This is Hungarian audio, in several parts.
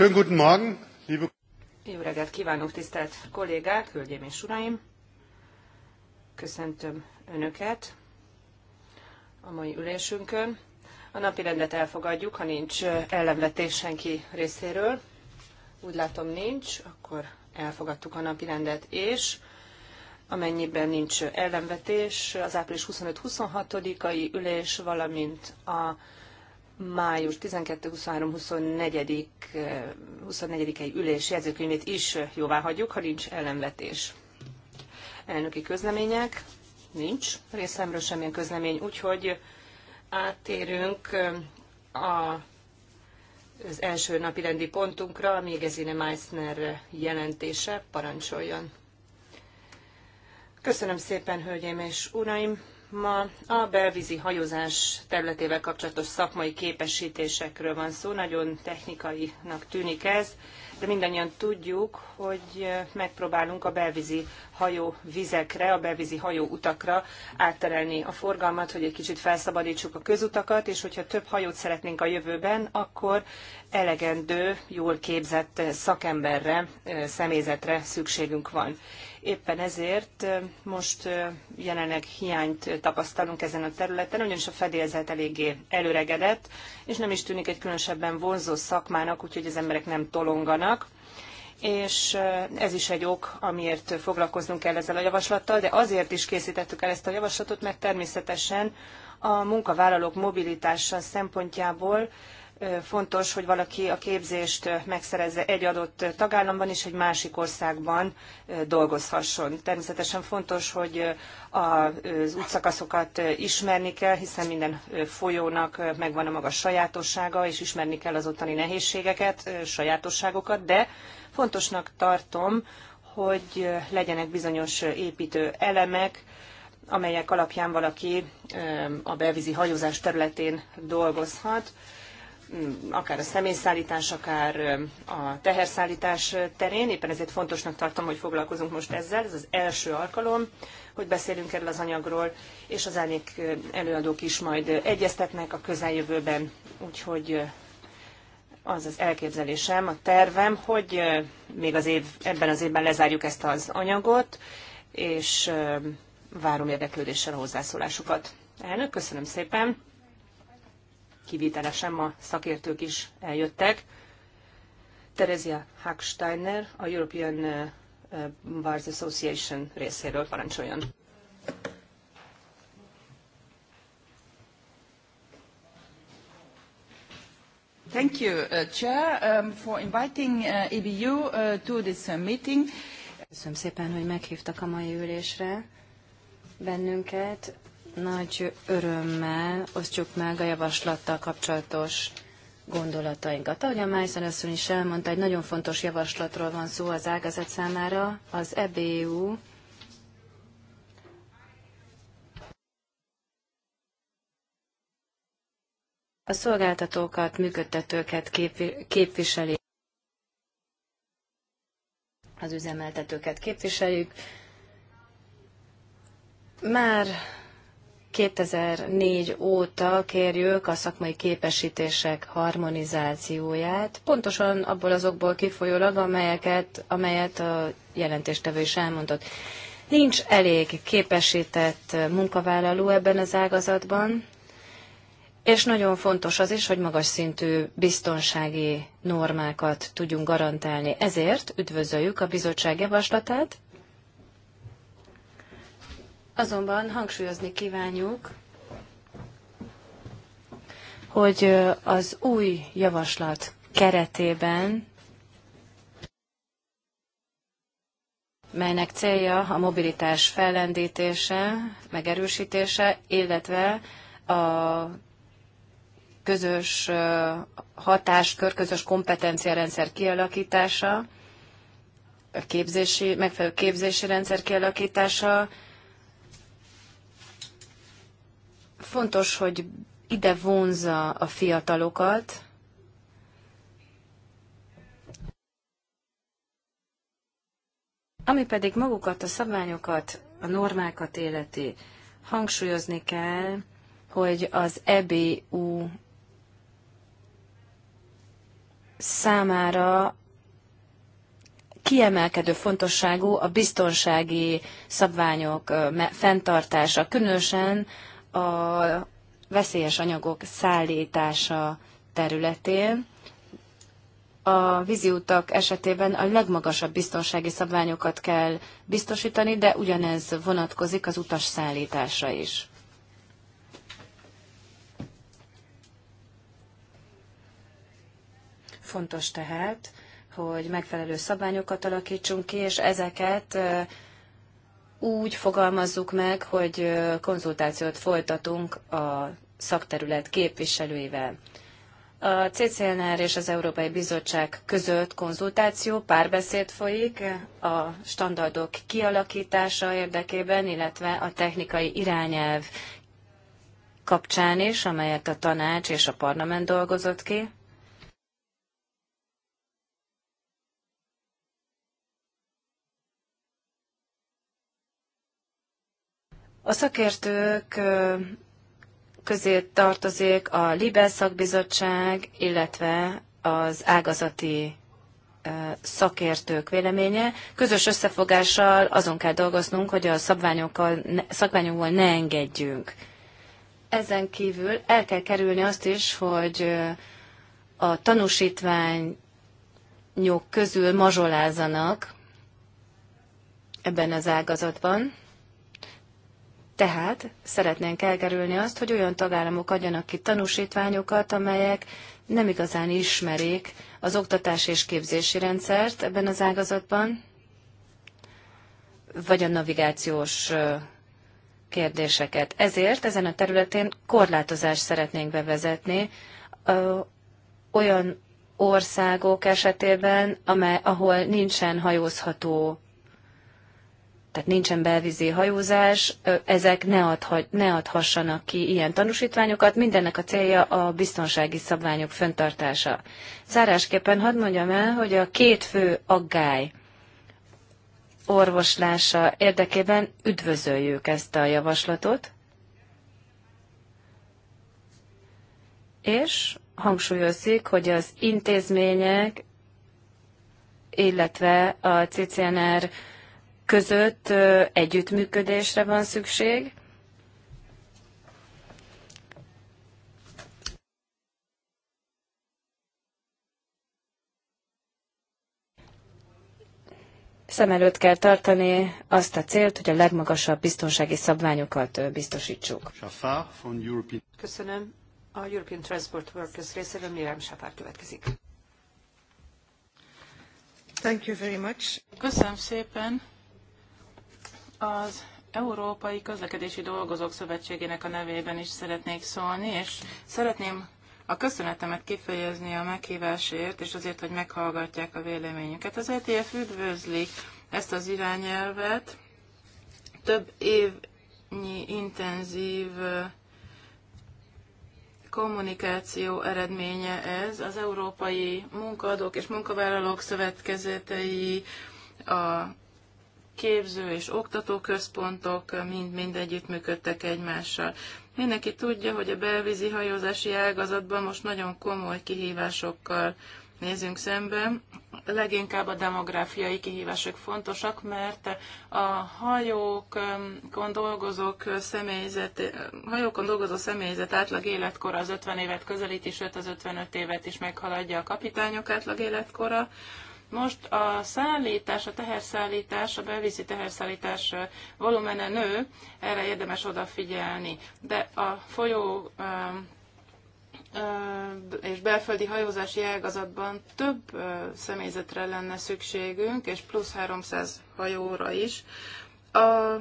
Schönen guten Morgen, liebe Jó reggelt kívánok, tisztelt kollégák, hölgyeim és uraim! Köszöntöm Önöket a mai ülésünkön. A napi rendet elfogadjuk, ha nincs ellenvetés senki részéről. Úgy látom nincs, akkor elfogadtuk a napi rendet, és amennyiben nincs ellenvetés, az április 25-26-ai ülés, valamint a május 12-23-24-i 24 ülés jegyzőkönyvét is jóvá hagyjuk, ha nincs ellenvetés. Elnöki közlemények? Nincs részemről semmilyen közlemény, úgyhogy áttérünk a, az első napi rendi pontunkra, a Mégezine Meissner jelentése parancsoljon. Köszönöm szépen, hölgyeim és uraim! Ma a belvízi hajózás területével kapcsolatos szakmai képesítésekről van szó, nagyon technikainak tűnik ez, de mindannyian tudjuk, hogy megpróbálunk a belvízi hajó vizekre, a belvízi hajó utakra átterelni a forgalmat, hogy egy kicsit felszabadítsuk a közutakat, és hogyha több hajót szeretnénk a jövőben, akkor elegendő, jól képzett szakemberre, személyzetre szükségünk van. Éppen ezért most jelenleg hiányt tapasztalunk ezen a területen, ugyanis a fedélzet eléggé előregedett, és nem is tűnik egy különösebben vonzó szakmának, úgyhogy az emberek nem tolonganak és ez is egy ok, amiért foglalkoznunk kell ezzel a javaslattal, de azért is készítettük el ezt a javaslatot, mert természetesen a munkavállalók mobilitása szempontjából fontos, hogy valaki a képzést megszerezze egy adott tagállamban és egy másik országban dolgozhasson. Természetesen fontos, hogy az útszakaszokat ismerni kell, hiszen minden folyónak megvan a maga sajátossága, és ismerni kell az ottani nehézségeket, sajátosságokat, de fontosnak tartom, hogy legyenek bizonyos építő elemek, amelyek alapján valaki a belvízi hajózás területén dolgozhat akár a személyszállítás, akár a teherszállítás terén. Éppen ezért fontosnak tartom, hogy foglalkozunk most ezzel. Ez az első alkalom, hogy beszélünk erről az anyagról, és az elnék előadók is majd egyeztetnek a közeljövőben. Úgyhogy az az elképzelésem, a tervem, hogy még az év, ebben az évben lezárjuk ezt az anyagot, és várom érdeklődéssel a hozzászólásukat. Elnök, köszönöm szépen! kivételesen ma szakértők is eljöttek. Terezia Hacksteiner, a European Bars Association részéről parancsoljon. Thank you, uh, Chair, um, for inviting uh, EBU uh, to this uh, meeting. Köszönöm szépen, hogy meghívtak a mai ülésre bennünket. Nagy örömmel osztjuk meg a javaslattal kapcsolatos gondolatainkat. Ahogy a Májszer asszony is elmondta, egy nagyon fontos javaslatról van szó az ágazat számára. Az EBU a szolgáltatókat, működtetőket képviseli, az üzemeltetőket képviseljük. Már 2004 óta kérjük a szakmai képesítések harmonizációját, pontosan abból azokból kifolyólag, amelyeket, amelyet a jelentéstevő is elmondott. Nincs elég képesített munkavállaló ebben az ágazatban, és nagyon fontos az is, hogy magas szintű biztonsági normákat tudjunk garantálni. Ezért üdvözöljük a bizottság javaslatát, Azonban hangsúlyozni kívánjuk, hogy az új javaslat keretében, melynek célja a mobilitás fellendítése, megerősítése, illetve a közös hatáskör, közös kompetenciarendszer kialakítása, a képzési, megfelelő képzési rendszer kialakítása, fontos, hogy ide vonza a fiatalokat, Ami pedig magukat, a szabványokat, a normákat életi, hangsúlyozni kell, hogy az EBU számára kiemelkedő fontosságú a biztonsági szabványok fenntartása, különösen a veszélyes anyagok szállítása területén. A víziutak esetében a legmagasabb biztonsági szabványokat kell biztosítani, de ugyanez vonatkozik az utas szállításra is. Fontos tehát, hogy megfelelő szabványokat alakítsunk ki, és ezeket úgy fogalmazzuk meg, hogy konzultációt folytatunk a szakterület képviselőivel. A CCNR és az Európai Bizottság között konzultáció, párbeszéd folyik a standardok kialakítása érdekében, illetve a technikai irányelv kapcsán is, amelyet a tanács és a parlament dolgozott ki. A szakértők közé tartozik a Libel szakbizottság, illetve az ágazati szakértők véleménye. Közös összefogással azon kell dolgoznunk, hogy a szabványokkal, szabványokból ne engedjünk. Ezen kívül el kell kerülni azt is, hogy a tanúsítványok közül mazsolázanak ebben az ágazatban. Tehát szeretnénk elkerülni azt, hogy olyan tagállamok adjanak ki tanúsítványokat, amelyek nem igazán ismerik az oktatás és képzési rendszert ebben az ágazatban, vagy a navigációs kérdéseket. Ezért ezen a területén korlátozást szeretnénk bevezetni olyan országok esetében, amely, ahol nincsen hajózható tehát nincsen belvízi hajózás, ezek ne, adha, ne adhassanak ki ilyen tanúsítványokat, mindennek a célja a biztonsági szabványok föntartása. Zárásképpen hadd mondjam el, hogy a két fő aggály orvoslása érdekében üdvözöljük ezt a javaslatot, és hangsúlyozzik, hogy az intézmények, illetve a CCNR között együttműködésre van szükség. Szem előtt kell tartani azt a célt, hogy a legmagasabb biztonsági szabványokat biztosítsuk. Köszönöm. A European Transport Workers részéről Miriam Safar következik. Thank you very much. Köszönöm szépen. Az Európai Közlekedési Dolgozók Szövetségének a nevében is szeretnék szólni, és szeretném a köszönetemet kifejezni a meghívásért, és azért, hogy meghallgatják a véleményüket. Az ETF üdvözli ezt az irányelvet. Több évnyi intenzív kommunikáció eredménye ez. Az Európai Munkaadók és Munkavállalók Szövetkezetei, a képző és oktató központok mind-mind együttműködtek egymással. Mindenki tudja, hogy a belvízi hajózási ágazatban most nagyon komoly kihívásokkal nézünk szembe. Leginkább a demográfiai kihívások fontosak, mert a hajókon dolgozók személyzet, hajókon dolgozó személyzet átlag életkora az 50 évet közelíti, sőt az 55 évet is meghaladja a kapitányok átlag életkora most a szállítás, a teherszállítás, a belvízi teherszállítás volumene nő, erre érdemes odafigyelni. De a folyó és belföldi hajózási ágazatban több személyzetre lenne szükségünk, és plusz 300 hajóra is. A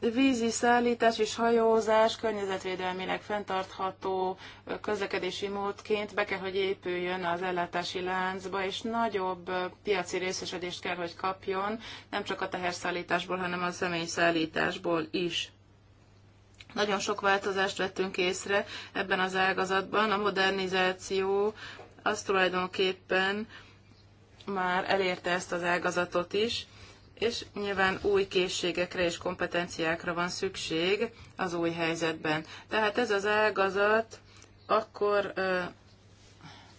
vízi szállítás és hajózás környezetvédelmileg fenntartható közlekedési módként be kell, hogy épüljön az ellátási láncba, és nagyobb piaci részesedést kell, hogy kapjon, nem csak a teherszállításból, hanem a személyszállításból is. Nagyon sok változást vettünk észre ebben az ágazatban. A modernizáció az tulajdonképpen már elérte ezt az ágazatot is és nyilván új készségekre és kompetenciákra van szükség az új helyzetben. Tehát ez az ágazat akkor ö,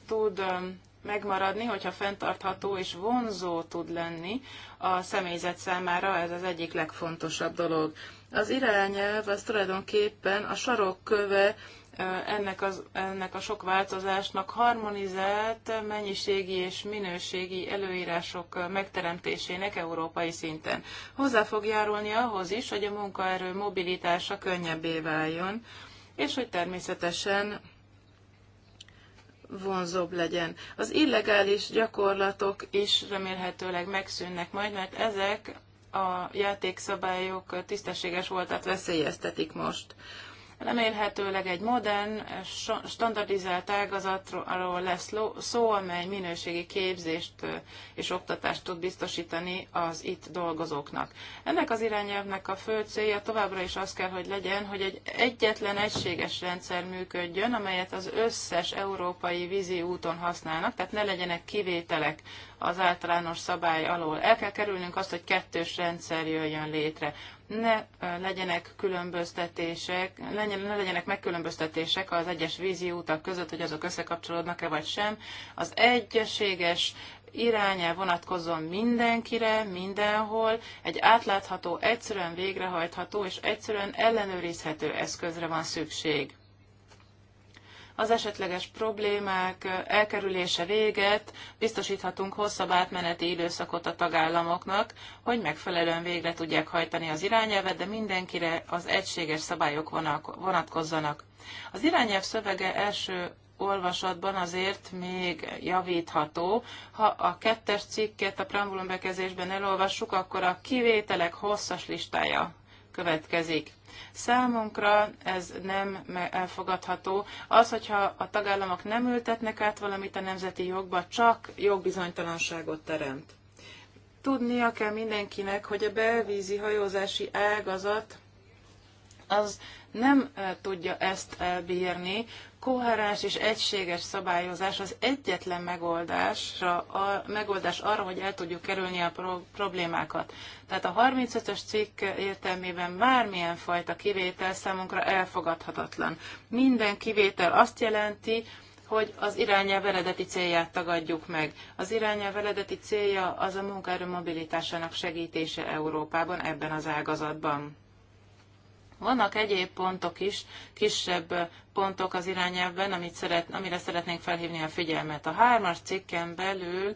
tud ö, megmaradni, hogyha fenntartható és vonzó tud lenni a személyzet számára, ez az egyik legfontosabb dolog. Az irányelv az tulajdonképpen a sarokköve ennek, az, ennek a sok változásnak harmonizált mennyiségi és minőségi előírások megteremtésének európai szinten. Hozzá fog járulni ahhoz is, hogy a munkaerő mobilitása könnyebbé váljon, és hogy természetesen vonzóbb legyen. Az illegális gyakorlatok is remélhetőleg megszűnnek majd, mert ezek a játékszabályok tisztességes voltat veszélyeztetik most. Remélhetőleg egy modern, standardizált ágazatról lesz szó, amely minőségi képzést és oktatást tud biztosítani az itt dolgozóknak. Ennek az irányelvnek a fő célja továbbra is az kell, hogy legyen, hogy egy egyetlen egységes rendszer működjön, amelyet az összes európai vízi úton használnak, tehát ne legyenek kivételek az általános szabály alól. El kell kerülnünk azt, hogy kettős rendszer jöjjön létre ne legyenek különböztetések, ne legyenek megkülönböztetések az egyes vízi útak között, hogy azok összekapcsolódnak-e vagy sem. Az egyeséges irányá vonatkozzon mindenkire, mindenhol, egy átlátható, egyszerűen végrehajtható és egyszerűen ellenőrizhető eszközre van szükség az esetleges problémák elkerülése véget biztosíthatunk hosszabb átmeneti időszakot a tagállamoknak, hogy megfelelően végre tudják hajtani az irányelvet, de mindenkire az egységes szabályok vonatkozzanak. Az irányelv szövege első olvasatban azért még javítható. Ha a kettes cikket a preambulum bekezésben elolvassuk, akkor a kivételek hosszas listája következik. Számunkra ez nem elfogadható. Az, hogyha a tagállamok nem ültetnek át valamit a nemzeti jogba, csak jogbizonytalanságot teremt. Tudnia kell mindenkinek, hogy a belvízi hajózási ágazat az nem eh, tudja ezt elbírni, koherens és egységes szabályozás az egyetlen megoldás, a megoldás arra, hogy el tudjuk kerülni a pro- problémákat. Tehát a 35-ös cikk értelmében bármilyen fajta kivétel számunkra elfogadhatatlan. Minden kivétel azt jelenti, hogy az irányelv eredeti célját tagadjuk meg. Az irányelv eredeti célja az a munkaerő mobilitásának segítése Európában, ebben az ágazatban. Vannak egyéb pontok is, kisebb pontok az irányelvben, amit szeret, amire szeretnénk felhívni a figyelmet. A hármas cikken belül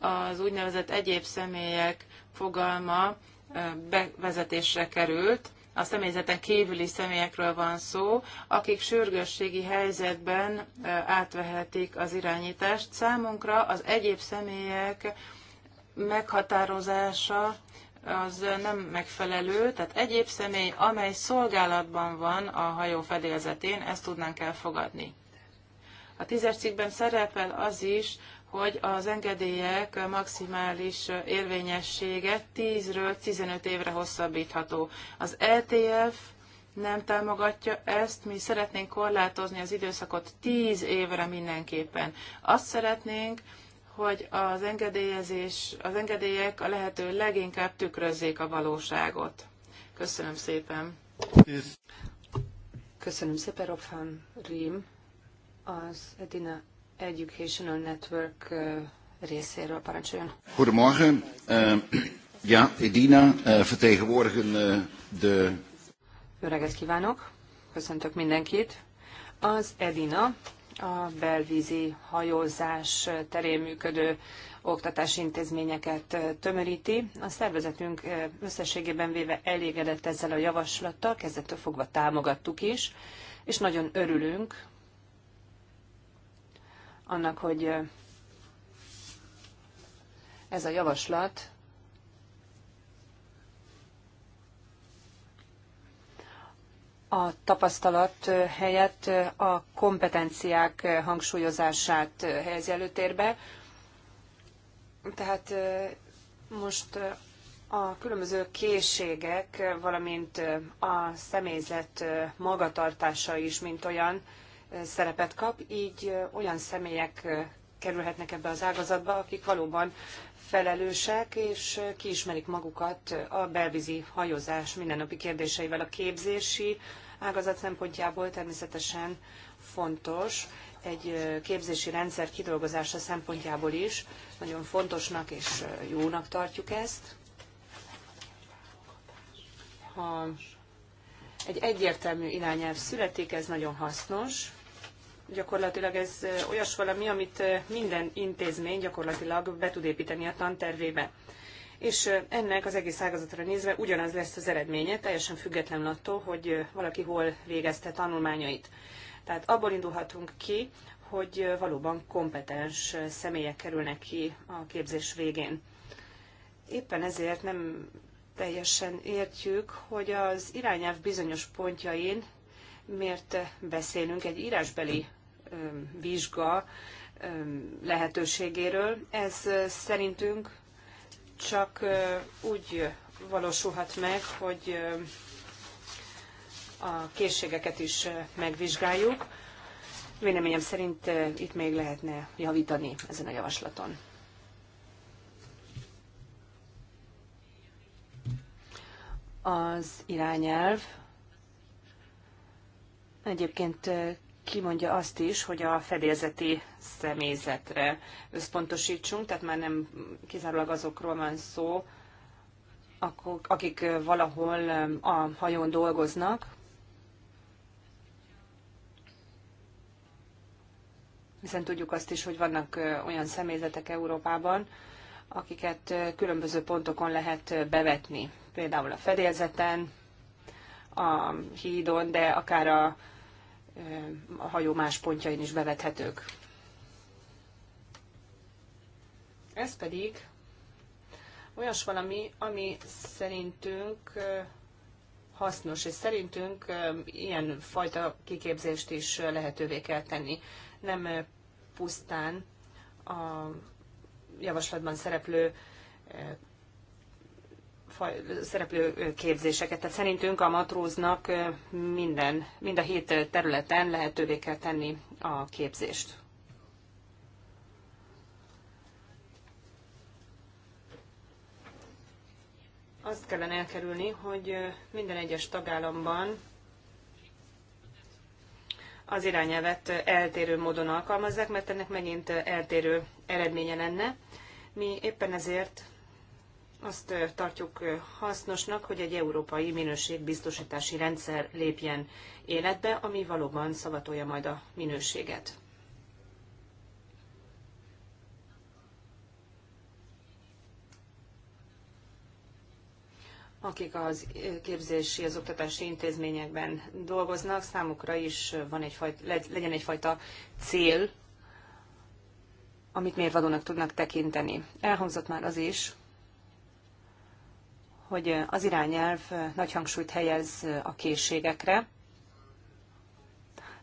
az úgynevezett egyéb személyek fogalma bevezetésre került, a személyzeten kívüli személyekről van szó, akik sürgősségi helyzetben átvehetik az irányítást. Számunkra az egyéb személyek meghatározása az nem megfelelő, tehát egyéb személy, amely szolgálatban van a hajó fedélzetén, ezt tudnánk elfogadni. A tízes cikkben szerepel az is, hogy az engedélyek maximális érvényessége 10-ről 15 évre hosszabbítható. Az ETF nem támogatja ezt, mi szeretnénk korlátozni az időszakot 10 évre mindenképpen. Azt szeretnénk, hogy az engedélyezés, az engedélyek a lehető leginkább tükrözzék a valóságot. Köszönöm szépen. Köszönöm szépen, Rofan Rím, az Edina Educational Network részéről parancsoljon. Goedemorgen. Uh, ja, Edina eh, vertegenwoordigen uh, de... Jó reggelt kívánok. Köszöntök mindenkit. Az Edina a belvízi hajózás terén működő oktatási intézményeket tömöríti. A szervezetünk összességében véve elégedett ezzel a javaslattal, kezdettől fogva támogattuk is, és nagyon örülünk annak, hogy ez a javaslat a tapasztalat helyett a kompetenciák hangsúlyozását helyezi előtérbe. Tehát most a különböző készségek, valamint a személyzet magatartása is, mint olyan szerepet kap, így olyan személyek kerülhetnek ebbe az ágazatba, akik valóban felelősek, és kiismerik magukat a belvízi hajózás mindennapi kérdéseivel. A képzési ágazat szempontjából természetesen fontos, egy képzési rendszer kidolgozása szempontjából is nagyon fontosnak és jónak tartjuk ezt. Ha egy egyértelmű irányelv születik, ez nagyon hasznos, gyakorlatilag ez olyas valami, amit minden intézmény gyakorlatilag be tud építeni a tantervébe. És ennek az egész ágazatra nézve ugyanaz lesz az eredménye, teljesen független attól, hogy valaki hol végezte tanulmányait. Tehát abból indulhatunk ki, hogy valóban kompetens személyek kerülnek ki a képzés végén. Éppen ezért nem teljesen értjük, hogy az irányelv bizonyos pontjain miért beszélünk egy írásbeli vizsga lehetőségéről. Ez szerintünk csak úgy valósulhat meg, hogy a készségeket is megvizsgáljuk. Véleményem szerint itt még lehetne javítani ezen a javaslaton. Az irányelv egyébként kimondja azt is, hogy a fedélzeti személyzetre összpontosítsunk, tehát már nem kizárólag azokról van szó, akik valahol a hajón dolgoznak, hiszen tudjuk azt is, hogy vannak olyan személyzetek Európában, akiket különböző pontokon lehet bevetni, például a fedélzeten, a hídon, de akár a a hajó más pontjain is bevethetők. Ez pedig olyas valami, ami szerintünk hasznos, és szerintünk ilyen fajta kiképzést is lehetővé kell tenni. Nem pusztán a javaslatban szereplő szereplő képzéseket. Tehát szerintünk a matróznak minden, mind a hét területen lehetővé kell tenni a képzést. Azt kellene elkerülni, hogy minden egyes tagállamban az irányelvet eltérő módon alkalmazzák, mert ennek megint eltérő eredménye lenne. Mi éppen ezért azt tartjuk hasznosnak, hogy egy európai minőségbiztosítási rendszer lépjen életbe, ami valóban szavatolja majd a minőséget. akik az képzési, az oktatási intézményekben dolgoznak, számukra is van egyfajta, legyen egyfajta cél, amit mérvadónak tudnak tekinteni. Elhangzott már az is, hogy az irányelv nagy hangsúlyt helyez a készségekre.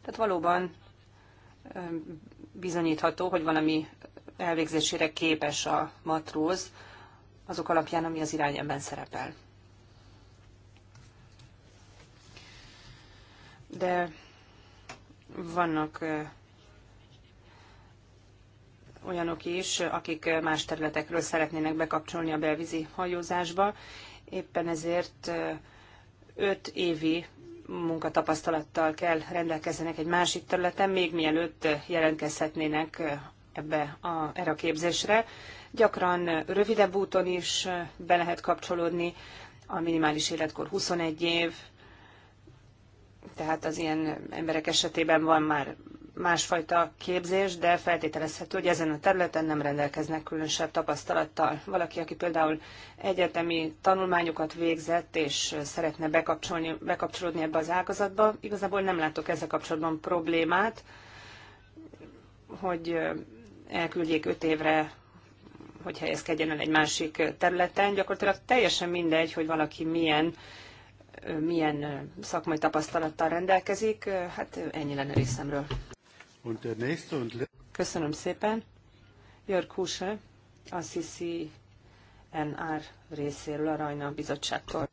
Tehát valóban bizonyítható, hogy valami elvégzésére képes a matróz azok alapján, ami az irányelvben szerepel. De vannak olyanok is, akik más területekről szeretnének bekapcsolni a belvízi hajózásba, Éppen ezért öt évi munkatapasztalattal kell rendelkezzenek egy másik területen, még mielőtt jelentkezhetnének ebbe a, erre a képzésre. Gyakran rövidebb úton is be lehet kapcsolódni, a minimális életkor 21 év, tehát az ilyen emberek esetében van már másfajta képzés, de feltételezhető, hogy ezen a területen nem rendelkeznek különösebb tapasztalattal. Valaki, aki például egyetemi tanulmányokat végzett, és szeretne bekapcsolni, bekapcsolódni ebbe az ágazatba, igazából nem látok ezzel kapcsolatban problémát, hogy eh, elküldjék öt évre hogy helyezkedjen el egy másik területen. Gyakorlatilag teljesen mindegy, hogy valaki milyen eh, milyen eh, szakmai tapasztalattal rendelkezik. Hát ennyi lenne részemről. Köszönöm szépen. Jörg Huse, a CCNR részéről, a Rajna Bizottságtól.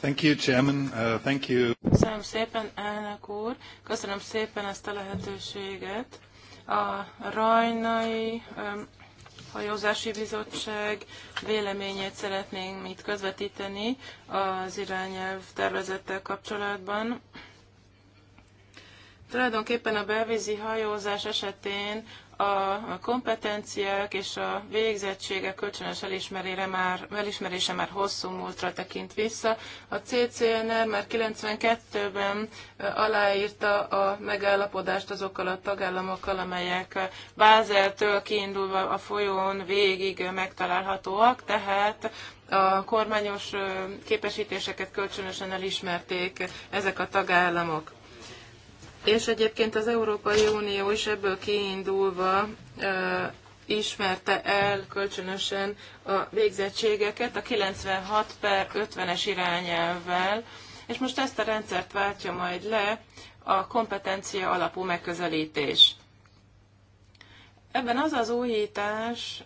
Thank you, Chairman. Uh, thank you. Köszönöm szépen, elnök úr. Köszönöm szépen ezt a lehetőséget. A Rajnai um, Hajózási Bizottság véleményét szeretnénk itt közvetíteni az irányelv tervezettel kapcsolatban. Tulajdonképpen a belvízi hajózás esetén a kompetenciák és a végzettségek kölcsönös elismerére már, elismerése már hosszú múltra tekint vissza. A CCNR már 92-ben aláírta a megállapodást azokkal a tagállamokkal, amelyek Bázeltől kiindulva a folyón végig megtalálhatóak, tehát a kormányos képesítéseket kölcsönösen elismerték ezek a tagállamok. És egyébként az Európai Unió is ebből kiindulva ismerte el kölcsönösen a végzettségeket a 96 per 50-es irányelvvel, és most ezt a rendszert váltja majd le a kompetencia alapú megközelítés. Ebben az az újítás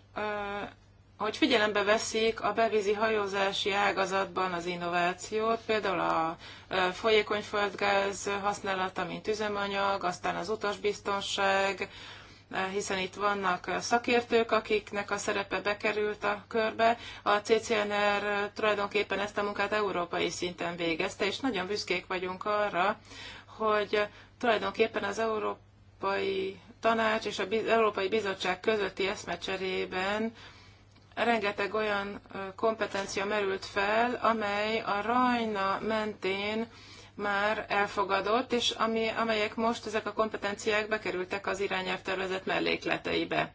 hogy figyelembe veszik a bevízi hajózási ágazatban az innovációt, például a folyékony földgáz használata, mint üzemanyag, aztán az utasbiztonság, hiszen itt vannak szakértők, akiknek a szerepe bekerült a körbe. A CCNR tulajdonképpen ezt a munkát európai szinten végezte, és nagyon büszkék vagyunk arra, hogy tulajdonképpen az európai tanács és az Európai Bizottság közötti eszmecserében rengeteg olyan kompetencia merült fel, amely a Rajna mentén már elfogadott, és ami, amelyek most ezek a kompetenciák bekerültek az irányelvtervezet mellékleteibe.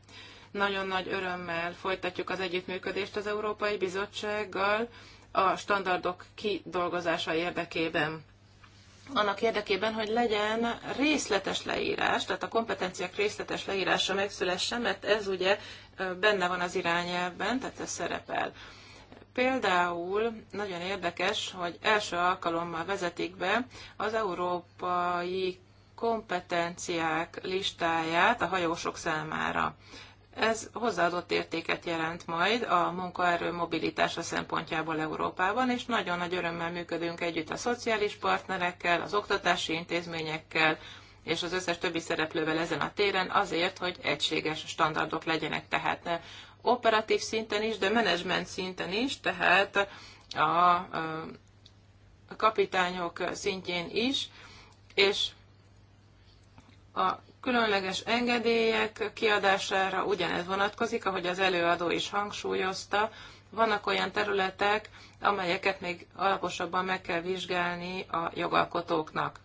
Nagyon nagy örömmel folytatjuk az együttműködést az Európai Bizottsággal a standardok kidolgozása érdekében. Annak érdekében, hogy legyen részletes leírás, tehát a kompetenciák részletes leírása megszülessen, mert ez ugye benne van az irányelvben, tehát ez szerepel. Például nagyon érdekes, hogy első alkalommal vezetik be az európai kompetenciák listáját a hajósok számára. Ez hozzáadott értéket jelent majd a munkaerő mobilitása szempontjából Európában, és nagyon nagy örömmel működünk együtt a szociális partnerekkel, az oktatási intézményekkel, és az összes többi szereplővel ezen a téren azért, hogy egységes standardok legyenek. Tehát eh, operatív szinten is, de menedzsment szinten is, tehát a kapitányok szintjén is, és a különleges engedélyek kiadására ugyanez vonatkozik, ahogy az előadó is hangsúlyozta. Vannak olyan területek, amelyeket még alaposabban meg kell vizsgálni a jogalkotóknak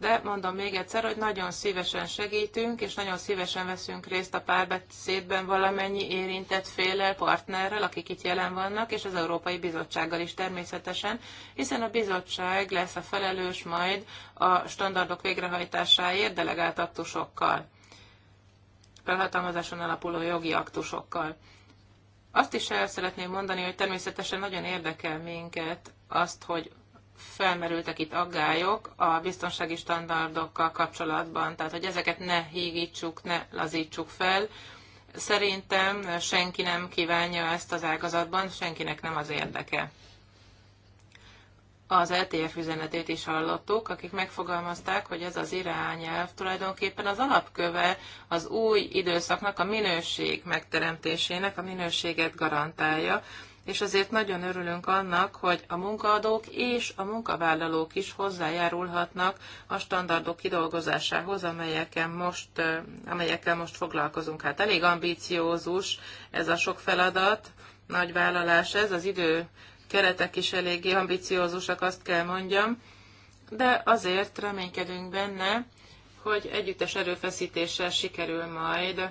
de mondom még egyszer, hogy nagyon szívesen segítünk, és nagyon szívesen veszünk részt a párbeszédben valamennyi érintett félel, partnerrel, akik itt jelen vannak, és az Európai Bizottsággal is természetesen, hiszen a bizottság lesz a felelős majd a standardok végrehajtásáért delegált aktusokkal, felhatalmazáson alapuló jogi aktusokkal. Azt is el szeretném mondani, hogy természetesen nagyon érdekel minket azt, hogy felmerültek itt aggályok a biztonsági standardokkal kapcsolatban, tehát hogy ezeket ne hígítsuk, ne lazítsuk fel. Szerintem senki nem kívánja ezt az ágazatban, senkinek nem az érdeke. Az LTF e üzenetét is hallottuk, akik megfogalmazták, hogy ez az irányelv tulajdonképpen az alapköve az új időszaknak, a minőség megteremtésének, a minőséget garantálja és azért nagyon örülünk annak, hogy a munkaadók és a munkavállalók is hozzájárulhatnak a standardok kidolgozásához, amelyeken most, amelyekkel most foglalkozunk. Hát elég ambíciózus ez a sok feladat, nagy vállalás ez, az idő keretek is eléggé ambiciózusak, azt kell mondjam, de azért reménykedünk benne, hogy együttes erőfeszítéssel sikerül majd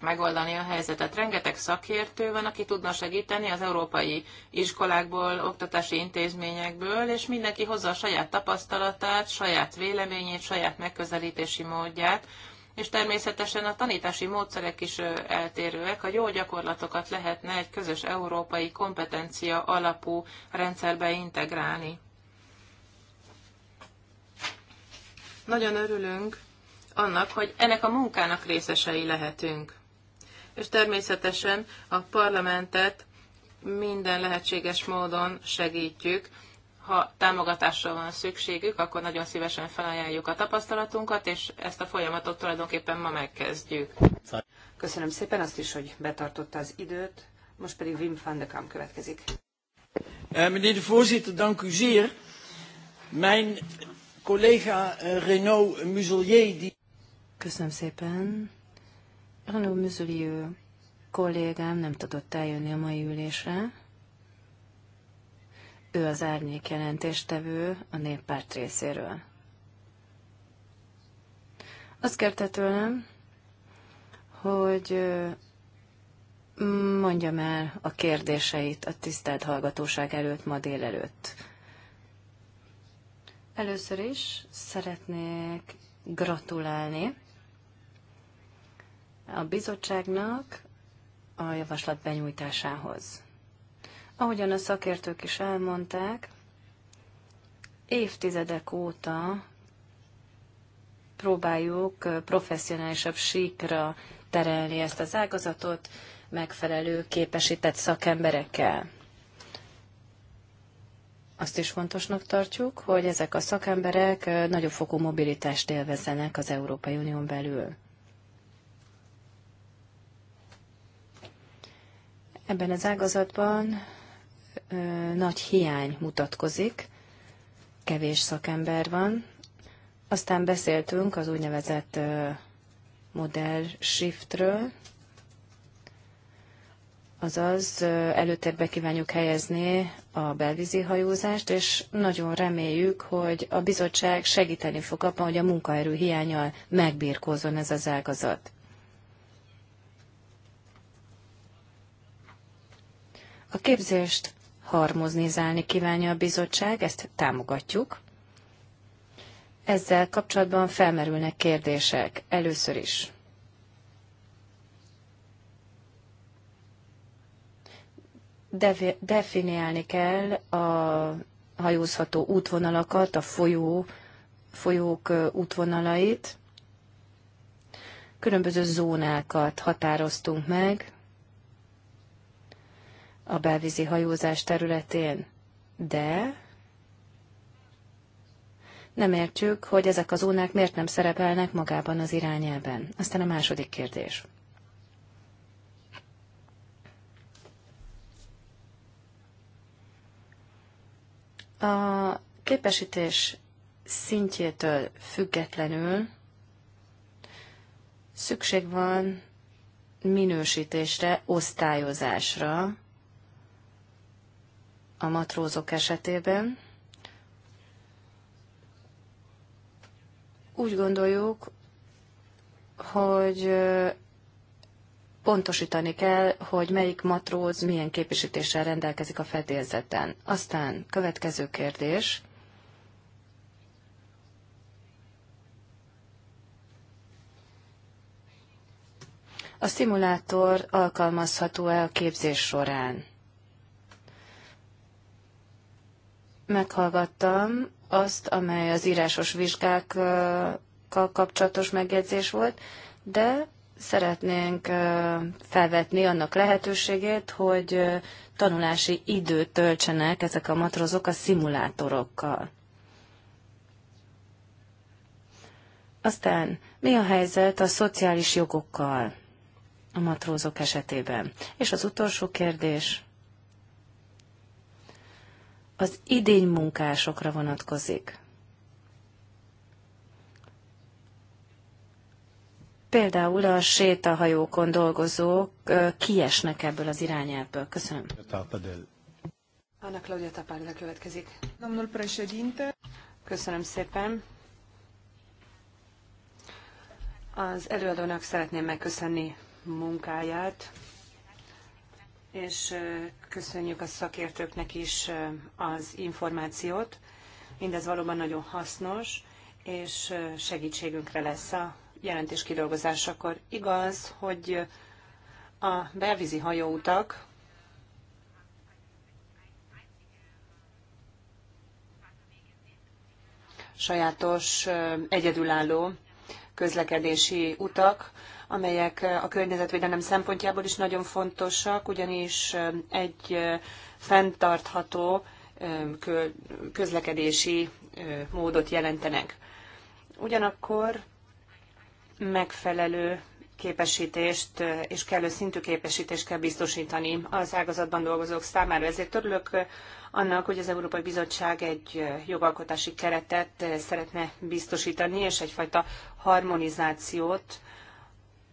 megoldani a helyzetet. Rengeteg szakértő van, aki tudna segíteni az európai iskolákból, oktatási intézményekből, és mindenki hozza a saját tapasztalatát, saját véleményét, saját megközelítési módját, és természetesen a tanítási módszerek is eltérőek. A jó gyakorlatokat lehetne egy közös európai kompetencia alapú rendszerbe integrálni. Nagyon örülünk annak, hogy ennek a munkának részesei lehetünk és természetesen a parlamentet minden lehetséges módon segítjük. Ha támogatásra van szükségük, akkor nagyon szívesen felajánljuk a tapasztalatunkat, és ezt a folyamatot tulajdonképpen ma megkezdjük. Köszönöm szépen azt is, hogy betartotta az időt, most pedig Wim van de Kamp következik. Eh, meneer de voorzitter, dank u zeer. Mijn collega eh, Renaud Muselier... Die... Köszönöm szépen. Hanó Műzüli kollégám nem tudott eljönni a mai ülésre. Ő az árnyék jelentéstevő a néppárt részéről. Azt kérte tőlem, hogy mondjam el a kérdéseit a tisztelt hallgatóság előtt ma délelőtt. Először is szeretnék gratulálni a bizottságnak a javaslat benyújtásához. Ahogyan a szakértők is elmondták, évtizedek óta próbáljuk professzionálisabb síkra terelni ezt az ágazatot, megfelelő képesített szakemberekkel. Azt is fontosnak tartjuk, hogy ezek a szakemberek nagyobb fokú mobilitást élvezzenek az Európai Unión belül. Ebben az ágazatban ö, nagy hiány mutatkozik, kevés szakember van. Aztán beszéltünk az úgynevezett ö, modell shiftről, azaz előtérbe kívánjuk helyezni a belvízi hajózást, és nagyon reméljük, hogy a bizottság segíteni fog abban, hogy a munkaerő hiányal megbírkózzon ez az ágazat. A képzést harmonizálni kívánja a bizottság, ezt támogatjuk. Ezzel kapcsolatban felmerülnek kérdések először is. Defi definiálni kell a hajózható útvonalakat, a folyó, folyók útvonalait. Különböző zónákat határoztunk meg, a belvízi hajózás területén, de nem értjük, hogy ezek az zónák miért nem szerepelnek magában az irányelben. Aztán a második kérdés. A képesítés szintjétől függetlenül szükség van minősítésre, osztályozásra, a matrózok esetében. Úgy gondoljuk, hogy pontosítani kell, hogy melyik matróz milyen képesítéssel rendelkezik a fedélzeten. Aztán következő kérdés. A szimulátor alkalmazható-e a képzés során? meghallgattam azt, amely az írásos vizsgákkal kapcsolatos megjegyzés volt, de szeretnénk felvetni annak lehetőségét, hogy tanulási időt töltsenek ezek a matrozok a szimulátorokkal. Aztán mi a helyzet a szociális jogokkal a matrózok esetében? És az utolsó kérdés az idény munkásokra vonatkozik. Például a sétahajókon dolgozók kiesnek ebből az irányelvből. Köszönöm. Anna Claudia Tapárda következik. Köszönöm szépen. Az előadónak szeretném megköszönni munkáját és köszönjük a szakértőknek is az információt. Mindez valóban nagyon hasznos, és segítségünkre lesz a jelentés kidolgozásakor. Igaz, hogy a belvízi hajóutak sajátos, egyedülálló közlekedési utak, amelyek a környezetvédelem szempontjából is nagyon fontosak, ugyanis egy fenntartható közlekedési módot jelentenek. Ugyanakkor megfelelő képesítést és kellő szintű képesítést kell biztosítani az ágazatban dolgozók számára. Ezért örülök annak, hogy az Európai Bizottság egy jogalkotási keretet szeretne biztosítani, és egyfajta harmonizációt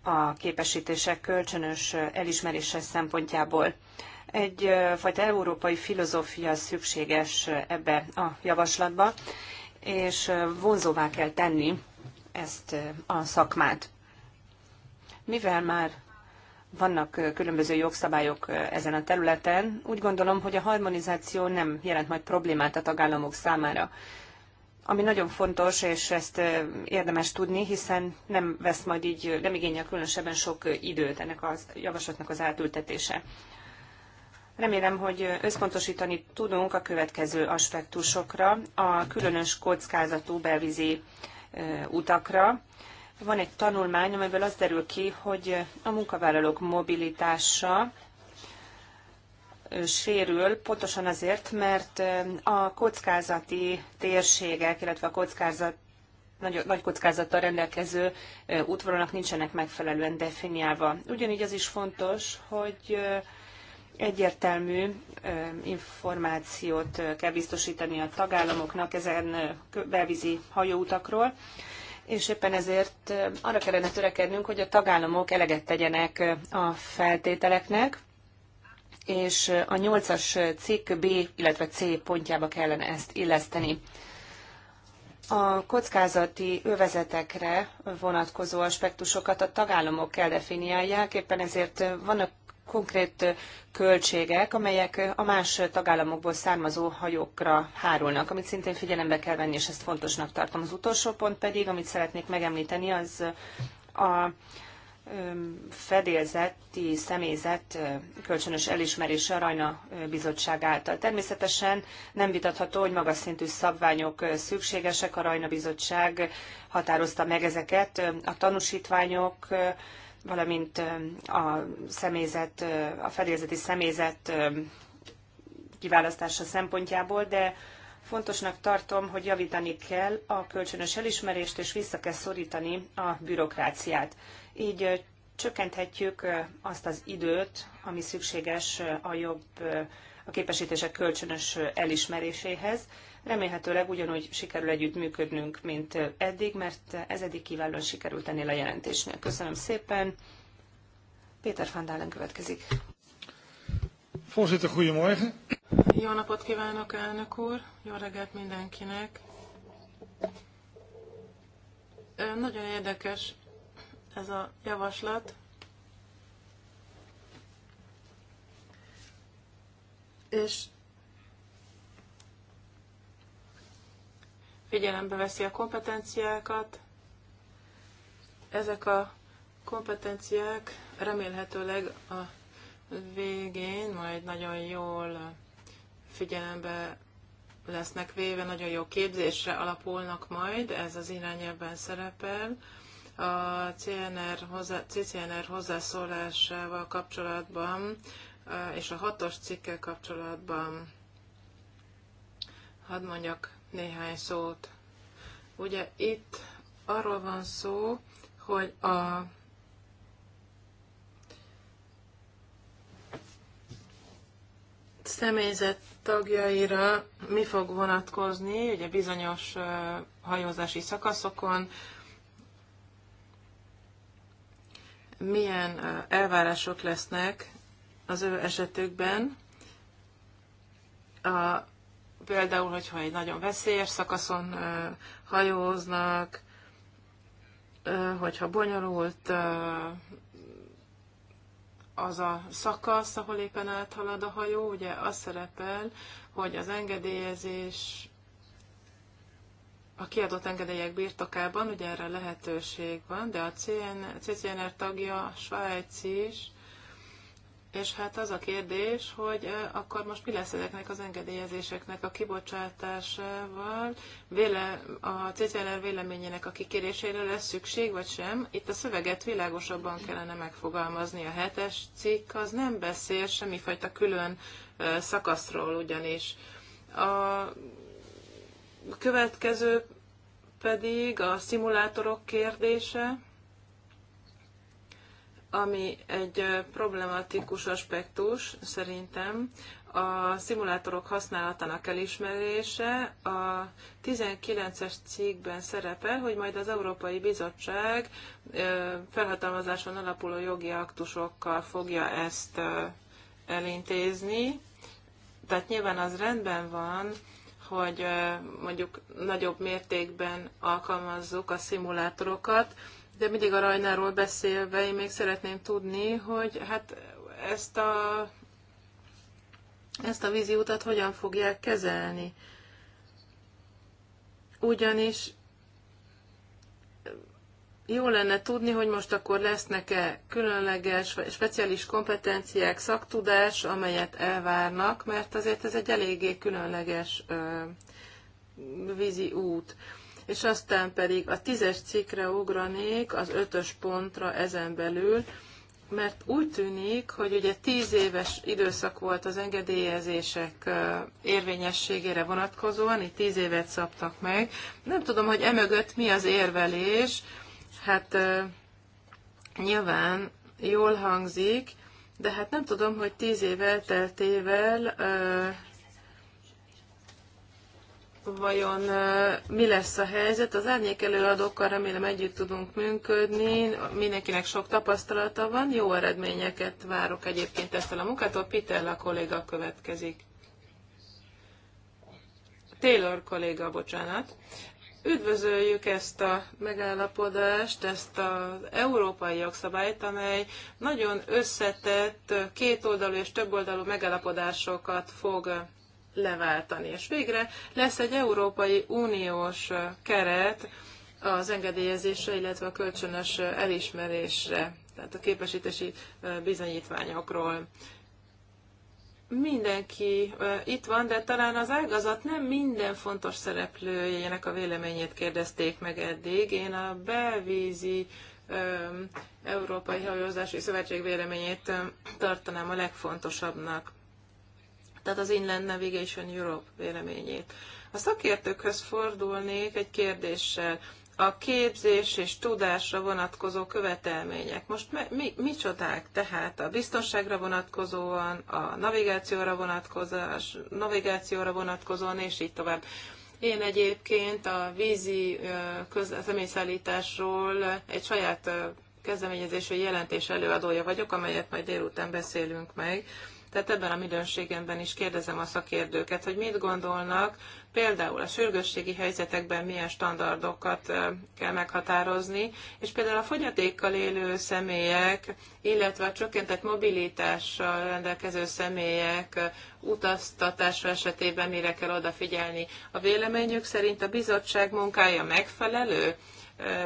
a képesítések kölcsönös elismerése szempontjából. Egyfajta európai filozófia szükséges ebbe a javaslatba, és vonzóvá kell tenni ezt a szakmát. Mivel már vannak különböző jogszabályok ezen a területen, úgy gondolom, hogy a harmonizáció nem jelent majd problémát a tagállamok számára ami nagyon fontos, és ezt érdemes tudni, hiszen nem vesz majd így, nem igényel különösebben sok időt ennek a javaslatnak az átültetése. Remélem, hogy összpontosítani tudunk a következő aspektusokra, a különös kockázatú belvízi utakra. Van egy tanulmány, amelyből az derül ki, hogy a munkavállalók mobilitása sérül, pontosan azért, mert a kockázati térségek, illetve a kockázat nagy, nagy kockázattal rendelkező útvonalak nincsenek megfelelően definiálva. Ugyanígy az is fontos, hogy egyértelmű információt kell biztosítani a tagállamoknak ezen belvízi hajóutakról, és éppen ezért arra kellene törekednünk, hogy a tagállamok eleget tegyenek a feltételeknek, és a 8-as cikk B, illetve C pontjába kellene ezt illeszteni. A kockázati övezetekre vonatkozó aspektusokat a tagállamok kell definiálják, éppen ezért vannak konkrét költségek, amelyek a más tagállamokból származó hajókra hárulnak, amit szintén figyelembe kell venni, és ezt fontosnak tartom. Az utolsó pont pedig, amit szeretnék megemlíteni, az a fedélzeti személyzet kölcsönös elismerése a Rajna Bizottság által. Természetesen nem vitatható, hogy magas szintű szabványok szükségesek, a Rajna Bizottság határozta meg ezeket, a tanúsítványok, valamint a személyzet, a fedélzeti személyzet kiválasztása szempontjából, de Fontosnak tartom, hogy javítani kell a kölcsönös elismerést, és vissza kell szorítani a bürokráciát. Így csökkenthetjük azt az időt, ami szükséges a jobb a képesítések kölcsönös elismeréséhez. Remélhetőleg ugyanúgy sikerül együtt működnünk, mint eddig, mert ez eddig kiválóan sikerült ennél a jelentésnél. Köszönöm szépen. Péter van Dalen következik. Voorzitter, goedemorgen. Jó napot kívánok, elnök úr! Jó reggelt mindenkinek! Nagyon érdekes ez a javaslat. És figyelembe veszi a kompetenciákat. Ezek a kompetenciák remélhetőleg a végén majd nagyon jól figyelembe lesznek véve, nagyon jó képzésre alapulnak majd, ez az irányelvben szerepel, a CNR hozzá, CCNR hozzászólásával kapcsolatban és a hatos cikkel kapcsolatban hadd mondjak néhány szót. Ugye itt arról van szó, hogy a személyzet tagjaira mi fog vonatkozni, ugye bizonyos hajózási szakaszokon, milyen elvárások lesznek az ő esetükben, a, például, hogyha egy nagyon veszélyes szakaszon hajóznak, hogyha bonyolult az a szakasz, ahol éppen áthalad a hajó, ugye az szerepel, hogy az engedélyezés a kiadott engedélyek birtokában, ugye erre lehetőség van, de a CN, CCNR tagja a Svájc is, és hát az a kérdés, hogy akkor most mi lesz ezeknek az engedélyezéseknek a kibocsátásával, véle, a CCNR véleményének a kikérésére lesz szükség, vagy sem? Itt a szöveget világosabban kellene megfogalmazni. A hetes cikk az nem beszél semmifajta külön szakaszról ugyanis. A a következő pedig a szimulátorok kérdése, ami egy problematikus aspektus szerintem. A szimulátorok használatának elismerése a 19-es cikkben szerepel, hogy majd az Európai Bizottság felhatalmazáson alapuló jogi aktusokkal fogja ezt elintézni. Tehát nyilván az rendben van, hogy mondjuk nagyobb mértékben alkalmazzuk a szimulátorokat, de mindig a Rajnáról beszélve én még szeretném tudni, hogy hát ezt a, ezt a víziutat hogyan fogják kezelni. Ugyanis jó lenne tudni, hogy most akkor lesznek-e különleges, vagy speciális kompetenciák, szaktudás, amelyet elvárnak, mert azért ez egy eléggé különleges ö, vízi út. És aztán pedig a tízes cikkre ugranék, az ötös pontra ezen belül, mert úgy tűnik, hogy ugye tíz éves időszak volt az engedélyezések érvényességére vonatkozóan, itt tíz évet szabtak meg. Nem tudom, hogy emögött mi az érvelés, Hát nyilván jól hangzik, de hát nem tudom, hogy tíz év elteltével vajon mi lesz a helyzet. Az árnyék előadókkal remélem együtt tudunk működni, mindenkinek sok tapasztalata van, jó eredményeket várok egyébként ezt a munkától. Pitella kolléga következik. Taylor kolléga, bocsánat. Üdvözöljük ezt a megállapodást, ezt az európai jogszabályt, amely nagyon összetett kétoldalú és többoldalú megállapodásokat fog leváltani. És végre lesz egy Európai Uniós keret az engedélyezésre, illetve a kölcsönös elismerésre, tehát a képesítési bizonyítványokról mindenki itt van, de talán az ágazat nem minden fontos szereplőjének a véleményét kérdezték meg eddig. Én a belvízi Európai Hajózási Szövetség véleményét tartanám a legfontosabbnak. Tehát az Inland Navigation Europe véleményét. A szakértőkhöz fordulnék egy kérdéssel a képzés és tudásra vonatkozó követelmények. Most mi, mi, csodák? tehát a biztonságra vonatkozóan, a navigációra vonatkozás, navigációra vonatkozóan, és így tovább. Én egyébként a vízi személyszállításról egy saját kezdeményezésű jelentés előadója vagyok, amelyet majd délután beszélünk meg. Tehát ebben a minőségemben is kérdezem a szakértőket, hogy mit gondolnak, például a sürgősségi helyzetekben milyen standardokat kell meghatározni, és például a fogyatékkal élő személyek, illetve a csökkentett mobilitással rendelkező személyek utaztatása esetében mire kell odafigyelni. A véleményük szerint a bizottság munkája megfelelő,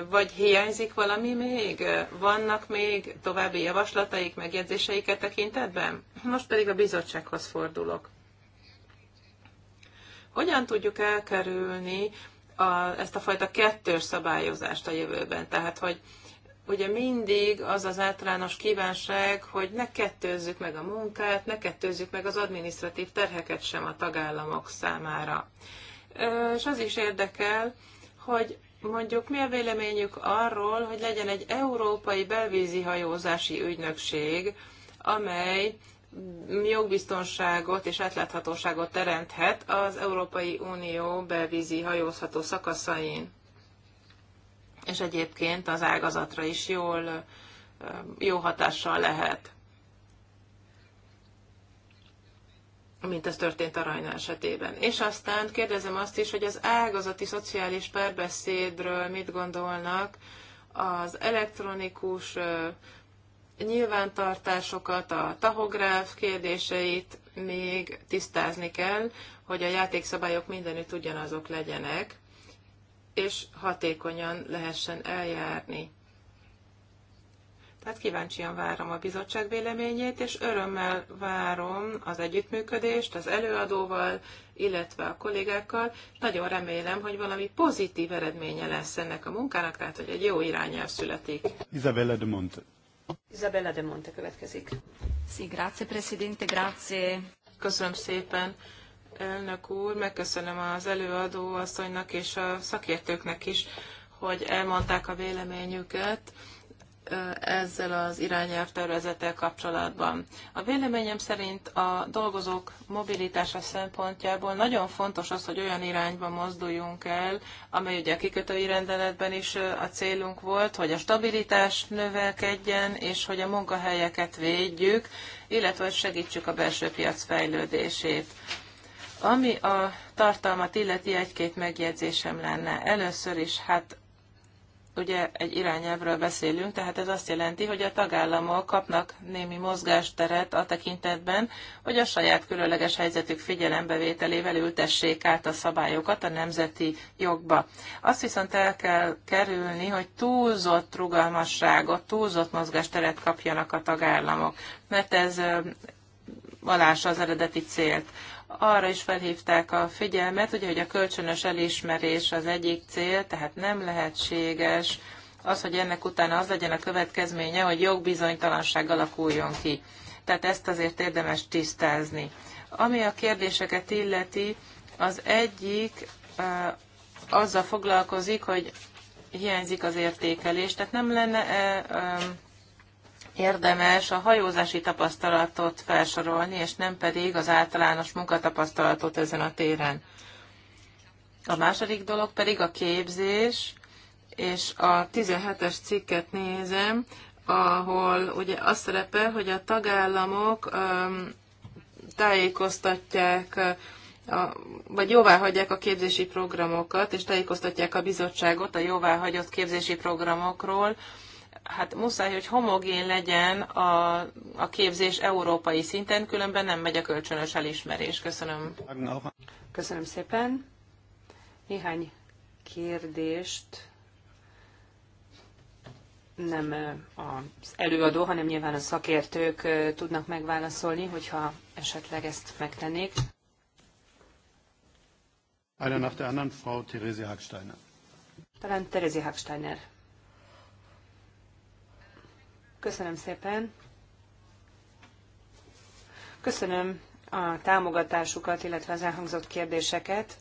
vagy hiányzik valami még? Vannak még további javaslataik, megjegyzéseiket tekintetben? Most pedig a bizottsághoz fordulok. Hogyan tudjuk elkerülni a, ezt a fajta kettős szabályozást a jövőben? Tehát, hogy ugye mindig az az általános kívánság, hogy ne kettőzzük meg a munkát, ne kettőzzük meg az administratív terheket sem a tagállamok számára. És az is érdekel, hogy mondjuk mi a véleményük arról, hogy legyen egy európai belvízi hajózási ügynökség, amely jogbiztonságot és átláthatóságot teremthet az Európai Unió belvízi hajózható szakaszain. És egyébként az ágazatra is jól, jó hatással lehet. mint ez történt a Rajna esetében. És aztán kérdezem azt is, hogy az ágazati szociális párbeszédről mit gondolnak az elektronikus nyilvántartásokat, a tahográf kérdéseit még tisztázni kell, hogy a játékszabályok mindenütt ugyanazok legyenek, és hatékonyan lehessen eljárni. Tehát kíváncsian várom a bizottság véleményét, és örömmel várom az együttműködést az előadóval, illetve a kollégákkal. Nagyon remélem, hogy valami pozitív eredménye lesz ennek a munkának, tehát hogy egy jó irányelv születik. Isabella de Monte. Isabella de Monte következik. Sí, grazie, presidente, grazie. Köszönöm szépen. Elnök úr, megköszönöm az előadó asszonynak és a szakértőknek is, hogy elmondták a véleményüket ezzel az irányelvtervezettel kapcsolatban. A véleményem szerint a dolgozók mobilitása szempontjából nagyon fontos az, hogy olyan irányba mozduljunk el, amely ugye a kikötői rendeletben is a célunk volt, hogy a stabilitás növelkedjen, és hogy a munkahelyeket védjük, illetve hogy segítsük a belső piac fejlődését. Ami a tartalmat illeti, egy-két megjegyzésem lenne. Először is, hát ugye egy irányelvről beszélünk, tehát ez azt jelenti, hogy a tagállamok kapnak némi mozgásteret a tekintetben, hogy a saját különleges helyzetük figyelembevételével ültessék át a szabályokat a nemzeti jogba. Azt viszont el kell kerülni, hogy túlzott rugalmasságot, túlzott mozgásteret kapjanak a tagállamok, mert ez alása az eredeti célt arra is felhívták a figyelmet, ugye, hogy a kölcsönös elismerés az egyik cél, tehát nem lehetséges az, hogy ennek utána az legyen a következménye, hogy jogbizonytalanság alakuljon ki. Tehát ezt azért érdemes tisztázni. Ami a kérdéseket illeti, az egyik azzal foglalkozik, hogy hiányzik az értékelés. Tehát nem lenne -e, érdemes a hajózási tapasztalatot felsorolni, és nem pedig az általános munkatapasztalatot ezen a téren. A második dolog pedig a képzés, és a 17-es cikket nézem, ahol ugye az szerepel, hogy a tagállamok tájékoztatják, a, vagy hagyják a képzési programokat, és tájékoztatják a bizottságot a hagyott képzési programokról, hát muszáj, hogy homogén legyen a, a képzés európai szinten, különben nem megy a kölcsönös elismerés. Köszönöm. Köszönöm szépen. Néhány kérdést nem az előadó, hanem nyilván a szakértők tudnak megválaszolni, hogyha esetleg ezt megtennék. Einer nach der anderen, Frau Therese Hagsteiner. Talán Therese Hagsteiner Köszönöm szépen. Köszönöm a támogatásukat, illetve az elhangzott kérdéseket.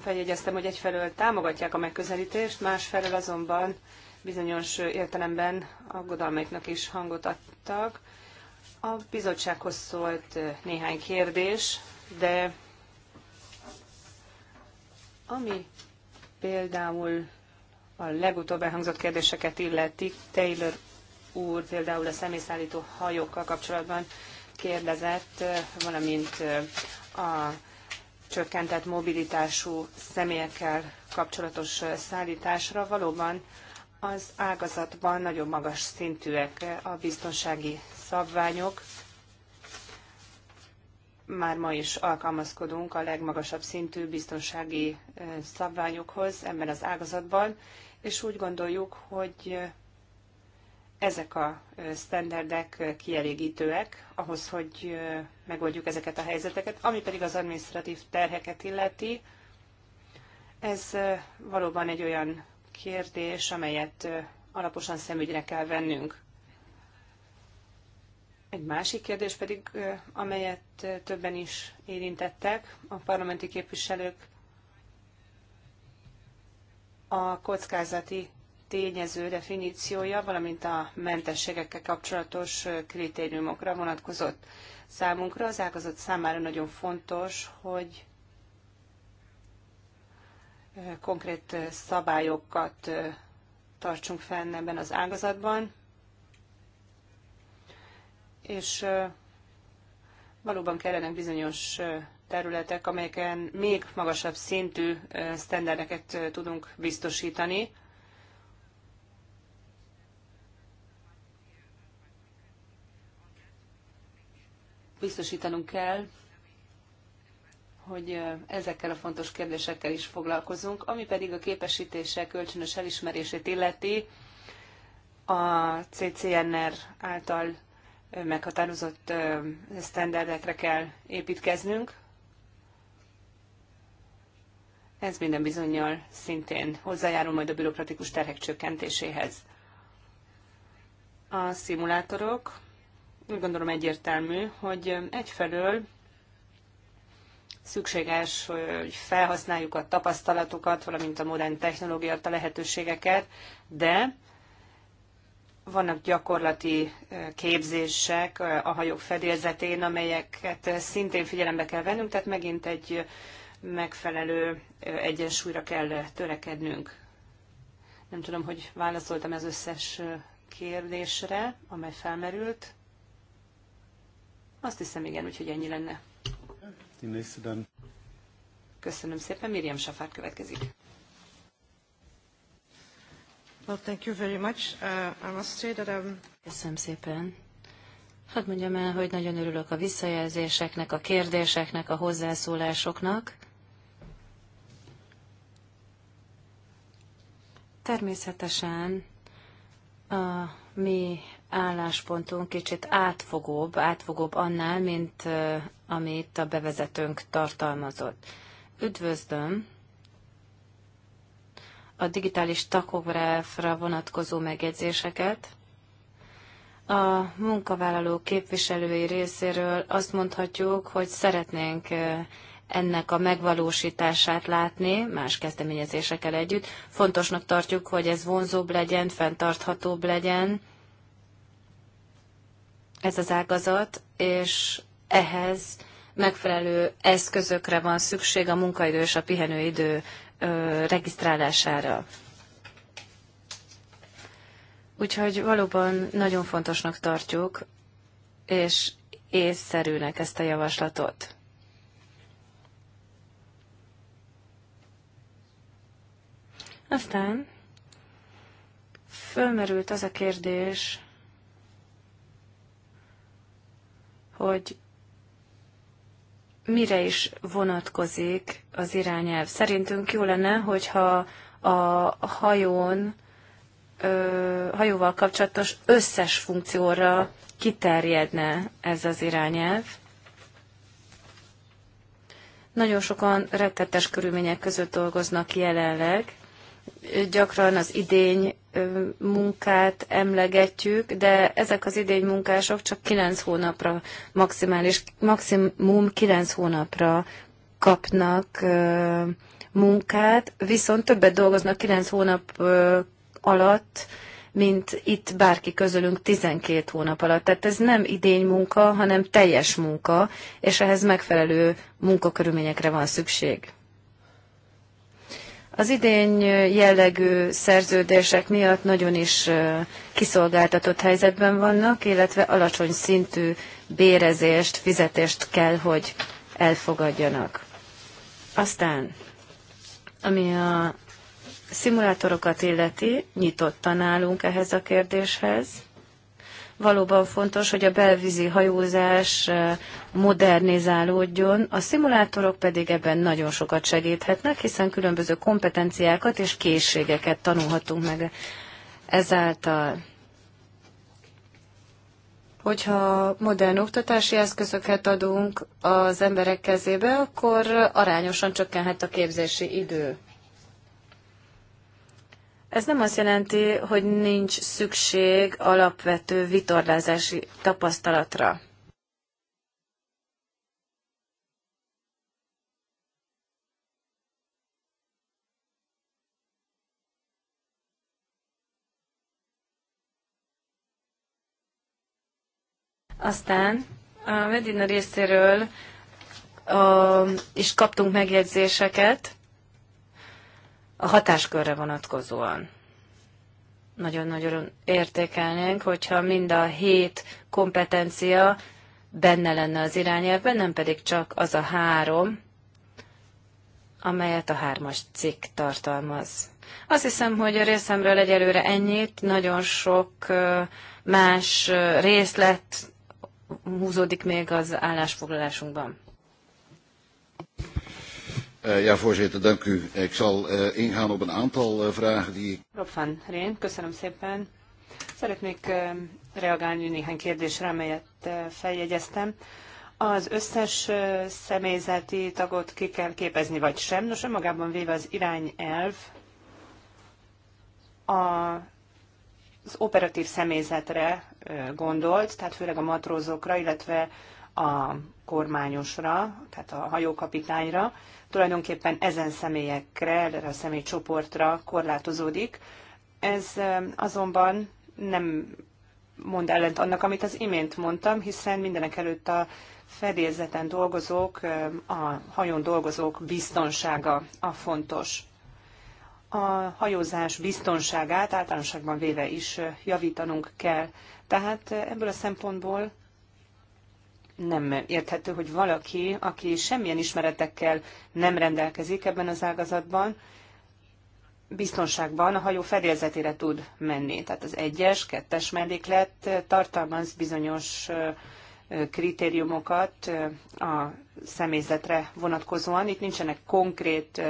Feljegyeztem, hogy egyfelől támogatják a megközelítést, másfelől azonban bizonyos értelemben aggodalmaiknak is hangot adtak. A bizottsághoz szólt néhány kérdés, de ami például a legutóbb elhangzott kérdéseket illeti, Taylor úr például a személyszállító hajókkal kapcsolatban kérdezett, valamint a csökkentett mobilitású személyekkel kapcsolatos szállításra valóban az ágazatban nagyon magas szintűek a biztonsági szabványok, már ma is alkalmazkodunk a legmagasabb szintű biztonsági szabványokhoz ebben az ágazatban, és úgy gondoljuk, hogy ezek a sztenderdek kielégítőek ahhoz, hogy megoldjuk ezeket a helyzeteket, ami pedig az administratív terheket illeti. Ez valóban egy olyan kérdés, amelyet alaposan szemügyre kell vennünk. Egy másik kérdés pedig, amelyet többen is érintettek, a parlamenti képviselők a kockázati tényező definíciója, valamint a mentességekkel kapcsolatos kritériumokra vonatkozott. Számunkra az ágazat számára nagyon fontos, hogy konkrét szabályokat tartsunk fenn ebben az ágazatban, és valóban kellene bizonyos területek, amelyeken még magasabb szintű sztenderdeket tudunk biztosítani. Biztosítanunk kell, hogy ezekkel a fontos kérdésekkel is foglalkozunk, ami pedig a képesítések kölcsönös elismerését illeti a CCNR által meghatározott sztenderdekre kell építkeznünk. Ez minden bizonyal szintén hozzájárul majd a bürokratikus terhek csökkentéséhez. A szimulátorok úgy gondolom egyértelmű, hogy egyfelől szükséges, hogy felhasználjuk a tapasztalatokat, valamint a modern technológiát, a lehetőségeket, de vannak gyakorlati képzések a hajók fedélzetén, amelyeket szintén figyelembe kell vennünk, tehát megint egy megfelelő egyensúlyra kell törekednünk. Nem tudom, hogy válaszoltam az összes kérdésre, amely felmerült. Azt hiszem, igen, úgyhogy ennyi lenne. Köszönöm szépen, Miriam Safár következik. Well, thank you very much. Uh, I must say that I'm... Um, Köszönöm szépen. Hadd mondjam el, hogy nagyon örülök a visszajelzéseknek, a kérdéseknek, a hozzászólásoknak. Természetesen a mi álláspontunk kicsit átfogóbb, átfogóbb annál, mint uh, amit a bevezetőnk tartalmazott. Üdvözlöm a digitális takográfra vonatkozó megjegyzéseket. A munkavállaló képviselői részéről azt mondhatjuk, hogy szeretnénk ennek a megvalósítását látni, más kezdeményezésekkel együtt. Fontosnak tartjuk, hogy ez vonzóbb legyen, fenntarthatóbb legyen ez az ágazat, és ehhez megfelelő eszközökre van szükség a munkaidő és a pihenőidő regisztrálására. Úgyhogy valóban nagyon fontosnak tartjuk, és észszerűnek ezt a javaslatot. Aztán fölmerült az a kérdés, hogy mire is vonatkozik az irányelv. Szerintünk jó lenne, hogyha a hajón, ö, hajóval kapcsolatos összes funkcióra kiterjedne ez az irányelv. Nagyon sokan rettetes körülmények között dolgoznak jelenleg, gyakran az idény munkát emlegetjük, de ezek az idény munkások csak 9 hónapra maximális, maximum 9 hónapra kapnak munkát, viszont többet dolgoznak 9 hónap alatt, mint itt bárki közülünk 12 hónap alatt. Tehát ez nem idény munka, hanem teljes munka, és ehhez megfelelő munkakörülményekre van szükség. Az idény jellegű szerződések miatt nagyon is kiszolgáltatott helyzetben vannak, illetve alacsony szintű bérezést, fizetést kell, hogy elfogadjanak. Aztán, ami a szimulátorokat illeti, nyitottan állunk ehhez a kérdéshez valóban fontos, hogy a belvízi hajózás modernizálódjon, a szimulátorok pedig ebben nagyon sokat segíthetnek, hiszen különböző kompetenciákat és készségeket tanulhatunk meg ezáltal. Hogyha modern oktatási eszközöket adunk az emberek kezébe, akkor arányosan csökkenhet a képzési idő. Ez nem azt jelenti, hogy nincs szükség alapvető vitorlázási tapasztalatra. Aztán a Medina részéről a, is kaptunk megjegyzéseket a hatáskörre vonatkozóan. Nagyon-nagyon értékelnénk, hogyha mind a hét kompetencia benne lenne az irányelvben, nem pedig csak az a három, amelyet a hármas cikk tartalmaz. Azt hiszem, hogy a részemről egyelőre ennyit, nagyon sok más részlet húzódik még az állásfoglalásunkban. Eh, ja, voorzitter, dank u. Ik zal uh, ingaan op een aantal uh, vragen die ik... Rob van Rén, köszönöm szépen. Szeretnék uh, reagálni néhány kérdésre, amelyet uh, feljegyeztem. Az összes uh, személyzeti tagot ki kell képezni, vagy sem. Nos, önmagában véve az irányelv a, az operatív személyzetre uh, gondolt, tehát főleg a matrózokra, illetve a kormányosra, tehát a hajókapitányra, tulajdonképpen ezen személyekre, erre a személycsoportra korlátozódik. Ez azonban nem mond ellent annak, amit az imént mondtam, hiszen mindenek előtt a fedélzeten dolgozók, a hajón dolgozók biztonsága a fontos. A hajózás biztonságát általánosságban véve is javítanunk kell. Tehát ebből a szempontból nem érthető, hogy valaki, aki semmilyen ismeretekkel nem rendelkezik ebben az ágazatban, biztonságban a hajó fedélzetére tud menni. Tehát az egyes, kettes melléklet tartalmaz bizonyos kritériumokat a személyzetre vonatkozóan. Itt nincsenek konkrét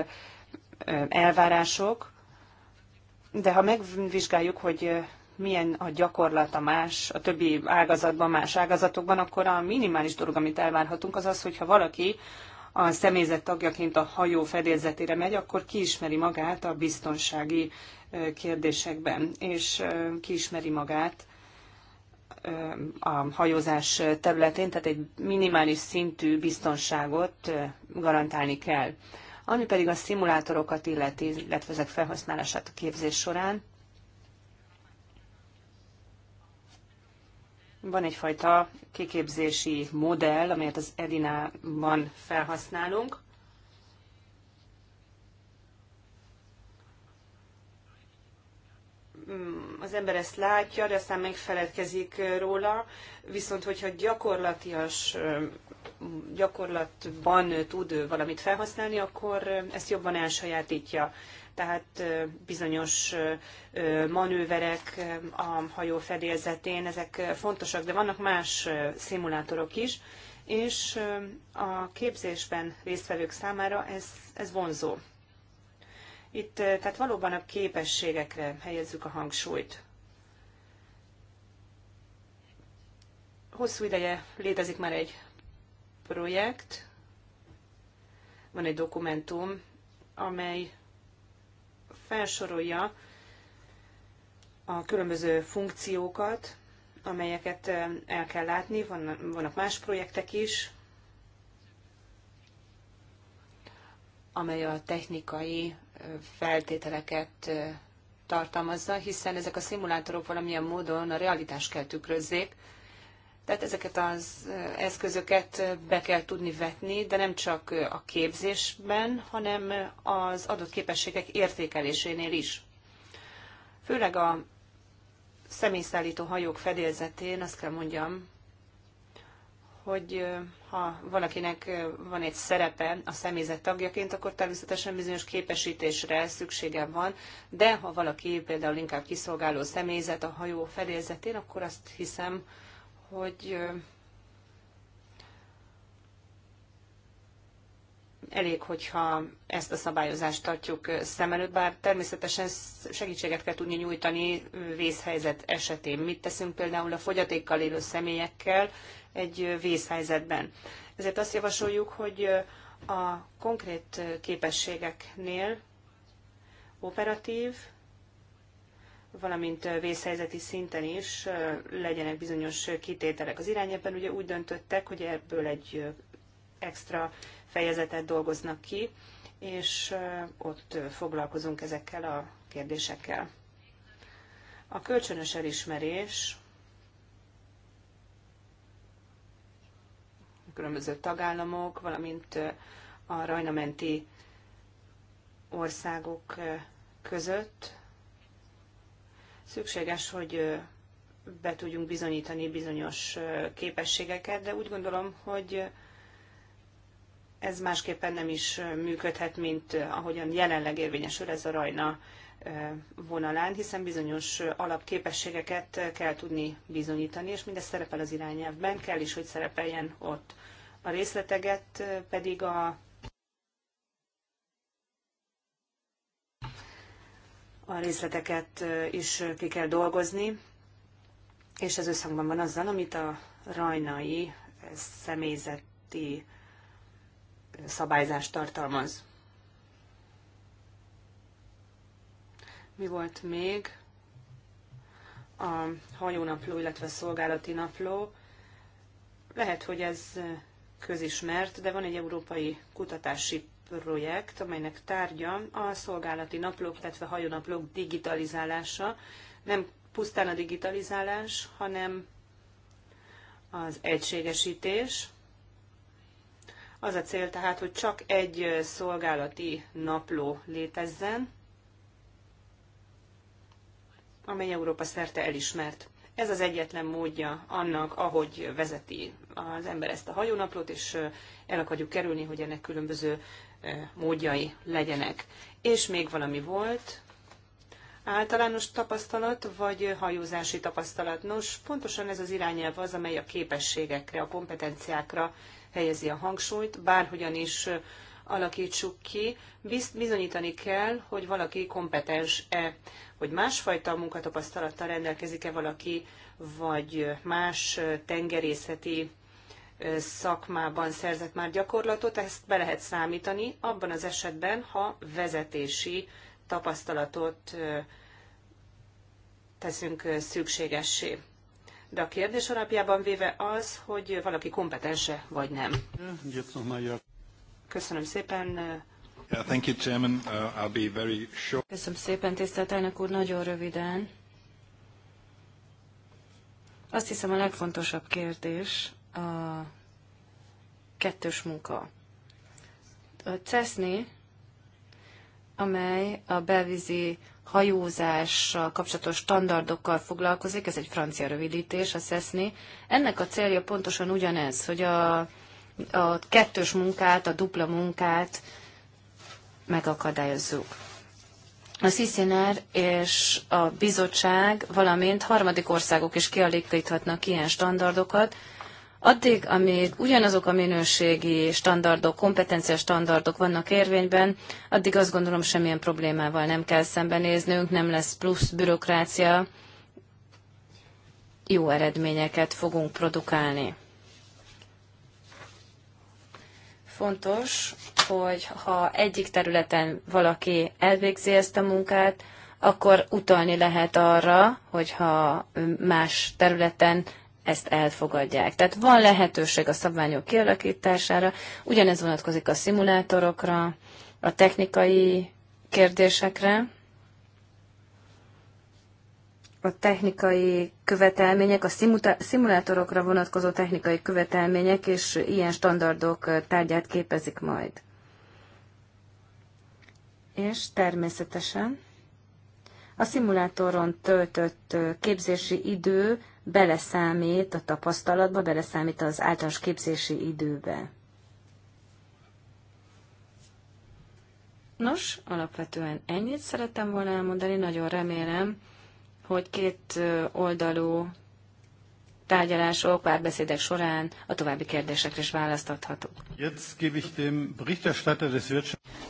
elvárások, de ha megvizsgáljuk, hogy milyen a gyakorlat a más, a többi ágazatban, más ágazatokban, akkor a minimális dolog, amit elvárhatunk, az az, hogyha valaki a személyzet tagjaként a hajó fedélzetére megy, akkor kiismeri magát a biztonsági kérdésekben, és kiismeri magát a hajózás területén, tehát egy minimális szintű biztonságot garantálni kell. Ami pedig a szimulátorokat illeti, illetve ezek felhasználását a képzés során, Van egyfajta kiképzési modell, amelyet az Edinában felhasználunk. Mm, az ember ezt látja, de aztán megfeledkezik róla, viszont hogyha gyakorlatias, gyakorlatban tud valamit felhasználni, akkor ezt jobban elsajátítja tehát bizonyos manőverek a hajó fedélzetén, ezek fontosak, de vannak más szimulátorok is, és a képzésben résztvevők számára ez, ez vonzó. Itt tehát valóban a képességekre helyezzük a hangsúlyt. Hosszú ideje létezik már egy projekt, van egy dokumentum, amely felsorolja a különböző funkciókat, amelyeket eh, el kell látni, vannak más projektek is, amely a technikai eh, feltételeket eh, tartalmazza, hiszen ezek a szimulátorok valamilyen módon a realitást kell tükrözzék, tehát ezeket az eszközöket be kell tudni vetni, de nem csak a képzésben, hanem az adott képességek értékelésénél is. Főleg a személyszállító hajók fedélzetén azt kell mondjam, hogy ha valakinek van egy szerepe a személyzet tagjaként, akkor természetesen bizonyos képesítésre szüksége van, de ha valaki például inkább kiszolgáló személyzet a hajó fedélzetén, akkor azt hiszem, hogy elég, hogyha ezt a szabályozást tartjuk szem előtt, bár természetesen segítséget kell tudni nyújtani vészhelyzet esetén. Mit teszünk például a fogyatékkal élő személyekkel egy vészhelyzetben? Ezért azt javasoljuk, hogy a konkrét képességeknél operatív, valamint vészhelyzeti szinten is legyenek bizonyos kitételek. Az irányában ugye úgy döntöttek, hogy ebből egy extra fejezetet dolgoznak ki, és ott foglalkozunk ezekkel a kérdésekkel. A kölcsönös elismerés a különböző tagállamok, valamint a rajnamenti országok között Szükséges, hogy be tudjunk bizonyítani bizonyos képességeket, de úgy gondolom, hogy ez másképpen nem is működhet, mint ahogyan jelenleg érvényesül ez a rajna vonalán, hiszen bizonyos alapképességeket kell tudni bizonyítani, és mindez szerepel az irányelvben, kell is, hogy szerepeljen ott. A részleteket pedig a a részleteket is ki kell dolgozni, és ez összhangban van azzal, amit a rajnai személyzeti szabályzás tartalmaz. Mi volt még? A hajónapló, illetve a szolgálati napló. Lehet, hogy ez közismert, de van egy európai kutatási projekt, amelynek tárgya a szolgálati naplók, illetve hajónaplók digitalizálása. Nem pusztán a digitalizálás, hanem az egységesítés. Az a cél tehát, hogy csak egy szolgálati napló létezzen, amely Európa szerte elismert. Ez az egyetlen módja annak, ahogy vezeti az ember ezt a hajónaplót, és el akarjuk kerülni, hogy ennek különböző E, módjai legyenek. És még valami volt, általános tapasztalat, vagy hajózási tapasztalat. Nos, pontosan ez az irányelv az, amely a képességekre, a kompetenciákra helyezi a hangsúlyt, bárhogyan is e, alakítsuk ki, bizonyítani kell, hogy valaki kompetens-e, hogy másfajta munkatapasztalattal rendelkezik-e valaki, vagy más e, tengerészeti szakmában szerzett már gyakorlatot, ezt be lehet számítani abban az esetben, ha vezetési tapasztalatot teszünk szükségessé. De a kérdés alapjában véve az, hogy valaki kompetense vagy nem. Köszönöm szépen. Thank you, Chairman. Uh, I'll be very short. Köszönöm szépen, tisztelt elnök úr, nagyon röviden. Azt hiszem a legfontosabb kérdés a kettős munka. A CESZNI, amely a belvízi hajózással kapcsolatos standardokkal foglalkozik, ez egy francia rövidítés, a CESZNI. Ennek a célja pontosan ugyanez, hogy a, a kettős munkát, a dupla munkát megakadályozzuk. A CCNR és a bizottság, valamint harmadik országok is kialakíthatnak ilyen standardokat, Addig, amíg ugyanazok a minőségi standardok, kompetencia standardok vannak érvényben, addig azt gondolom semmilyen problémával nem kell szembenéznünk, nem lesz plusz bürokrácia, jó eredményeket fogunk produkálni. Fontos, hogy ha egyik területen valaki elvégzi ezt a munkát, akkor utalni lehet arra, hogyha más területen ezt elfogadják. Tehát van lehetőség a szabványok kialakítására, ugyanez vonatkozik a szimulátorokra, a technikai kérdésekre, a technikai követelmények, a szimulátorokra vonatkozó technikai követelmények és ilyen standardok tárgyát képezik majd. És természetesen a szimulátoron töltött képzési idő beleszámít a tapasztalatba, beleszámít az általános képzési időbe. Nos, alapvetően ennyit szerettem volna elmondani, nagyon remélem, hogy két oldalú tárgyalások, párbeszédek során a további kérdésekre is választ adhatok.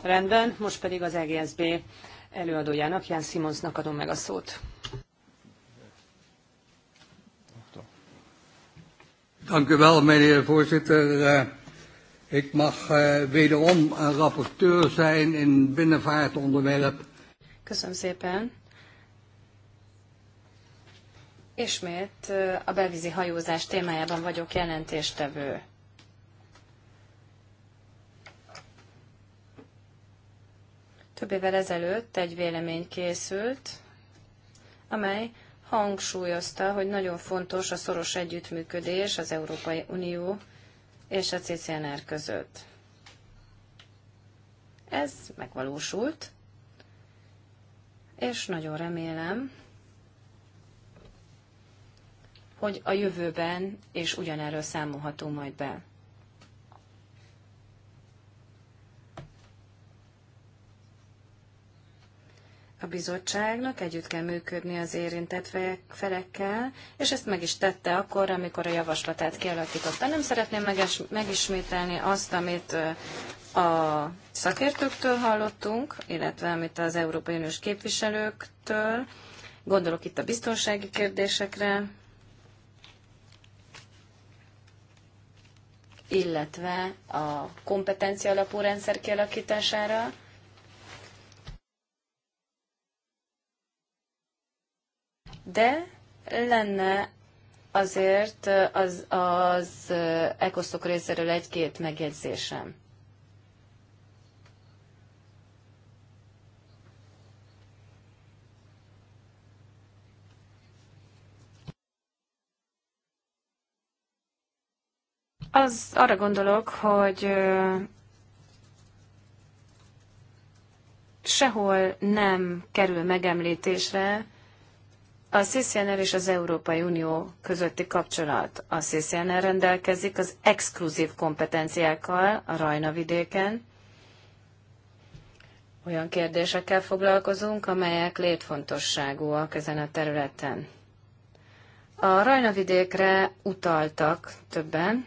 Rendben, most pedig az EGSB előadójának, Ján Simonsnak adom meg a szót. Dank u wel, meneer de voorzitter. Uh, Ik mag uh, wederom een rapporteur zijn in binnenvaartonderwerp. Köszönöm szépen. Ismét uh, a belvízi hajózás témájában vagyok jelentéstevő. Több évvel ezelőtt egy vélemény készült, amely hangsúlyozta, hogy nagyon fontos a szoros együttműködés az Európai Unió és a CCNR között. Ez megvalósult, és nagyon remélem, hogy a jövőben és ugyanerről számolhatunk majd be. a bizottságnak együtt kell működni az érintett felekkel, és ezt meg is tette akkor, amikor a javaslatát kialakította. Nem szeretném meges, megismételni azt, amit a szakértőktől hallottunk, illetve amit az Európai Uniós képviselőktől. Gondolok itt a biztonsági kérdésekre, illetve a kompetencia alapú rendszer kialakítására, de lenne azért az, az ECOSZOK részéről egy-két megjegyzésem. Az arra gondolok, hogy sehol nem kerül megemlítésre a CCNR és az Európai Unió közötti kapcsolat. A CCNR rendelkezik az exkluzív kompetenciákkal a Rajna vidéken. Olyan kérdésekkel foglalkozunk, amelyek létfontosságúak ezen a területen. A Rajna vidékre utaltak többen,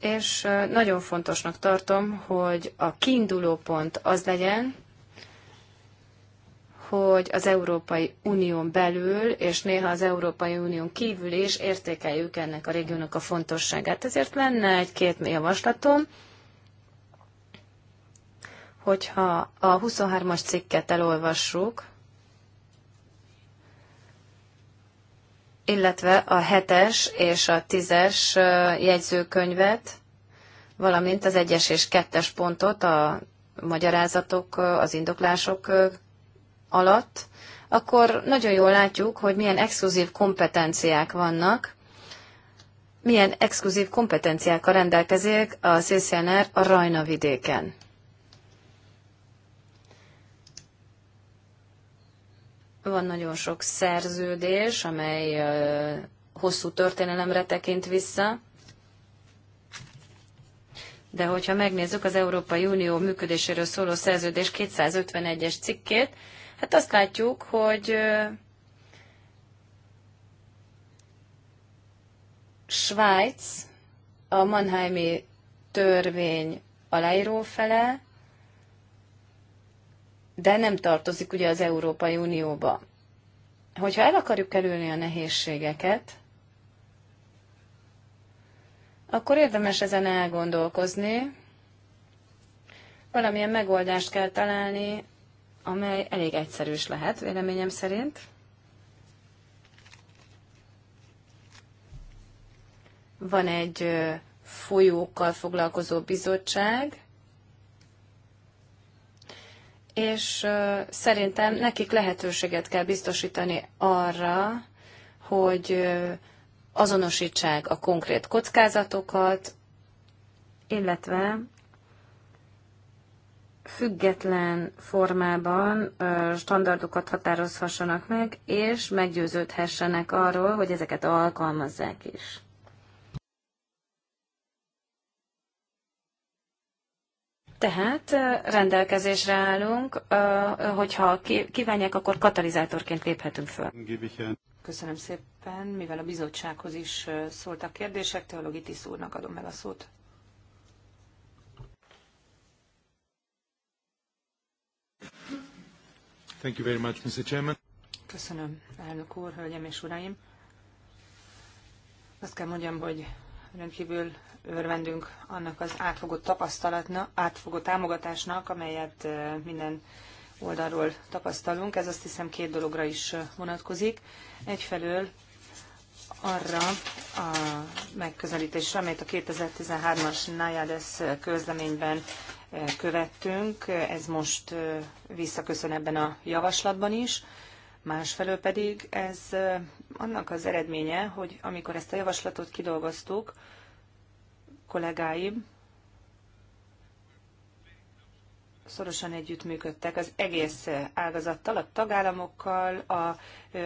és nagyon fontosnak tartom, hogy a kiinduló pont az legyen, hogy az Európai Unión belül, és néha az Európai Unión kívül is értékeljük ennek a régiónak a fontosságát. Ezért lenne egy-két javaslatom, hogyha a 23-as cikket elolvassuk, illetve a hetes és a tízes jegyzőkönyvet, valamint az egyes és kettes pontot a magyarázatok, az indoklások alatt, akkor nagyon jól látjuk, hogy milyen exkluzív kompetenciák vannak, milyen exkluzív kompetenciákkal rendelkezik a CCNR a Rajna vidéken. Van nagyon sok szerződés, amely hosszú történelemre tekint vissza, de hogyha megnézzük az Európai Unió működéséről szóló szerződés 251-es cikkét, hát azt látjuk, hogy Svájc a Mannheimi törvény aláíró fele, de nem tartozik ugye az Európai Unióba. Hogyha el akarjuk kerülni a nehézségeket, akkor érdemes ezen elgondolkozni, valamilyen megoldást kell találni, amely elég egyszerűs lehet, véleményem szerint. Van egy folyókkal foglalkozó bizottság, és szerintem nekik lehetőséget kell biztosítani arra, hogy azonosítsák a konkrét kockázatokat, illetve független formában standardokat határozhassanak meg, és meggyőződhessenek arról, hogy ezeket alkalmazzák is. Tehát rendelkezésre állunk, hogyha kívánják, akkor katalizátorként léphetünk föl. Köszönöm szépen, mivel a bizottsághoz is szóltak kérdések, Teologitis úrnak adom meg a szót. Thank you very much, Mr. Chairman. Köszönöm, elnök úr, hölgyem és uraim. Azt kell mondjam, hogy rendkívül örvendünk annak az átfogott tapasztalatnak, átfogott támogatásnak, amelyet minden oldalról tapasztalunk. Ez azt hiszem két dologra is vonatkozik. Egyfelől arra a megközelítésre, amelyet a 2013-as NAJADES közleményben követtünk, ez most visszaköszön ebben a javaslatban is. Másfelől pedig ez annak az eredménye, hogy amikor ezt a javaslatot kidolgoztuk, kollégáim szorosan együttműködtek az egész ágazattal, a tagállamokkal, a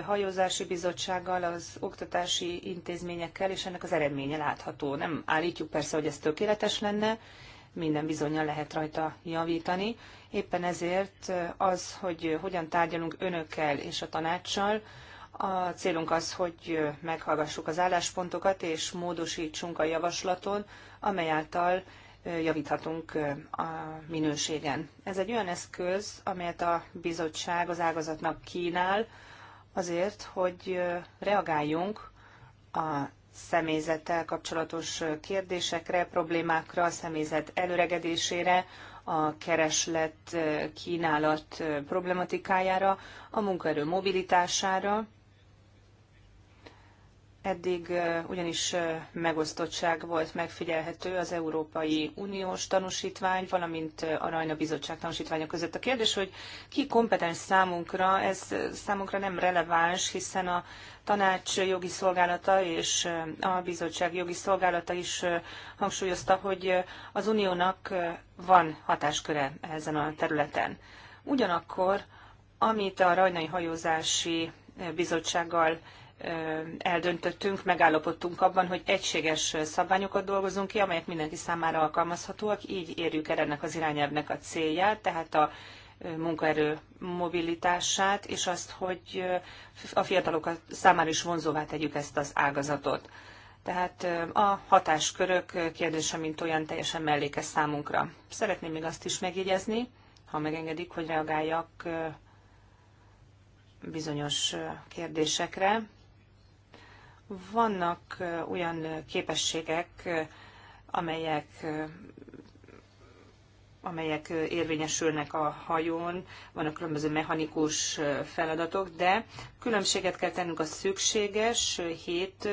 hajózási bizottsággal, az oktatási intézményekkel, és ennek az eredménye látható. Nem állítjuk persze, hogy ez tökéletes lenne, minden bizonyal lehet rajta javítani. Éppen ezért az, hogy hogyan tárgyalunk önökkel és a tanácssal, a célunk az, hogy meghallgassuk az álláspontokat és módosítsunk a javaslaton, amely által javíthatunk a minőségen. Ez egy olyan eszköz, amelyet a bizottság az ágazatnak kínál, azért, hogy reagáljunk a személyzettel kapcsolatos kérdésekre, problémákra, a személyzet előregedésére, a kereslet kínálat problematikájára, a munkaerő mobilitására, Eddig ugyanis megosztottság volt megfigyelhető az Európai Uniós tanúsítvány, valamint a Rajna Bizottság tanúsítványa között. A kérdés, hogy ki kompetens számunkra, ez számunkra nem releváns, hiszen a tanács jogi szolgálata és a bizottság jogi szolgálata is hangsúlyozta, hogy az uniónak van hatásköre ezen a területen. Ugyanakkor, amit a Rajnai Hajózási Bizottsággal eldöntöttünk, megállapodtunk abban, hogy egységes szabványokat dolgozunk ki, amelyek mindenki számára alkalmazhatóak, így érjük el ennek az irányelvnek a célját, tehát a munkaerő mobilitását, és azt, hogy a fiatalok számára is vonzóvá tegyük ezt az ágazatot. Tehát a hatáskörök kérdése, mint olyan, teljesen mellékes számunkra. Szeretném még azt is megjegyezni, ha megengedik, hogy reagáljak bizonyos kérdésekre vannak olyan képességek, amelyek amelyek érvényesülnek a hajón, vannak különböző mechanikus feladatok, de különbséget kell tennünk a szükséges hét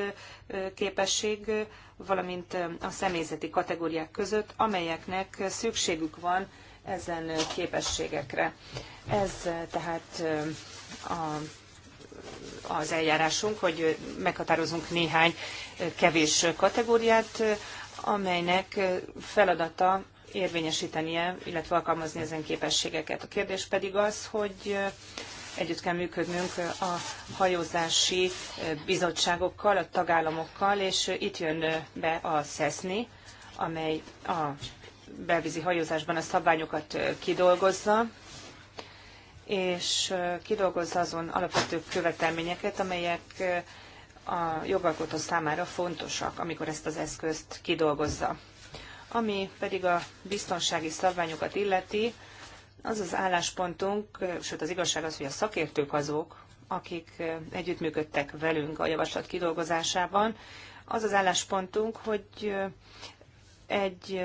képesség, valamint a személyzeti kategóriák között, amelyeknek szükségük van ezen képességekre. Ez tehát a az eljárásunk, hogy meghatározunk néhány kevés kategóriát, amelynek feladata érvényesítenie, illetve alkalmazni ezen képességeket. A kérdés pedig az, hogy együtt kell működnünk a hajózási bizottságokkal, a tagállamokkal, és itt jön be a SESZNI, amely a belvízi hajózásban a szabványokat kidolgozza, és kidolgozza azon alapvető követelményeket, amelyek a jogalkotó számára fontosak, amikor ezt az eszközt kidolgozza. Ami pedig a biztonsági szabványokat illeti, az az álláspontunk, sőt az igazság az, hogy a szakértők azok, akik együttműködtek velünk a javaslat kidolgozásában, az az álláspontunk, hogy egy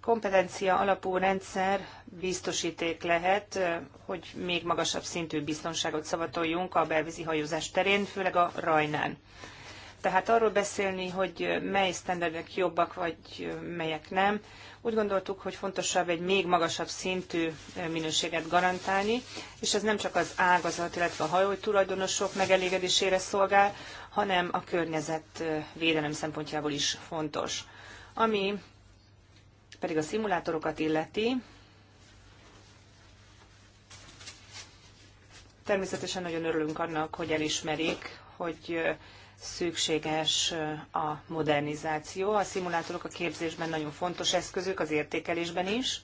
kompetencia alapú rendszer biztosíték lehet, hogy még magasabb szintű biztonságot szavatoljunk a belvízi hajózás terén, főleg a Rajnán. Tehát arról beszélni, hogy mely sztenderdek jobbak, vagy melyek nem, úgy gondoltuk, hogy fontosabb egy még magasabb szintű minőséget garantálni, és ez nem csak az ágazat, illetve a hajó tulajdonosok megelégedésére szolgál, hanem a környezet védelem szempontjából is fontos. Ami pedig a szimulátorokat illeti, természetesen nagyon örülünk annak, hogy elismerik, hogy szükséges a modernizáció. A szimulátorok a képzésben nagyon fontos eszközök, az értékelésben is.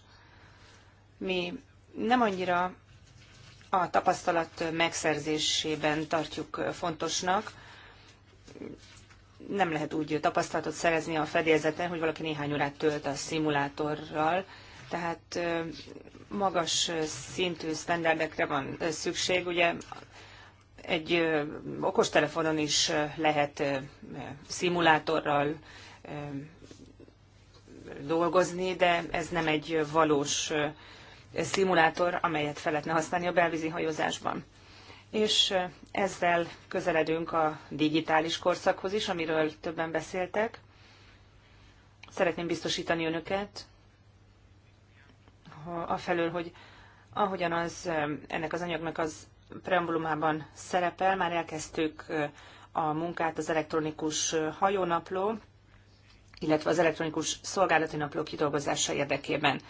Mi nem annyira a tapasztalat megszerzésében tartjuk fontosnak, nem lehet úgy tapasztalatot szerezni a fedélzeten, hogy valaki néhány órát tölt a szimulátorral, tehát magas szintű sztenderdekre van szükség. Ugye egy okostelefonon is lehet szimulátorral dolgozni, de ez nem egy valós szimulátor, amelyet fel lehetne használni a belvízi hajózásban és ezzel közeledünk a digitális korszakhoz is, amiről többen beszéltek. Szeretném biztosítani önöket afelől, hogy ahogyan az, ennek az anyagnak az preambulumában szerepel, már elkezdtük a munkát az elektronikus hajónapló, illetve az elektronikus szolgálati napló kidolgozása érdekében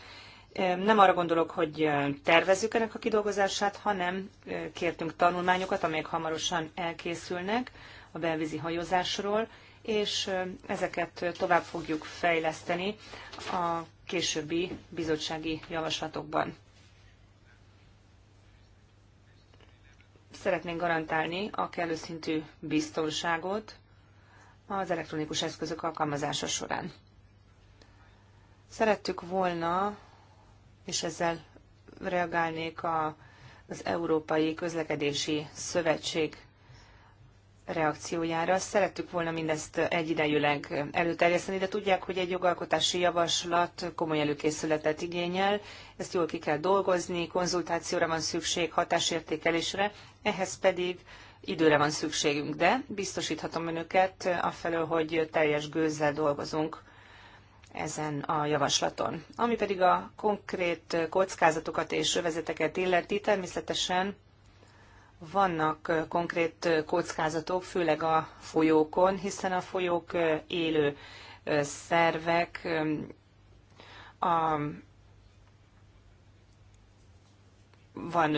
nem arra gondolok, hogy tervezzük ennek a kidolgozását, hanem kértünk tanulmányokat, amelyek hamarosan elkészülnek a belvízi hajózásról, és ezeket tovább fogjuk fejleszteni a későbbi bizottsági javaslatokban. Szeretnénk garantálni a kellő szintű biztonságot az elektronikus eszközök alkalmazása során. Szerettük volna és ezzel reagálnék a, az Európai Közlekedési Szövetség reakciójára. Szerettük volna mindezt egyidejűleg előterjeszteni, de tudják, hogy egy jogalkotási javaslat komoly előkészületet igényel, ezt jól ki kell dolgozni, konzultációra van szükség, hatásértékelésre, ehhez pedig időre van szükségünk, de biztosíthatom önöket afelől, hogy teljes gőzzel dolgozunk ezen a javaslaton. Ami pedig a konkrét kockázatokat és övezeteket illeti, természetesen vannak konkrét kockázatok, főleg a folyókon, hiszen a folyók élő szervek, a van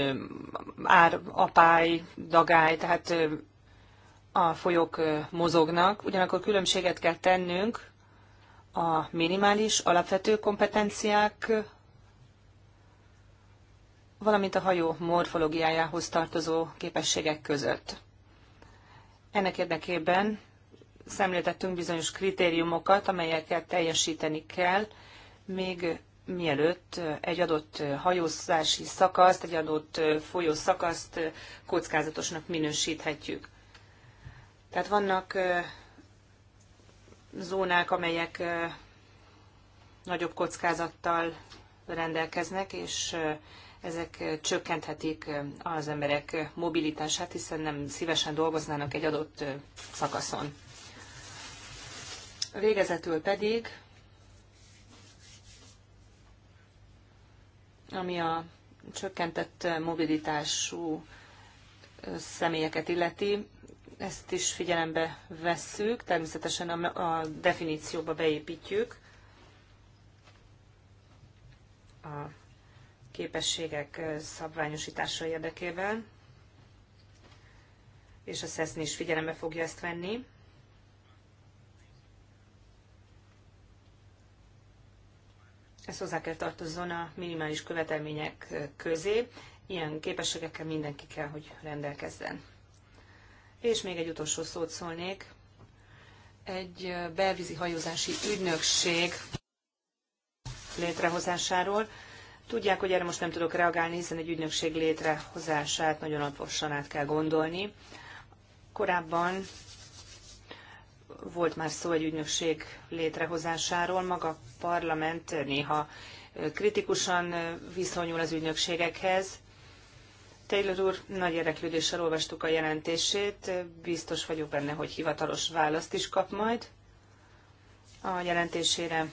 ár, apály, dagály, tehát a folyók mozognak. Ugyanakkor különbséget kell tennünk a minimális alapvető kompetenciák, valamint a hajó morfológiájához tartozó képességek között. Ennek érdekében szemléltettünk bizonyos kritériumokat, amelyeket teljesíteni kell, még mielőtt egy adott hajózási szakaszt, egy adott folyó szakaszt kockázatosnak minősíthetjük. Tehát vannak zónák, amelyek nagyobb kockázattal rendelkeznek, és ezek csökkenthetik az emberek mobilitását, hiszen nem szívesen dolgoznának egy adott szakaszon. Végezetül pedig, ami a csökkentett mobilitású személyeket illeti, ezt is figyelembe vesszük, természetesen a, a definícióba beépítjük a képességek szabványosítása érdekében, és a SESZNI is figyelembe fogja ezt venni. Ez hozzá kell tartozzon a minimális követelmények közé. Ilyen képességekkel mindenki kell, hogy rendelkezzen. És még egy utolsó szót szólnék. Egy belvízi hajózási ügynökség létrehozásáról. Tudják, hogy erre most nem tudok reagálni, hiszen egy ügynökség létrehozását nagyon alaposan át kell gondolni. Korábban volt már szó egy ügynökség létrehozásáról. Maga a parlament néha kritikusan viszonyul az ügynökségekhez, Taylor úr, nagy érdeklődéssel olvastuk a jelentését, biztos vagyok benne, hogy hivatalos választ is kap majd a jelentésére.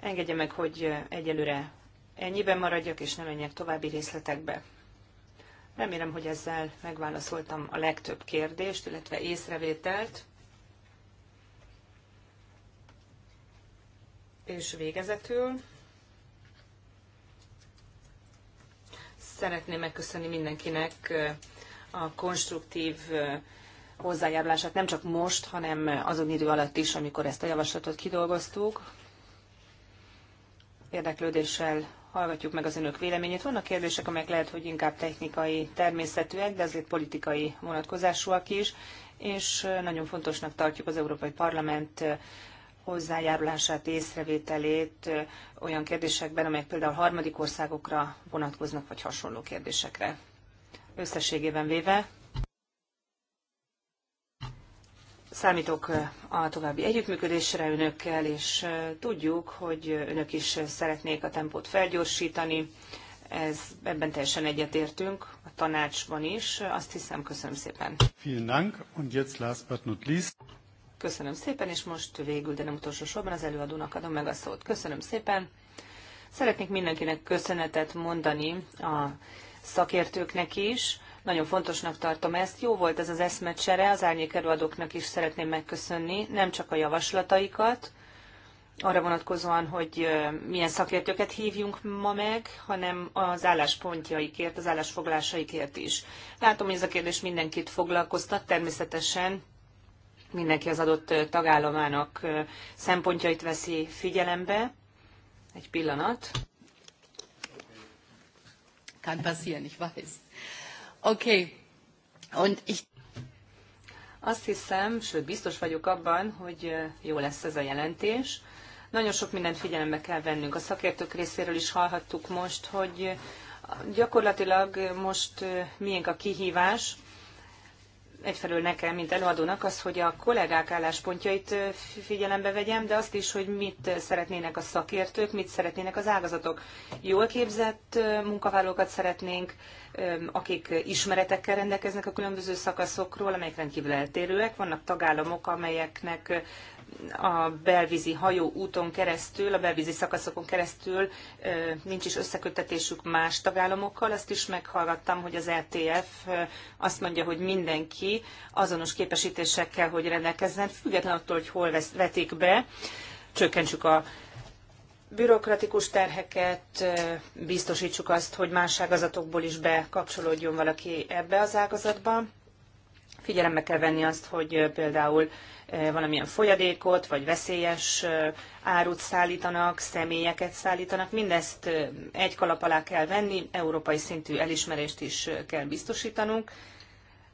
Engedje meg, hogy egyelőre ennyiben maradjak, és nem menjek további részletekbe. Remélem, hogy ezzel megválaszoltam a legtöbb kérdést, illetve észrevételt. És végezetül Szeretném megköszönni mindenkinek a konstruktív hozzájárulását, nem csak most, hanem azon idő alatt is, amikor ezt a javaslatot kidolgoztuk. Érdeklődéssel hallgatjuk meg az önök véleményét. Vannak kérdések, amelyek lehet, hogy inkább technikai természetűek, de azért politikai vonatkozásúak is, és nagyon fontosnak tartjuk az Európai Parlament hozzájárulását, észrevételét olyan kérdésekben, amelyek például harmadik országokra vonatkoznak, vagy hasonló kérdésekre. Összességében véve számítok a további együttműködésre önökkel, és tudjuk, hogy önök is szeretnék a tempót felgyorsítani. Ez, ebben teljesen egyetértünk, a tanácsban is. Azt hiszem, köszönöm szépen. Vielen Dank, und jetzt last but not least. Köszönöm szépen, és most végül, de nem utolsó sorban az előadónak adom meg a szót. Köszönöm szépen. Szeretnék mindenkinek köszönetet mondani a szakértőknek is. Nagyon fontosnak tartom ezt. Jó volt ez az eszmecsere, az árnyék előadóknak is szeretném megköszönni, nem csak a javaslataikat, arra vonatkozóan, hogy milyen szakértőket hívjunk ma meg, hanem az álláspontjaikért, az állásfoglásaikért is. Látom, hogy ez a kérdés mindenkit foglalkoztat, természetesen mindenki az adott tagállamának szempontjait veszi figyelembe. Egy pillanat. Kann passieren, ich weiß. Okay. Und ich... Azt hiszem, sőt biztos vagyok abban, hogy jó lesz ez a jelentés. Nagyon sok mindent figyelembe kell vennünk. A szakértők részéről is hallhattuk most, hogy gyakorlatilag most miénk a kihívás, egyfelől nekem, mint előadónak az, hogy a kollégák álláspontjait figyelembe vegyem, de azt is, hogy mit szeretnének a szakértők, mit szeretnének az ágazatok. Jól képzett munkavállalókat szeretnénk, akik ismeretekkel rendelkeznek a különböző szakaszokról, amelyek rendkívül eltérőek. Vannak tagállamok, amelyeknek a belvízi hajó úton keresztül, a belvízi szakaszokon keresztül nincs is összekötetésük más tagállamokkal. Azt is meghallgattam, hogy az LTF e azt mondja, hogy mindenki azonos képesítésekkel, hogy rendelkezzen, független attól, hogy hol vesz, vetik be. Csökkentsük a bürokratikus terheket, biztosítsuk azt, hogy más ágazatokból is bekapcsolódjon valaki ebbe az ágazatba. Figyelembe kell venni azt, hogy például valamilyen folyadékot, vagy veszélyes árut szállítanak, személyeket szállítanak, mindezt egy kalap alá kell venni, európai szintű elismerést is kell biztosítanunk.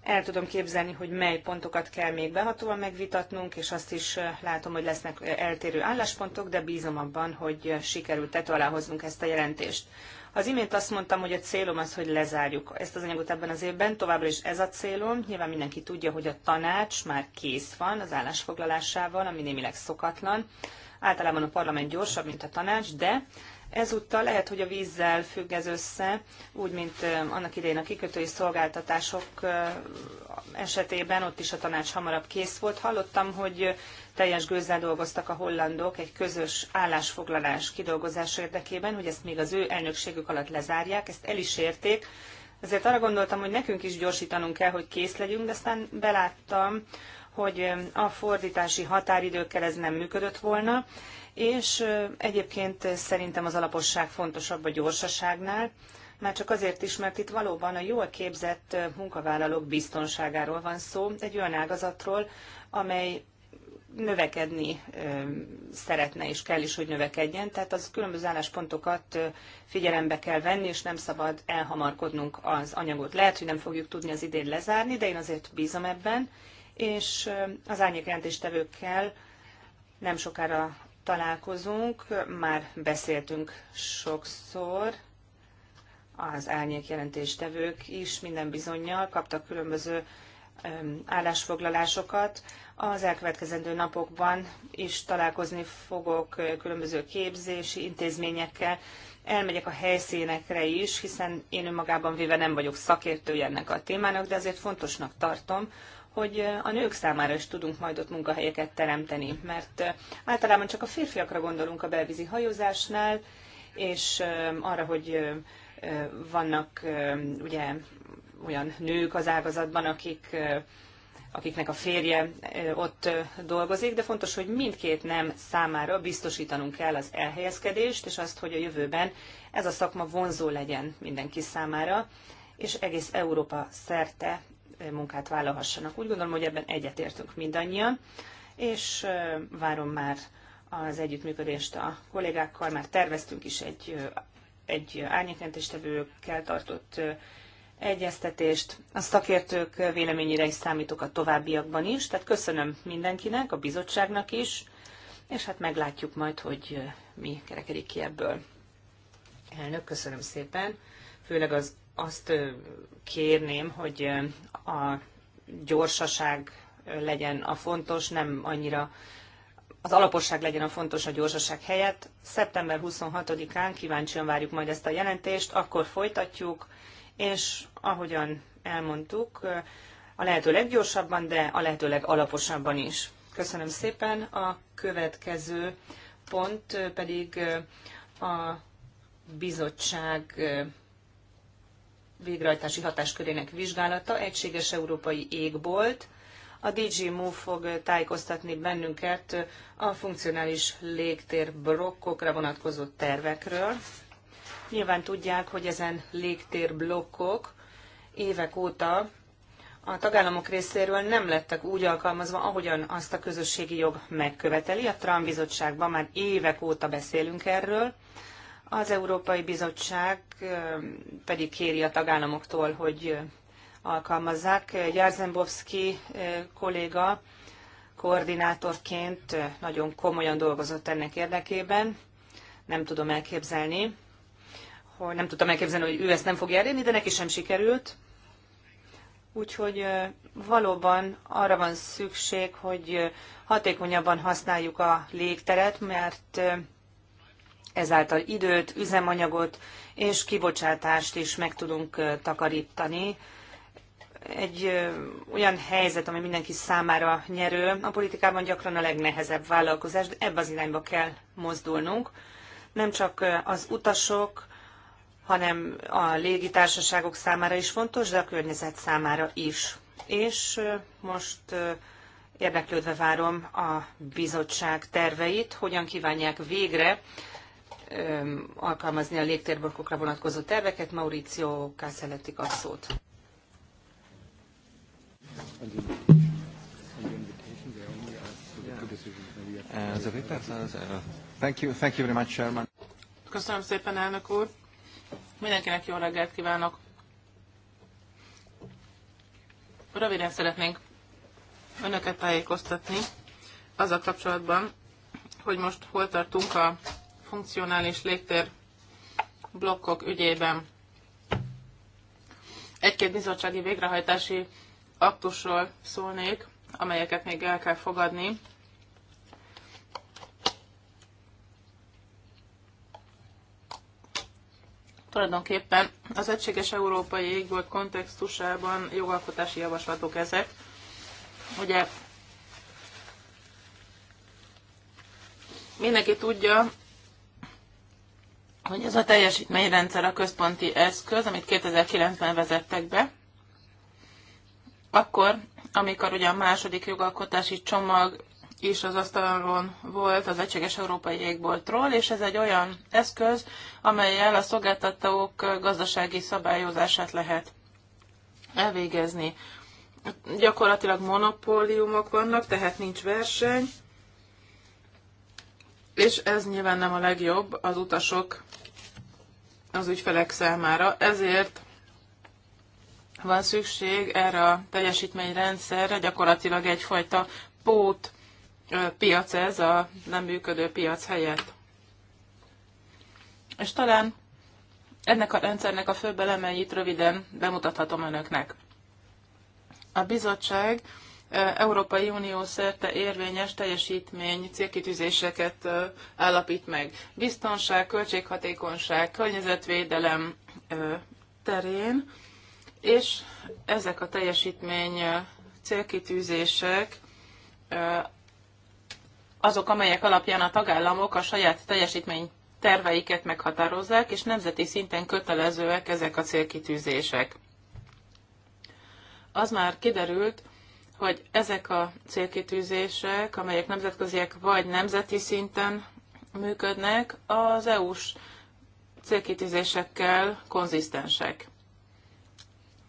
El tudom képzelni, hogy mely pontokat kell még behatóan megvitatnunk, és azt is látom, hogy lesznek eltérő álláspontok, de bízom abban, hogy sikerül tető alá hoznunk ezt a jelentést. Az imént azt mondtam, hogy a célom az, hogy lezárjuk ezt az anyagot ebben az évben, továbbra is ez a célom. Nyilván mindenki tudja, hogy a tanács már kész van az állásfoglalásával, ami némileg szokatlan. Általában a parlament gyorsabb, mint a tanács, de Ezúttal lehet, hogy a vízzel függ ez össze, úgy, mint annak idején a kikötői szolgáltatások esetében, ott is a tanács hamarabb kész volt. Hallottam, hogy teljes gőzzel dolgoztak a hollandok egy közös állásfoglalás kidolgozás érdekében, hogy ezt még az ő elnökségük alatt lezárják, ezt el is érték. Ezért arra gondoltam, hogy nekünk is gyorsítanunk kell, hogy kész legyünk, de aztán beláttam, hogy a fordítási határidőkkel ez nem működött volna, és egyébként szerintem az alaposság fontosabb a gyorsaságnál, már csak azért is, mert itt valóban a jól képzett munkavállalók biztonságáról van szó, egy olyan ágazatról, amely növekedni szeretne és kell is, hogy növekedjen. Tehát az különböző álláspontokat figyelembe kell venni, és nem szabad elhamarkodnunk az anyagot. Lehet, hogy nem fogjuk tudni az idén lezárni, de én azért bízom ebben, és az árnyékjelentéstevőkkel nem sokára találkozunk, már beszéltünk sokszor, az árnyék jelentéstevők is minden bizonyal kaptak különböző állásfoglalásokat. Az elkövetkezendő napokban is találkozni fogok eh, különböző képzési intézményekkel, elmegyek a helyszínekre is, hiszen én önmagában véve nem vagyok szakértő ennek a témának, de azért fontosnak tartom, hogy a nők számára is tudunk majd ott munkahelyeket teremteni, mert általában csak a férfiakra gondolunk a belvízi hajózásnál, és arra, hogy vannak ugye olyan nők az ágazatban, akik akiknek a férje ott dolgozik, de fontos, hogy mindkét nem számára biztosítanunk kell az elhelyezkedést, és azt, hogy a jövőben ez a szakma vonzó legyen mindenki számára, és egész Európa szerte munkát vállalhassanak. Úgy gondolom, hogy ebben egyetértünk mindannyian, és várom már az együttműködést a kollégákkal, már terveztünk is egy, egy árnyékentéstevőkkel tartott egyeztetést. A szakértők véleményére is számítok a továbbiakban is, tehát köszönöm mindenkinek, a bizottságnak is, és hát meglátjuk majd, hogy mi kerekedik ki ebből. Elnök, köszönöm szépen. Főleg az, azt kérném, hogy a gyorsaság legyen a fontos, nem annyira az alaposság legyen a fontos a gyorsaság helyett. Szeptember 26-án kíváncsian várjuk majd ezt a jelentést, akkor folytatjuk, és ahogyan elmondtuk, a lehető leggyorsabban, de a lehető legalaposabban is. Köszönöm szépen. A következő pont pedig a bizottság végrehajtási hatáskörének vizsgálata, egységes európai égbolt. A DG Move fog tájékoztatni bennünket a funkcionális légtér blokkokra vonatkozó tervekről. Nyilván tudják, hogy ezen blokkok évek óta a tagállamok részéről nem lettek úgy alkalmazva, ahogyan azt a közösségi jog megköveteli. A Trump bizottságban már évek óta beszélünk erről, az Európai Bizottság pedig kéri a tagállamoktól, hogy alkalmazzák. Jarzembowski kolléga koordinátorként nagyon komolyan dolgozott ennek érdekében. Nem tudom elképzelni, hogy nem tudtam elképzelni, hogy ő ezt nem fogja elérni, de neki sem sikerült. Úgyhogy valóban arra van szükség, hogy hatékonyabban használjuk a légteret, mert ezáltal időt, üzemanyagot és kibocsátást is meg tudunk takarítani. Egy olyan helyzet, ami mindenki számára nyerő, a politikában gyakran a legnehezebb vállalkozás, de ebbe az irányba kell mozdulnunk. Nem csak az utasok, hanem a légitársaságok számára is fontos, de a környezet számára is. És most érdeklődve várom a bizottság terveit, hogyan kívánják végre alkalmazni a légtérblokokra vonatkozó terveket. Mauricio Kászeletik a szót. Köszönöm szépen, elnök úr. Mindenkinek jó reggelt kívánok. Röviden szeretnénk önöket tájékoztatni a kapcsolatban, hogy most hol tartunk a funkcionális légtér blokkok ügyében. Egy-két bizottsági végrehajtási aktusról szólnék, amelyeket még el kell fogadni. Tulajdonképpen az egységes európai égbolt kontextusában jogalkotási javaslatok ezek. Ugye mindenki tudja, hogy ez a teljesítményrendszer a központi eszköz, amit 2009-ben vezettek be, akkor, amikor ugye a második jogalkotási csomag is az asztalon volt az Egységes Európai Égboltról, és ez egy olyan eszköz, amelyel a szolgáltatók gazdasági szabályozását lehet elvégezni. Gyakorlatilag monopóliumok vannak, tehát nincs verseny, és ez nyilván nem a legjobb az utasok az ügyfelek számára. Ezért van szükség erre a teljesítményrendszerre, gyakorlatilag egyfajta pót piac ez a nem működő piac helyett. És talán ennek a rendszernek a főbb elemeit röviden bemutathatom önöknek. A bizottság Európai Unió szerte érvényes teljesítmény célkitűzéseket állapít meg. Biztonság, költséghatékonyság, környezetvédelem terén, és ezek a teljesítmény célkitűzések azok, amelyek alapján a tagállamok a saját teljesítmény terveiket meghatározzák, és nemzeti szinten kötelezőek ezek a célkitűzések. Az már kiderült, hogy ezek a célkitűzések, amelyek nemzetköziek vagy nemzeti szinten működnek, az EU-s célkitűzésekkel konzisztensek.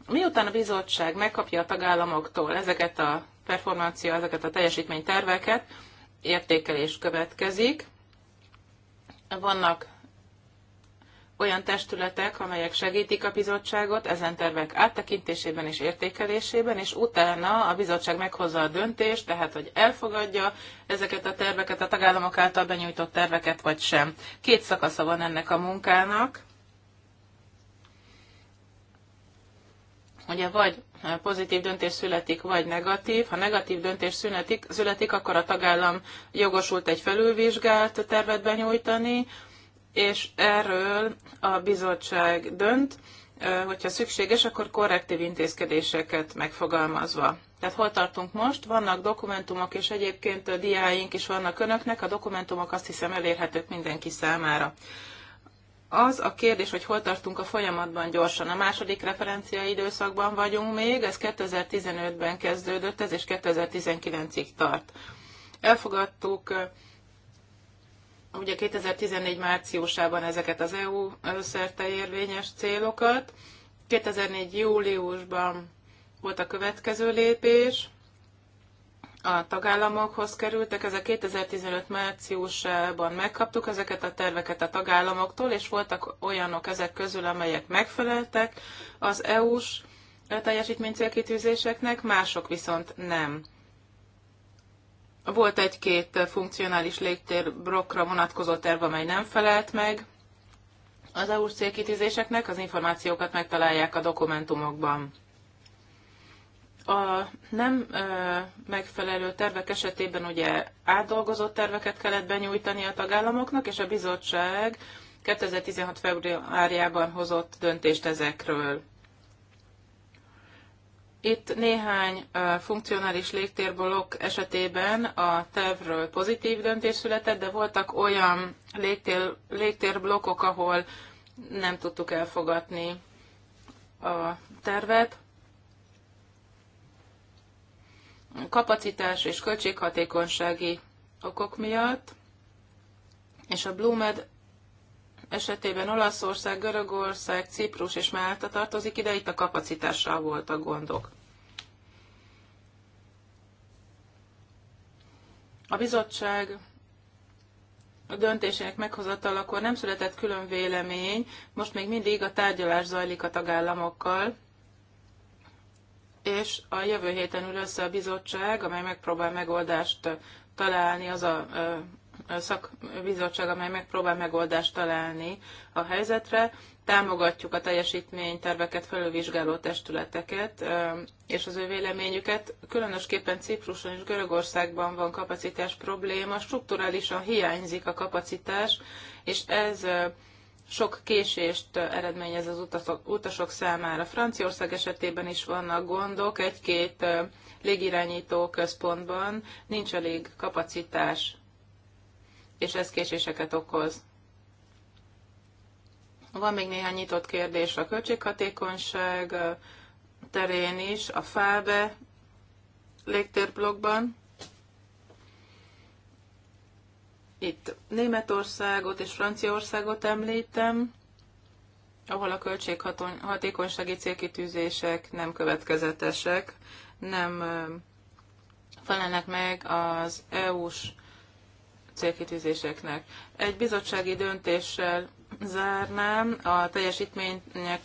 Miután a bizottság megkapja a tagállamoktól ezeket a performancia, ezeket a teljesítményterveket, értékelés következik. Vannak olyan testületek, amelyek segítik a bizottságot ezen tervek áttekintésében és értékelésében, és utána a bizottság meghozza a döntést, tehát hogy elfogadja ezeket a terveket, a tagállamok által benyújtott terveket, vagy sem. Két szakasza van ennek a munkának. Ugye vagy pozitív döntés születik, vagy negatív. Ha negatív döntés születik, születik akkor a tagállam jogosult egy felülvizsgált tervet benyújtani, és erről a bizottság dönt, hogyha szükséges, akkor korrektív intézkedéseket megfogalmazva. Tehát hol tartunk most? Vannak dokumentumok, és egyébként a diáink is vannak önöknek. A dokumentumok azt hiszem elérhetők mindenki számára. Az a kérdés, hogy hol tartunk a folyamatban gyorsan. A második referencia időszakban vagyunk még, ez 2015-ben kezdődött, ez és 2019-ig tart. Elfogadtuk ugye 2014 márciusában ezeket az EU szerte érvényes célokat, 2004 júliusban volt a következő lépés, a tagállamokhoz kerültek, ezek 2015 márciusában megkaptuk ezeket a terveket a tagállamoktól, és voltak olyanok ezek közül, amelyek megfeleltek az EU-s teljesítménycélkitűzéseknek, mások viszont nem. Volt egy-két funkcionális légtér blokkra vonatkozó terv, amely nem felelt meg az EU-s célkitűzéseknek, az információkat megtalálják a dokumentumokban. A nem ö, megfelelő tervek esetében ugye átdolgozott terveket kellett benyújtani a tagállamoknak, és a bizottság 2016. februárjában hozott döntést ezekről. Itt néhány funkcionális légtérblokk esetében a tervről pozitív döntés született, de voltak olyan légtér, légtérblokkok, ahol nem tudtuk elfogadni a tervet. Kapacitás és költséghatékonysági okok miatt, és a Bloomed esetében Olaszország, Görögország, Ciprus és Málta tartozik ide, itt a kapacitással voltak gondok. A bizottság a döntésének akkor nem született külön vélemény, most még mindig a tárgyalás zajlik a tagállamokkal, és a jövő héten ül össze a bizottság, amely megpróbál megoldást találni az a szakbizottság, amely megpróbál megoldást találni a helyzetre. Támogatjuk a teljesítményterveket felülvizsgáló testületeket és az ő véleményüket. Különösképpen Cipruson és Görögországban van kapacitás probléma, strukturálisan hiányzik a kapacitás, és ez sok késést eredményez az utasok, utasok számára. Franciaország esetében is vannak gondok, egy-két légirányító központban nincs elég kapacitás és ez késéseket okoz. Van még néhány nyitott kérdés a költséghatékonyság terén is, a FÁBE légtérblokkban. Itt Németországot és Franciaországot említem, ahol a költséghatékonysági célkitűzések nem következetesek, nem felelnek meg az EU-s célkitűzéseknek. Egy bizottsági döntéssel zárnám, a teljesítmények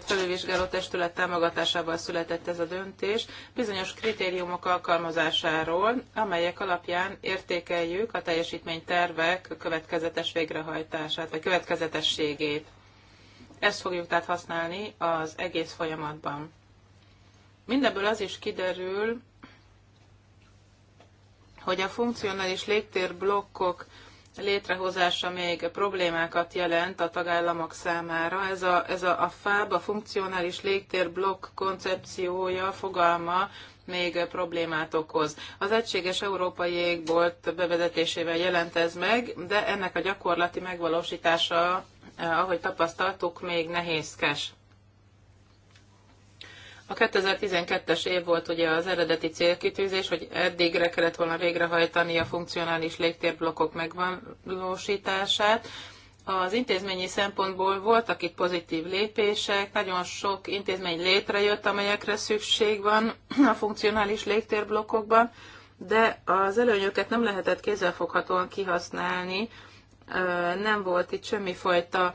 felülvizsgáló testület támogatásával született ez a döntés bizonyos kritériumok alkalmazásáról, amelyek alapján értékeljük a teljesítménytervek következetes végrehajtását, vagy következetességét. Ezt fogjuk tehát használni az egész folyamatban. Mindebből az is kiderül, hogy a funkcionális légtérblokkok létrehozása még problémákat jelent a tagállamok számára. Ez a, ez a, a FAB, a funkcionális légtérblokk koncepciója, fogalma még problémát okoz. Az egységes európai égbolt bevezetésével jelent ez meg, de ennek a gyakorlati megvalósítása, eh, ahogy tapasztaltuk, még nehézkes. A 2012-es év volt ugye az eredeti célkitűzés, hogy eddigre kellett volna végrehajtani a funkcionális légtérblokkok megvalósítását. Az intézményi szempontból voltak itt pozitív lépések, nagyon sok intézmény létrejött, amelyekre szükség van a funkcionális légtérblokkokban, de az előnyöket nem lehetett kézzelfoghatóan kihasználni, nem volt itt semmifajta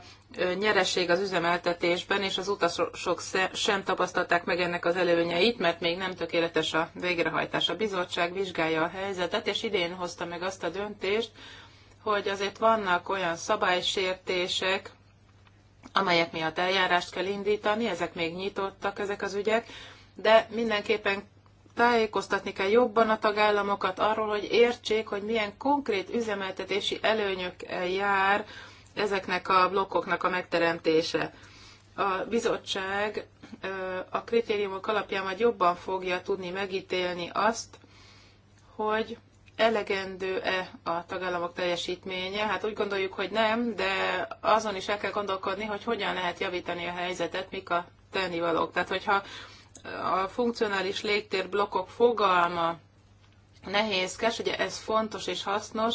nyereség az üzemeltetésben, és az utasok sem tapasztalták meg ennek az előnyeit, mert még nem tökéletes a végrehajtás. A bizottság vizsgálja a helyzetet, és idén hozta meg azt a döntést, hogy azért vannak olyan szabálysértések, amelyek miatt eljárást kell indítani, ezek még nyitottak, ezek az ügyek, de mindenképpen tájékoztatni kell jobban a tagállamokat arról, hogy értsék, hogy milyen konkrét üzemeltetési előnyök jár ezeknek a blokkoknak a megteremtése. A bizottság a kritériumok alapján majd jobban fogja tudni megítélni azt, hogy elegendő-e a tagállamok teljesítménye? Hát úgy gondoljuk, hogy nem, de azon is el kell gondolkodni, hogy hogyan lehet javítani a helyzetet, mik a tennivalók. Tehát, hogyha a funkcionális légtérblokkok fogalma nehézkes, ugye ez fontos és hasznos,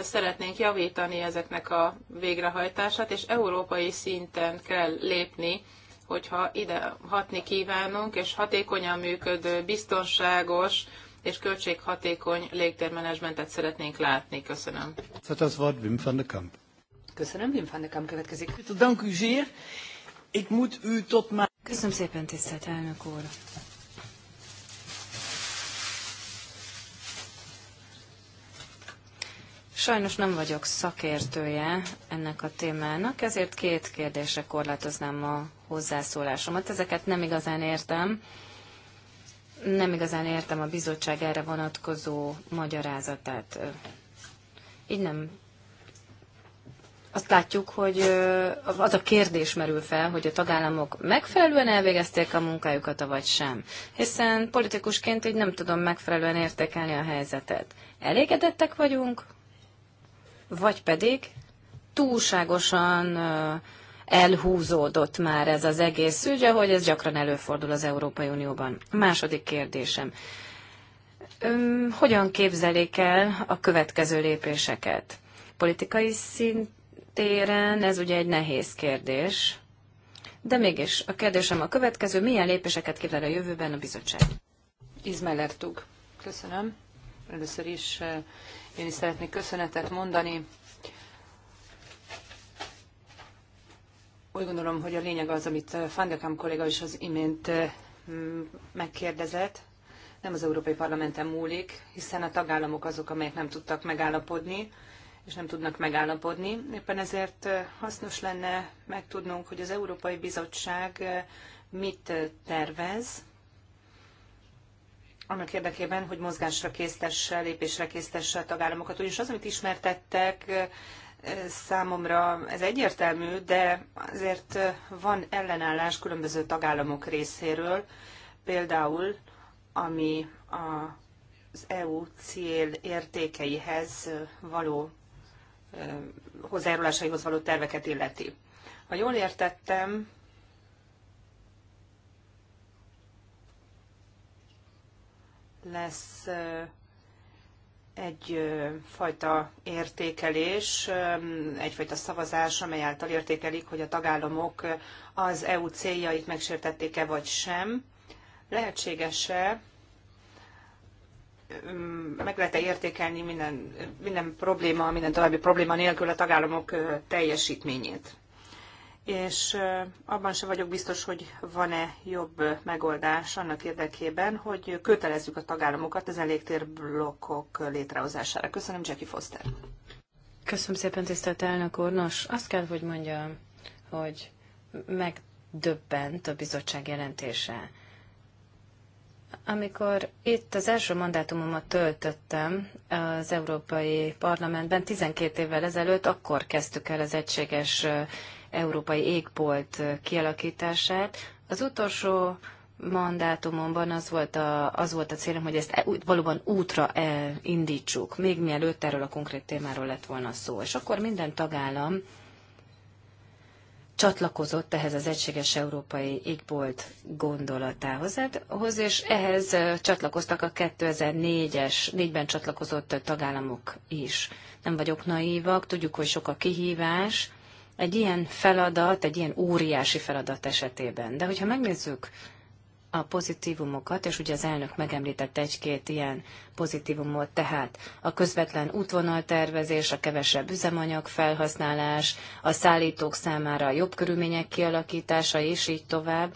szeretnénk javítani ezeknek a végrehajtását, és európai szinten kell lépni, hogyha ide hatni kívánunk, és hatékonyan működő, biztonságos és költséghatékony légtérmenedzsmentet szeretnénk látni. Köszönöm. Köszönöm, Wim van de Kamp következik. Dank u zeer. Ik moet u tot Köszönöm szépen, tisztelt elnök úr. Sajnos nem vagyok szakértője ennek a témának, ezért két kérdésre korlátoznám a hozzászólásomat. Ezeket nem igazán értem. Nem igazán értem a bizottság erre vonatkozó magyarázatát. Így nem azt látjuk, hogy az a kérdés merül fel, hogy a tagállamok megfelelően elvégezték a munkájukat, vagy sem. Hiszen politikusként így nem tudom megfelelően értékelni a helyzetet. Elégedettek vagyunk, vagy pedig túlságosan elhúzódott már ez az egész ügy, ahogy ez gyakran előfordul az Európai Unióban. A második kérdésem. Hogyan képzelik el a következő lépéseket? Politikai szint téren ez ugye egy nehéz kérdés, de mégis a kérdésem a következő, milyen lépéseket képzel a jövőben a bizottság? Izmellertug. Köszönöm. Először is eh, én is szeretnék köszönetet mondani. Úgy gondolom, hogy a lényeg az, amit Fandekám eh, kolléga is az imént eh, megkérdezett, nem az Európai Parlamenten múlik, hiszen a tagállamok azok, amelyek nem tudtak megállapodni, és nem tudnak megállapodni. Éppen ezért hasznos lenne megtudnunk, hogy az Európai Bizottság mit tervez, annak érdekében, hogy mozgásra késztesse, lépésre késztesse a tagállamokat. Ugyanis az, amit ismertettek, számomra ez egyértelmű, de azért van ellenállás különböző tagállamok részéről, például ami a az EU cél értékeihez való hozzájárulásaihoz való terveket illeti. Ha jól értettem, lesz egyfajta értékelés, egyfajta szavazás, amely által értékelik, hogy a tagállamok az EU céljait megsértették-e vagy sem. Lehetséges-e, meg lehet -e értékelni minden, minden probléma, minden további probléma nélkül a tagállamok teljesítményét. És abban sem vagyok biztos, hogy van-e jobb megoldás annak érdekében, hogy kötelezzük a tagállamokat az elégtérblokkok létrehozására. Köszönöm, Jackie Foster. Köszönöm szépen, tisztelt elnök úr. Nos, azt kell, hogy mondjam, hogy megdöbbent a bizottság jelentése. Amikor itt az első mandátumomat töltöttem az Európai Parlamentben 12 évvel ezelőtt, akkor kezdtük el az egységes európai égbolt kialakítását. Az utolsó mandátumomban az volt a, az volt a célom, hogy ezt e, valóban útra indítsuk, még mielőtt erről a konkrét témáról lett volna szó. És akkor minden tagállam csatlakozott ehhez az egységes európai égbolt gondolatához, hát, és ehhez csatlakoztak a 2004-es, négyben csatlakozott tagállamok is. Nem vagyok naívak, tudjuk, hogy sok a kihívás, egy ilyen feladat, egy ilyen óriási feladat esetében. De hogyha megnézzük a pozitívumokat, és ugye az elnök megemlített egy-két ilyen pozitívumot, tehát a közvetlen útvonaltervezés, a kevesebb üzemanyag felhasználás, a szállítók számára a jobb körülmények kialakítása, és így tovább.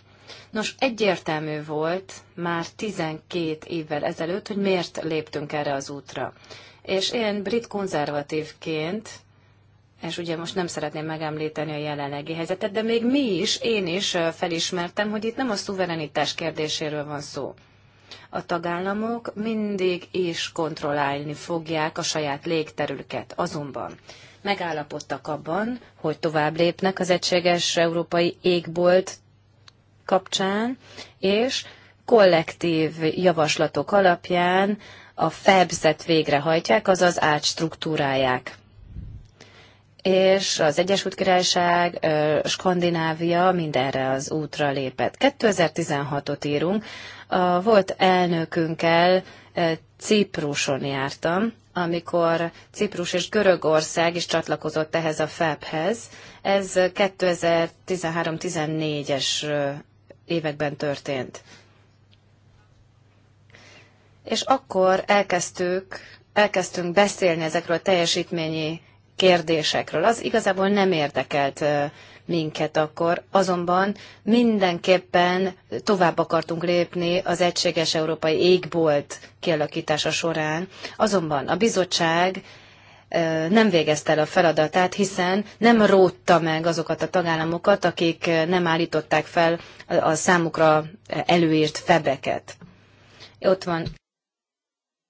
Nos, egyértelmű volt már 12 évvel ezelőtt, hogy miért léptünk erre az útra. És én brit konzervatívként és ugye most nem szeretném megemlíteni a jelenlegi helyzetet, de még mi is, én is felismertem, hogy itt nem a szuverenitás kérdéséről van szó. A tagállamok mindig is kontrollálni fogják a saját légterülket. Azonban megállapodtak abban, hogy tovább lépnek az egységes európai égbolt kapcsán, és kollektív javaslatok alapján a febzet végrehajtják, azaz átstruktúrálják és az Egyesült Királyság, Skandinávia mindenre az útra lépett. 2016-ot írunk. A volt elnökünkkel Cipruson jártam, amikor Ciprus és Görögország is csatlakozott ehhez a feb hez Ez 2013-14-es években történt. És akkor elkezdtük, elkezdtünk beszélni ezekről a teljesítményi kérdésekről. Az igazából nem érdekelt minket akkor, azonban mindenképpen tovább akartunk lépni az egységes európai égbolt kialakítása során. Azonban a bizottság nem végezte el a feladatát, hiszen nem rótta meg azokat a tagállamokat, akik nem állították fel a számukra előírt febeket. Ott van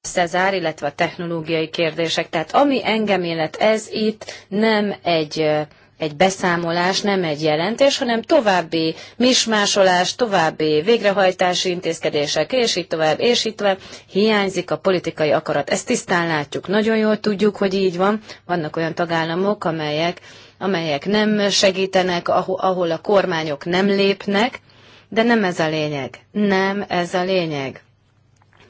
Cezár, illetve a technológiai kérdések. Tehát ami engem illet, ez itt nem egy egy beszámolás, nem egy jelentés, hanem további mismásolás, további végrehajtási intézkedések, és így tovább, és így tovább. Hiányzik a politikai akarat. Ezt tisztán látjuk. Nagyon jól tudjuk, hogy így van. Vannak olyan tagállamok, amelyek, amelyek nem segítenek, ahol, ahol a kormányok nem lépnek, de nem ez a lényeg. Nem ez a lényeg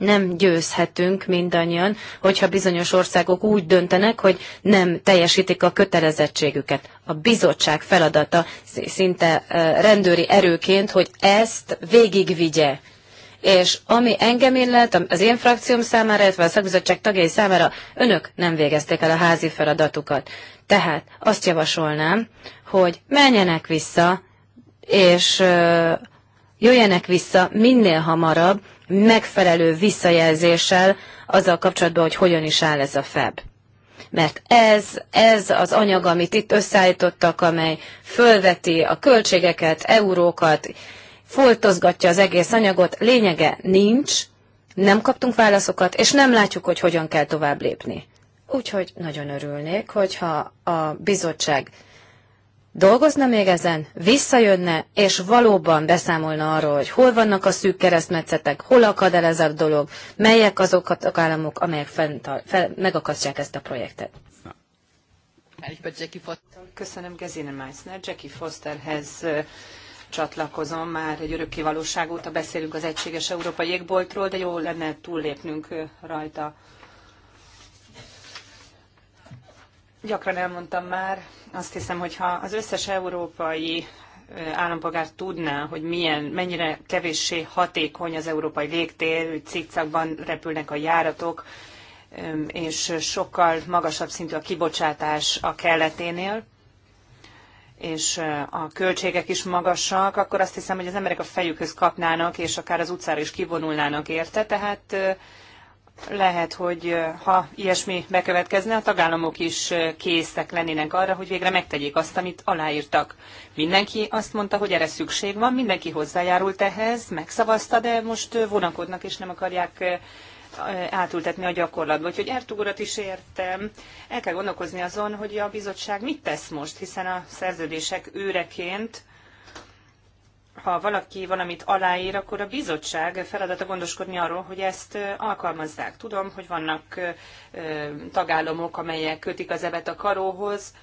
nem győzhetünk mindannyian, hogyha bizonyos országok úgy döntenek, hogy nem teljesítik a kötelezettségüket. A bizottság feladata szinte rendőri erőként, hogy ezt végigvigye és ami engem illet, az én frakcióm számára, illetve a szakbizottság tagjai számára, önök nem végezték el a házi feladatukat. Tehát azt javasolnám, hogy menjenek vissza, és jöjjenek vissza minél hamarabb megfelelő visszajelzéssel azzal kapcsolatban, hogy hogyan is áll ez a FEB. Mert ez, ez az anyag, amit itt összeállítottak, amely fölveti a költségeket, eurókat, foltozgatja az egész anyagot, lényege nincs, nem kaptunk válaszokat, és nem látjuk, hogy hogyan kell tovább lépni. Úgyhogy nagyon örülnék, hogyha a bizottság dolgozna még ezen, visszajönne, és valóban beszámolna arról, hogy hol vannak a szűk keresztmetszetek, hol akad el ez a dolog, melyek azok a államok, amelyek fenntart, fel, megakasztják ezt a projektet. Köszönöm Gezine Meissner. Jackie Fosterhez csatlakozom, már egy örökké valóság óta beszélünk az egységes európai égboltról, de jó lenne túllépnünk rajta. Gyakran elmondtam már, azt hiszem, hogy ha az összes európai állampolgár tudná, hogy milyen, mennyire kevéssé hatékony az európai légtér, hogy cikcakban repülnek a járatok, és sokkal magasabb szintű a kibocsátás a kelleténél, és a költségek is magasak, akkor azt hiszem, hogy az emberek a fejükhöz kapnának, és akár az utcára is kivonulnának érte, tehát lehet, hogy ha ilyesmi bekövetkezne, a tagállamok is készek lennének arra, hogy végre megtegyék azt, amit aláírtak. Mindenki azt mondta, hogy erre szükség van, mindenki hozzájárult ehhez, megszavazta, de most vonakodnak és nem akarják átültetni a gyakorlatba. Úgyhogy Ertug urat is értem. El kell gondolkozni azon, hogy a bizottság mit tesz most, hiszen a szerződések őreként ha valaki valamit aláír, akkor a bizottság feladata gondoskodni arról, hogy ezt alkalmazzák. Tudom, hogy vannak tagállamok, amelyek kötik az evet a karóhoz,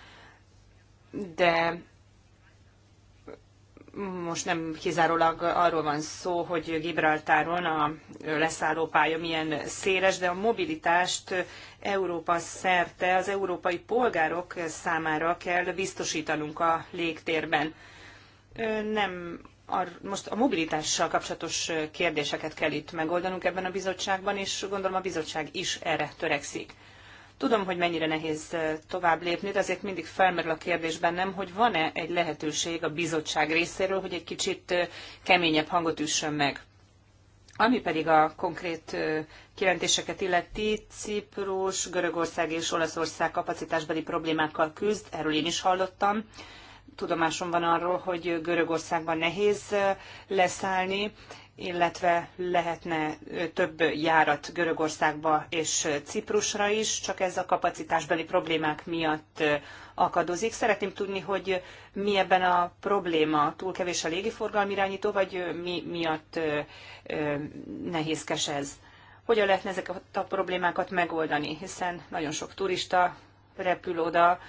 de most nem kizárólag arról van szó, hogy Gibraltáron a pálya milyen széles, de a mobilitást Európa szerte az európai polgárok számára kell biztosítanunk a légtérben. Nem a, most a mobilitással kapcsolatos kérdéseket kell itt megoldanunk ebben a bizottságban, és gondolom a bizottság is erre törekszik. Tudom, hogy mennyire nehéz tovább lépni, de azért mindig felmerül a kérdés bennem, hogy van-e egy lehetőség a bizottság részéről, hogy egy kicsit keményebb hangot üssön meg. Ami pedig a konkrét kijelentéseket illeti, Ciprus, Görögország és Olaszország kapacitásbeli problémákkal küzd, erről én is hallottam tudomásom van arról, hogy Görögországban nehéz leszállni, illetve lehetne több járat Görögországba és Ciprusra is, csak ez a kapacitásbeli problémák miatt akadozik. Szeretném tudni, hogy mi ebben a probléma, túl kevés a légiforgalmi irányító, vagy mi miatt nehézkes ez? Hogyan lehetne ezeket a problémákat megoldani, hiszen nagyon sok turista repül oda,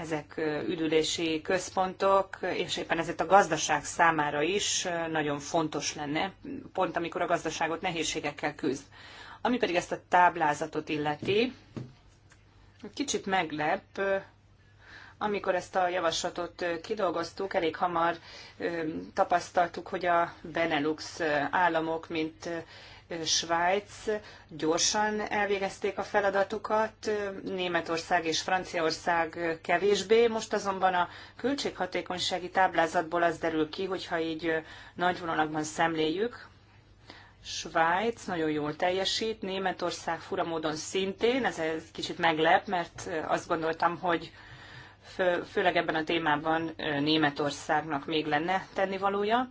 ezek üdülési központok, és éppen ezért a gazdaság számára is nagyon fontos lenne, pont amikor a gazdaságot nehézségekkel küzd. Ami pedig ezt a táblázatot illeti, kicsit meglep, amikor ezt a javaslatot kidolgoztuk, elég hamar tapasztaltuk, hogy a Benelux államok, mint Svájc gyorsan elvégezték a feladatukat, Németország és Franciaország kevésbé. Most azonban a költséghatékonysági táblázatból az derül ki, hogyha így nagy vonalakban szemléljük, Svájc nagyon jól teljesít, Németország furamódon szintén, ez egy kicsit meglep, mert azt gondoltam, hogy főleg ebben a témában Németországnak még lenne tennivalója.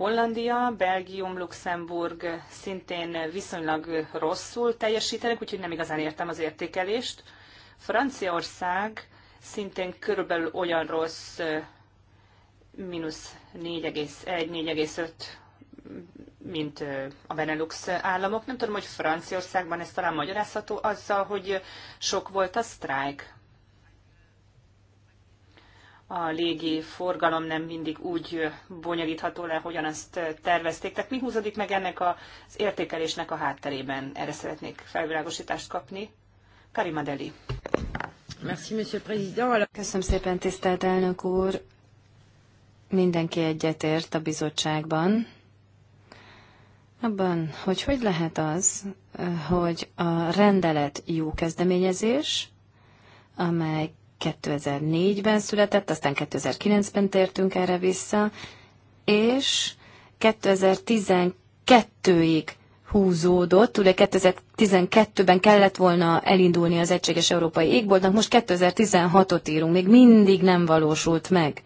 Hollandia, Belgium, Luxemburg szintén viszonylag rosszul teljesítenek, úgyhogy nem igazán értem az értékelést. Franciaország szintén körülbelül olyan rossz, mínusz 4,1-4,5, mint a Benelux államok. Nem tudom, hogy Franciaországban ez talán magyarázható azzal, hogy sok volt a sztrájk a légi forgalom nem mindig úgy bonyolítható le, hogyan ezt tervezték. Tehát mi húzódik meg ennek az értékelésnek a hátterében? Erre szeretnék felvilágosítást kapni. Karima Deli. Köszönöm szépen, tisztelt elnök úr. Mindenki egyetért a bizottságban. Abban, hogy hogy lehet az, hogy a rendelet jó kezdeményezés, amely 2004-ben született, aztán 2009-ben tértünk erre vissza, és 2012-ig húzódott. Ugye 2012-ben kellett volna elindulni az Egységes Európai Égboltnak, most 2016-ot írunk, még mindig nem valósult meg.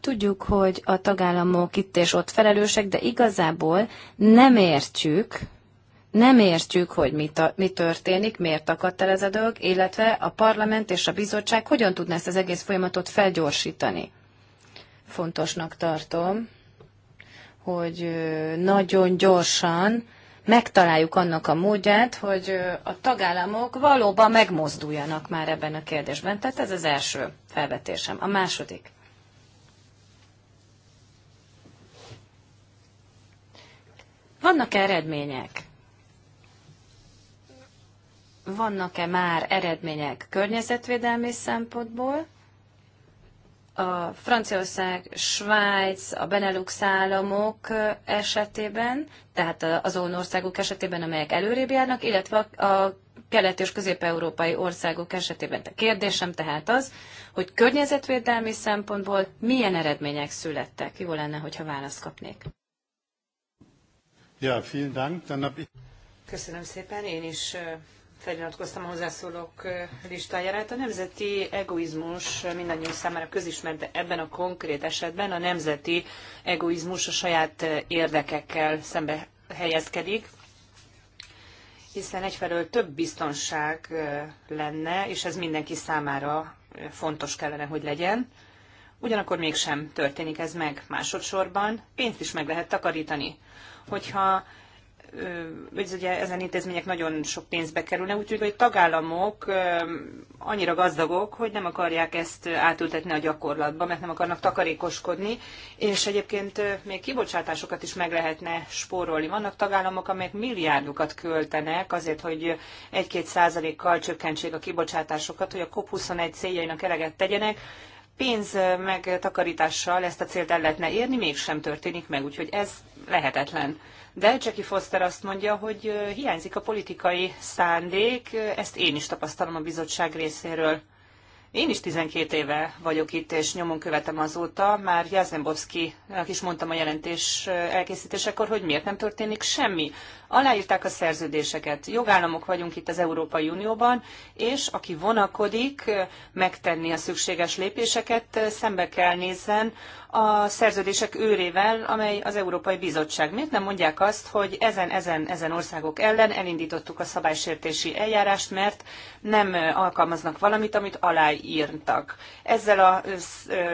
Tudjuk, hogy a tagállamok itt és ott felelősek, de igazából nem értjük, nem értjük, hogy mi, ta, mi történik, miért akadt el ez a dolog, illetve a parlament és a bizottság hogyan tudná ezt az egész folyamatot felgyorsítani. Fontosnak tartom, hogy nagyon gyorsan megtaláljuk annak a módját, hogy a tagállamok valóban megmozduljanak már ebben a kérdésben. Tehát ez az első felvetésem. A második. Vannak eredmények vannak-e már eredmények környezetvédelmi szempontból. A Franciaország, Svájc, a Benelux államok esetében, tehát azon országok esetében, amelyek előrébb járnak, illetve a kelet- és közép-európai országok esetében. A kérdésem tehát az, hogy környezetvédelmi szempontból milyen eredmények születtek. Jó lenne, hogyha választ kapnék. Ja, vielen Dank. Köszönöm szépen. Én is feliratkoztam a hozzászólók listájára. Hát a nemzeti egoizmus mindannyiunk számára közismert, de ebben a konkrét esetben a nemzeti egoizmus a saját érdekekkel szembe helyezkedik, hiszen egyfelől több biztonság lenne, és ez mindenki számára fontos kellene, hogy legyen. Ugyanakkor mégsem történik ez meg másodszorban, pénzt is meg lehet takarítani. Hogyha ez ugye ezen intézmények nagyon sok pénzbe kerülnek, úgyhogy hogy tagállamok annyira gazdagok, hogy nem akarják ezt átültetni a gyakorlatba, mert nem akarnak takarékoskodni, és egyébként még kibocsátásokat is meg lehetne spórolni. Vannak tagállamok, amelyek milliárdokat költenek azért, hogy 1-2 százalékkal csökkentsék a kibocsátásokat, hogy a COP21 céljainak eleget tegyenek, pénz megtakarítással ezt a célt el lehetne érni, mégsem történik meg, úgyhogy ez lehetetlen. De Jackie Foster azt mondja, hogy hiányzik a politikai szándék, ezt én is tapasztalom a bizottság részéről. Én is 12 éve vagyok itt, és nyomon követem azóta. Már Jazembowski is mondtam a jelentés elkészítésekor, hogy miért nem történik semmi. Aláírták a szerződéseket. Jogállamok vagyunk itt az Európai Unióban, és aki vonakodik megtenni a szükséges lépéseket, szembe kell nézzen a szerződések őrével, amely az Európai Bizottság. Miért nem mondják azt, hogy ezen, ezen, ezen országok ellen elindítottuk a szabálysértési eljárást, mert nem alkalmaznak valamit, amit aláírtak. Ezzel a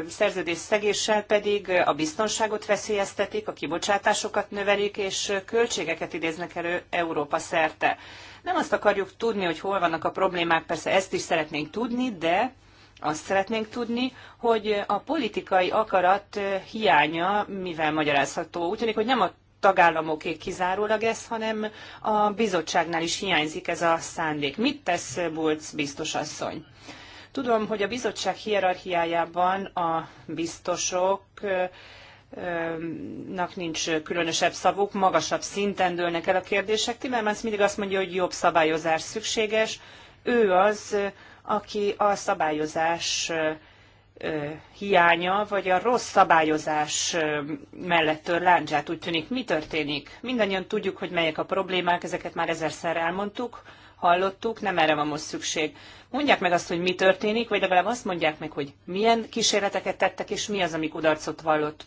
szerződés szegéssel pedig a biztonságot veszélyeztetik, a kibocsátásokat növelik, és költségeket idéznek elő Európa szerte. Nem azt akarjuk tudni, hogy hol vannak a problémák, persze ezt is szeretnénk tudni, de azt szeretnénk tudni, hogy a politikai akarat hiánya mivel magyarázható. Úgy tűnik, hogy nem a tagállamoké kizárólag ez, hanem a bizottságnál is hiányzik ez a szándék. Mit tesz Bulc biztos asszony? Tudom, hogy a bizottság hierarchiájában a biztosok nak nincs különösebb szavuk, magasabb szinten dőlnek el a kérdések. Timmermans mindig azt mondja, hogy jobb szabályozás szükséges. Ő az, aki a szabályozás hiánya, vagy a rossz szabályozás mellett tör láncsát. Úgy tűnik, mi történik? Mindannyian tudjuk, hogy melyek a problémák, ezeket már ezerszer elmondtuk, hallottuk, nem erre van most szükség. Mondják meg azt, hogy mi történik, vagy legalább azt mondják meg, hogy milyen kísérleteket tettek, és mi az, ami kudarcot vallott.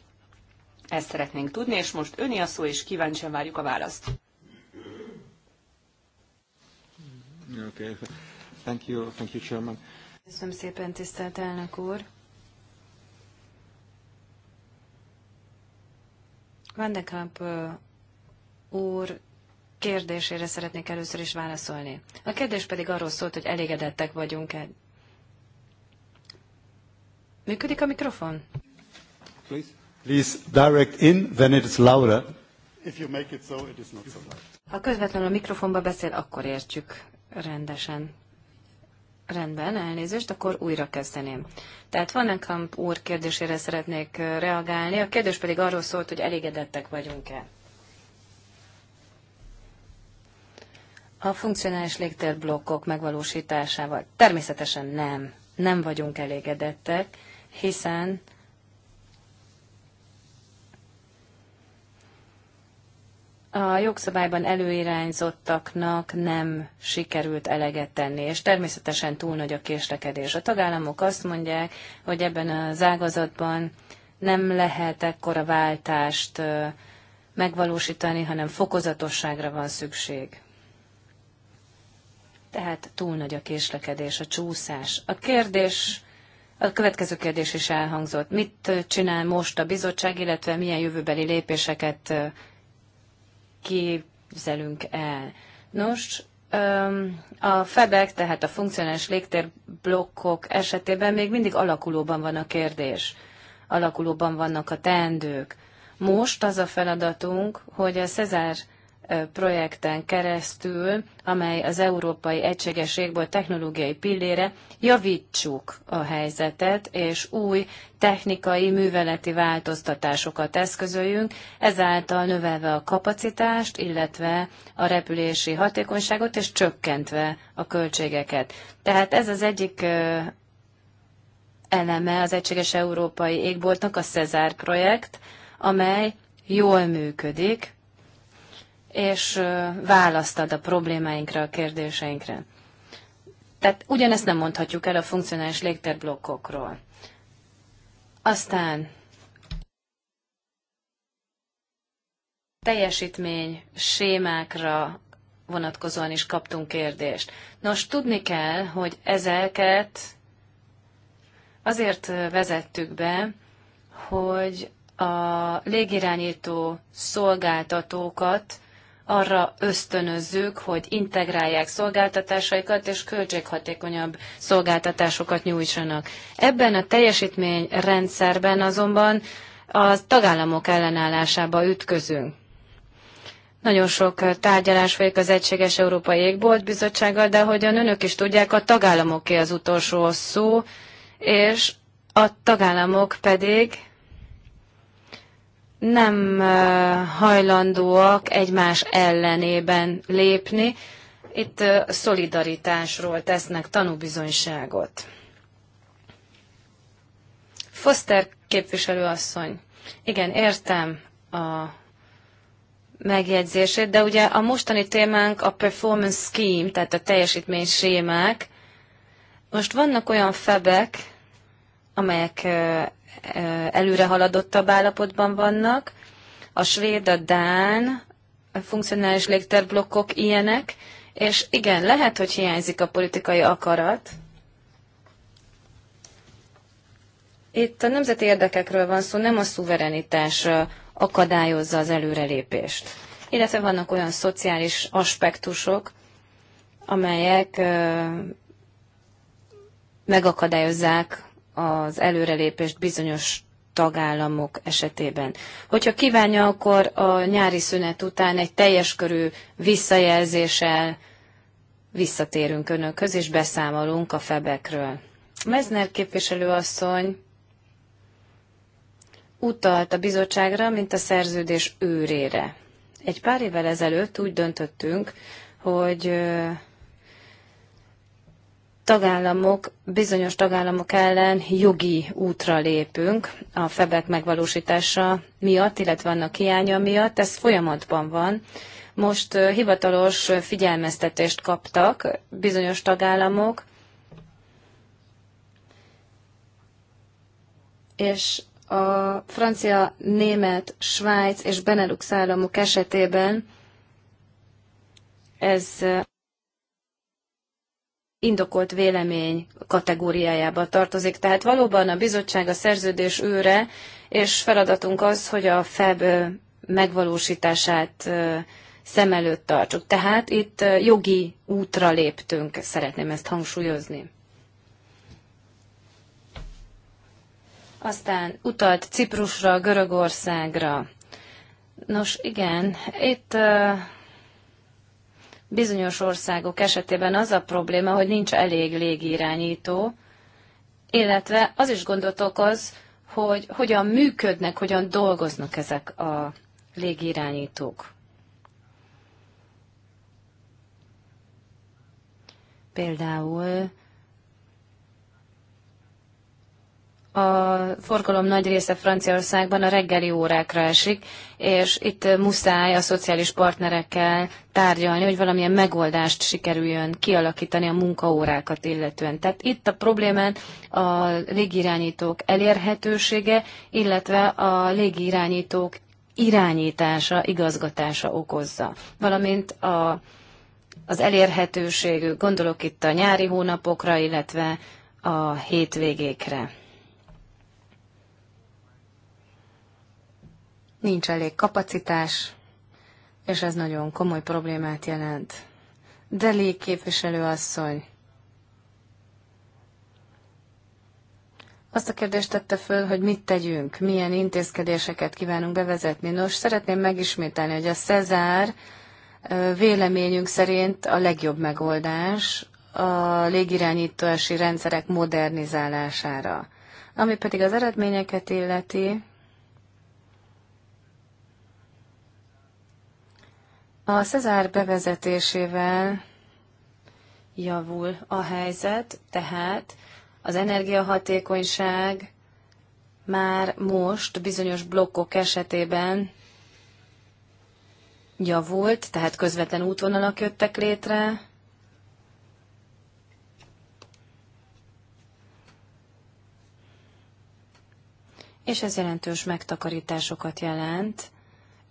Ezt szeretnénk tudni, és most öni a szó, és kíváncsian várjuk a választ. Okay. Thank you, thank you, Chairman. Köszönöm szépen, tisztelt elnök úr. Van de Kamp úr kérdésére szeretnék először is válaszolni. A kérdés pedig arról szólt, hogy elégedettek vagyunk-e. Működik a mikrofon? Please. Please direct in, then it is louder. If you make it so, it is not so loud. Ha közvetlenül a mikrofonba beszél, akkor értjük rendesen. Rendben, elnézést, akkor újra kezdeném. Tehát van Vannekamp úr kérdésére szeretnék reagálni. A kérdés pedig arról szólt, hogy elégedettek vagyunk-e. A funkcionális légtérblokkok megvalósításával természetesen nem. Nem vagyunk elégedettek, hiszen a jogszabályban előirányzottaknak nem sikerült eleget tenni, és természetesen túl nagy a késlekedés. A tagállamok azt mondják, hogy ebben az ágazatban nem lehet ekkora váltást megvalósítani, hanem fokozatosságra van szükség. Tehát túl nagy a késlekedés, a csúszás. A kérdés, a következő kérdés is elhangzott. Mit csinál most a bizottság, illetve milyen jövőbeli lépéseket képzelünk el. Nos, a FEBEK, tehát a funkcionális légtérblokkok esetében még mindig alakulóban van a kérdés, alakulóban vannak a teendők. Most az a feladatunk, hogy a Cezár projekten keresztül, amely az Európai Egységes Régból technológiai pillére, javítsuk a helyzetet, és új technikai, műveleti változtatásokat eszközöljünk, ezáltal növelve a kapacitást, illetve a repülési hatékonyságot, és csökkentve a költségeket. Tehát ez az egyik eleme az Egységes Európai Égboltnak, a Cezár projekt, amely jól működik, és választ ad a problémáinkra, a kérdéseinkre. Tehát ugyanezt nem mondhatjuk el a funkcionális légterblokkokról. Aztán teljesítmény sémákra vonatkozóan is kaptunk kérdést. Nos, tudni kell, hogy ezeket azért vezettük be, hogy a légirányító szolgáltatókat arra ösztönözzük, hogy integrálják szolgáltatásaikat, és költséghatékonyabb szolgáltatásokat nyújtsanak. Ebben a teljesítményrendszerben azonban a tagállamok ellenállásába ütközünk. Nagyon sok tárgyalás folyik az Egységes Európai Égbolt Bizottsággal, de ahogyan önök is tudják, a tagállamoké az utolsó szó, és a tagállamok pedig nem hajlandóak egymás ellenében lépni. Itt szolidaritásról tesznek tanúbizonyságot. Foster képviselő asszony, igen, értem a megjegyzését, de ugye a mostani témánk a performance scheme, tehát a teljesítmény sémák. Most vannak olyan febek, amelyek előre haladottabb állapotban vannak. A svéd, a dán, a funkcionális légterblokkok ilyenek, és igen, lehet, hogy hiányzik a politikai akarat. Itt a nemzeti érdekekről van szó, nem a szuverenitás akadályozza az előrelépést. Illetve vannak olyan szociális aspektusok, amelyek megakadályozzák az előrelépést bizonyos tagállamok esetében. Hogyha kívánja, akkor a nyári szünet után egy teljes körű visszajelzéssel visszatérünk önökhöz, és beszámolunk a febekről. Mezner képviselőasszony utalt a bizottságra, mint a szerződés őrére. Egy pár évvel ezelőtt úgy döntöttünk, hogy tagállamok, bizonyos tagállamok ellen jogi útra lépünk a febek megvalósítása miatt, illetve annak hiánya miatt. Ez folyamatban van. Most hivatalos figyelmeztetést kaptak bizonyos tagállamok, és a francia, német, svájc és Benelux államok esetében ez indokolt vélemény kategóriájába tartozik. Tehát valóban a bizottság a szerződés őre, és feladatunk az, hogy a FEB megvalósítását szem előtt tartsuk. Tehát itt jogi útra léptünk, szeretném ezt hangsúlyozni. Aztán utalt Ciprusra, Görögországra. Nos, igen, itt Bizonyos országok esetében az a probléma, hogy nincs elég légirányító, illetve az is gondot okoz, hogy hogyan működnek, hogyan dolgoznak ezek a légirányítók. Például a forgalom nagy része Franciaországban a reggeli órákra esik, és itt muszáj a szociális partnerekkel tárgyalni, hogy valamilyen megoldást sikerüljön kialakítani a munkaórákat illetően. Tehát itt a problémán a légirányítók elérhetősége, illetve a légirányítók irányítása, igazgatása okozza, valamint a, az elérhetőségük, gondolok itt a nyári hónapokra, illetve a hétvégékre. nincs elég kapacitás, és ez nagyon komoly problémát jelent. De képviselő asszony, Azt a kérdést tette föl, hogy mit tegyünk, milyen intézkedéseket kívánunk bevezetni. Nos, szeretném megismételni, hogy a Cezár véleményünk szerint a legjobb megoldás a légirányítási rendszerek modernizálására. Ami pedig az eredményeket illeti, A Cezár bevezetésével javul a helyzet, tehát az energiahatékonyság már most bizonyos blokkok esetében javult, tehát közvetlen útvonalak jöttek létre. És ez jelentős megtakarításokat jelent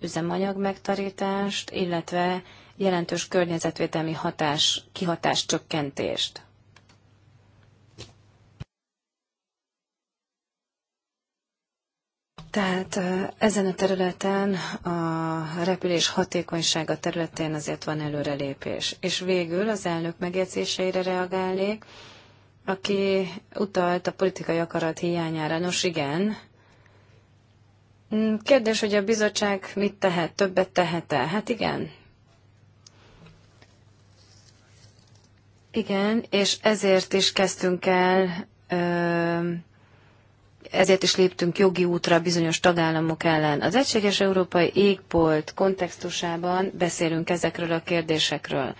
üzemanyag megtarítást, illetve jelentős környezetvédelmi hatás, kihatás csökkentést. Tehát ezen a területen, a repülés hatékonysága területén azért van előrelépés. És végül az elnök megjegyzéseire reagálnék, aki utalt a politikai akarat hiányára. Nos igen, Mm, kérdés, hogy a bizottság mit tehet, többet tehet-e? Hát igen. Igen, és ezért is kezdtünk el, ezért is léptünk jogi útra bizonyos tagállamok ellen. Az Egységes Európai Égbolt kontextusában beszélünk ezekről a kérdésekről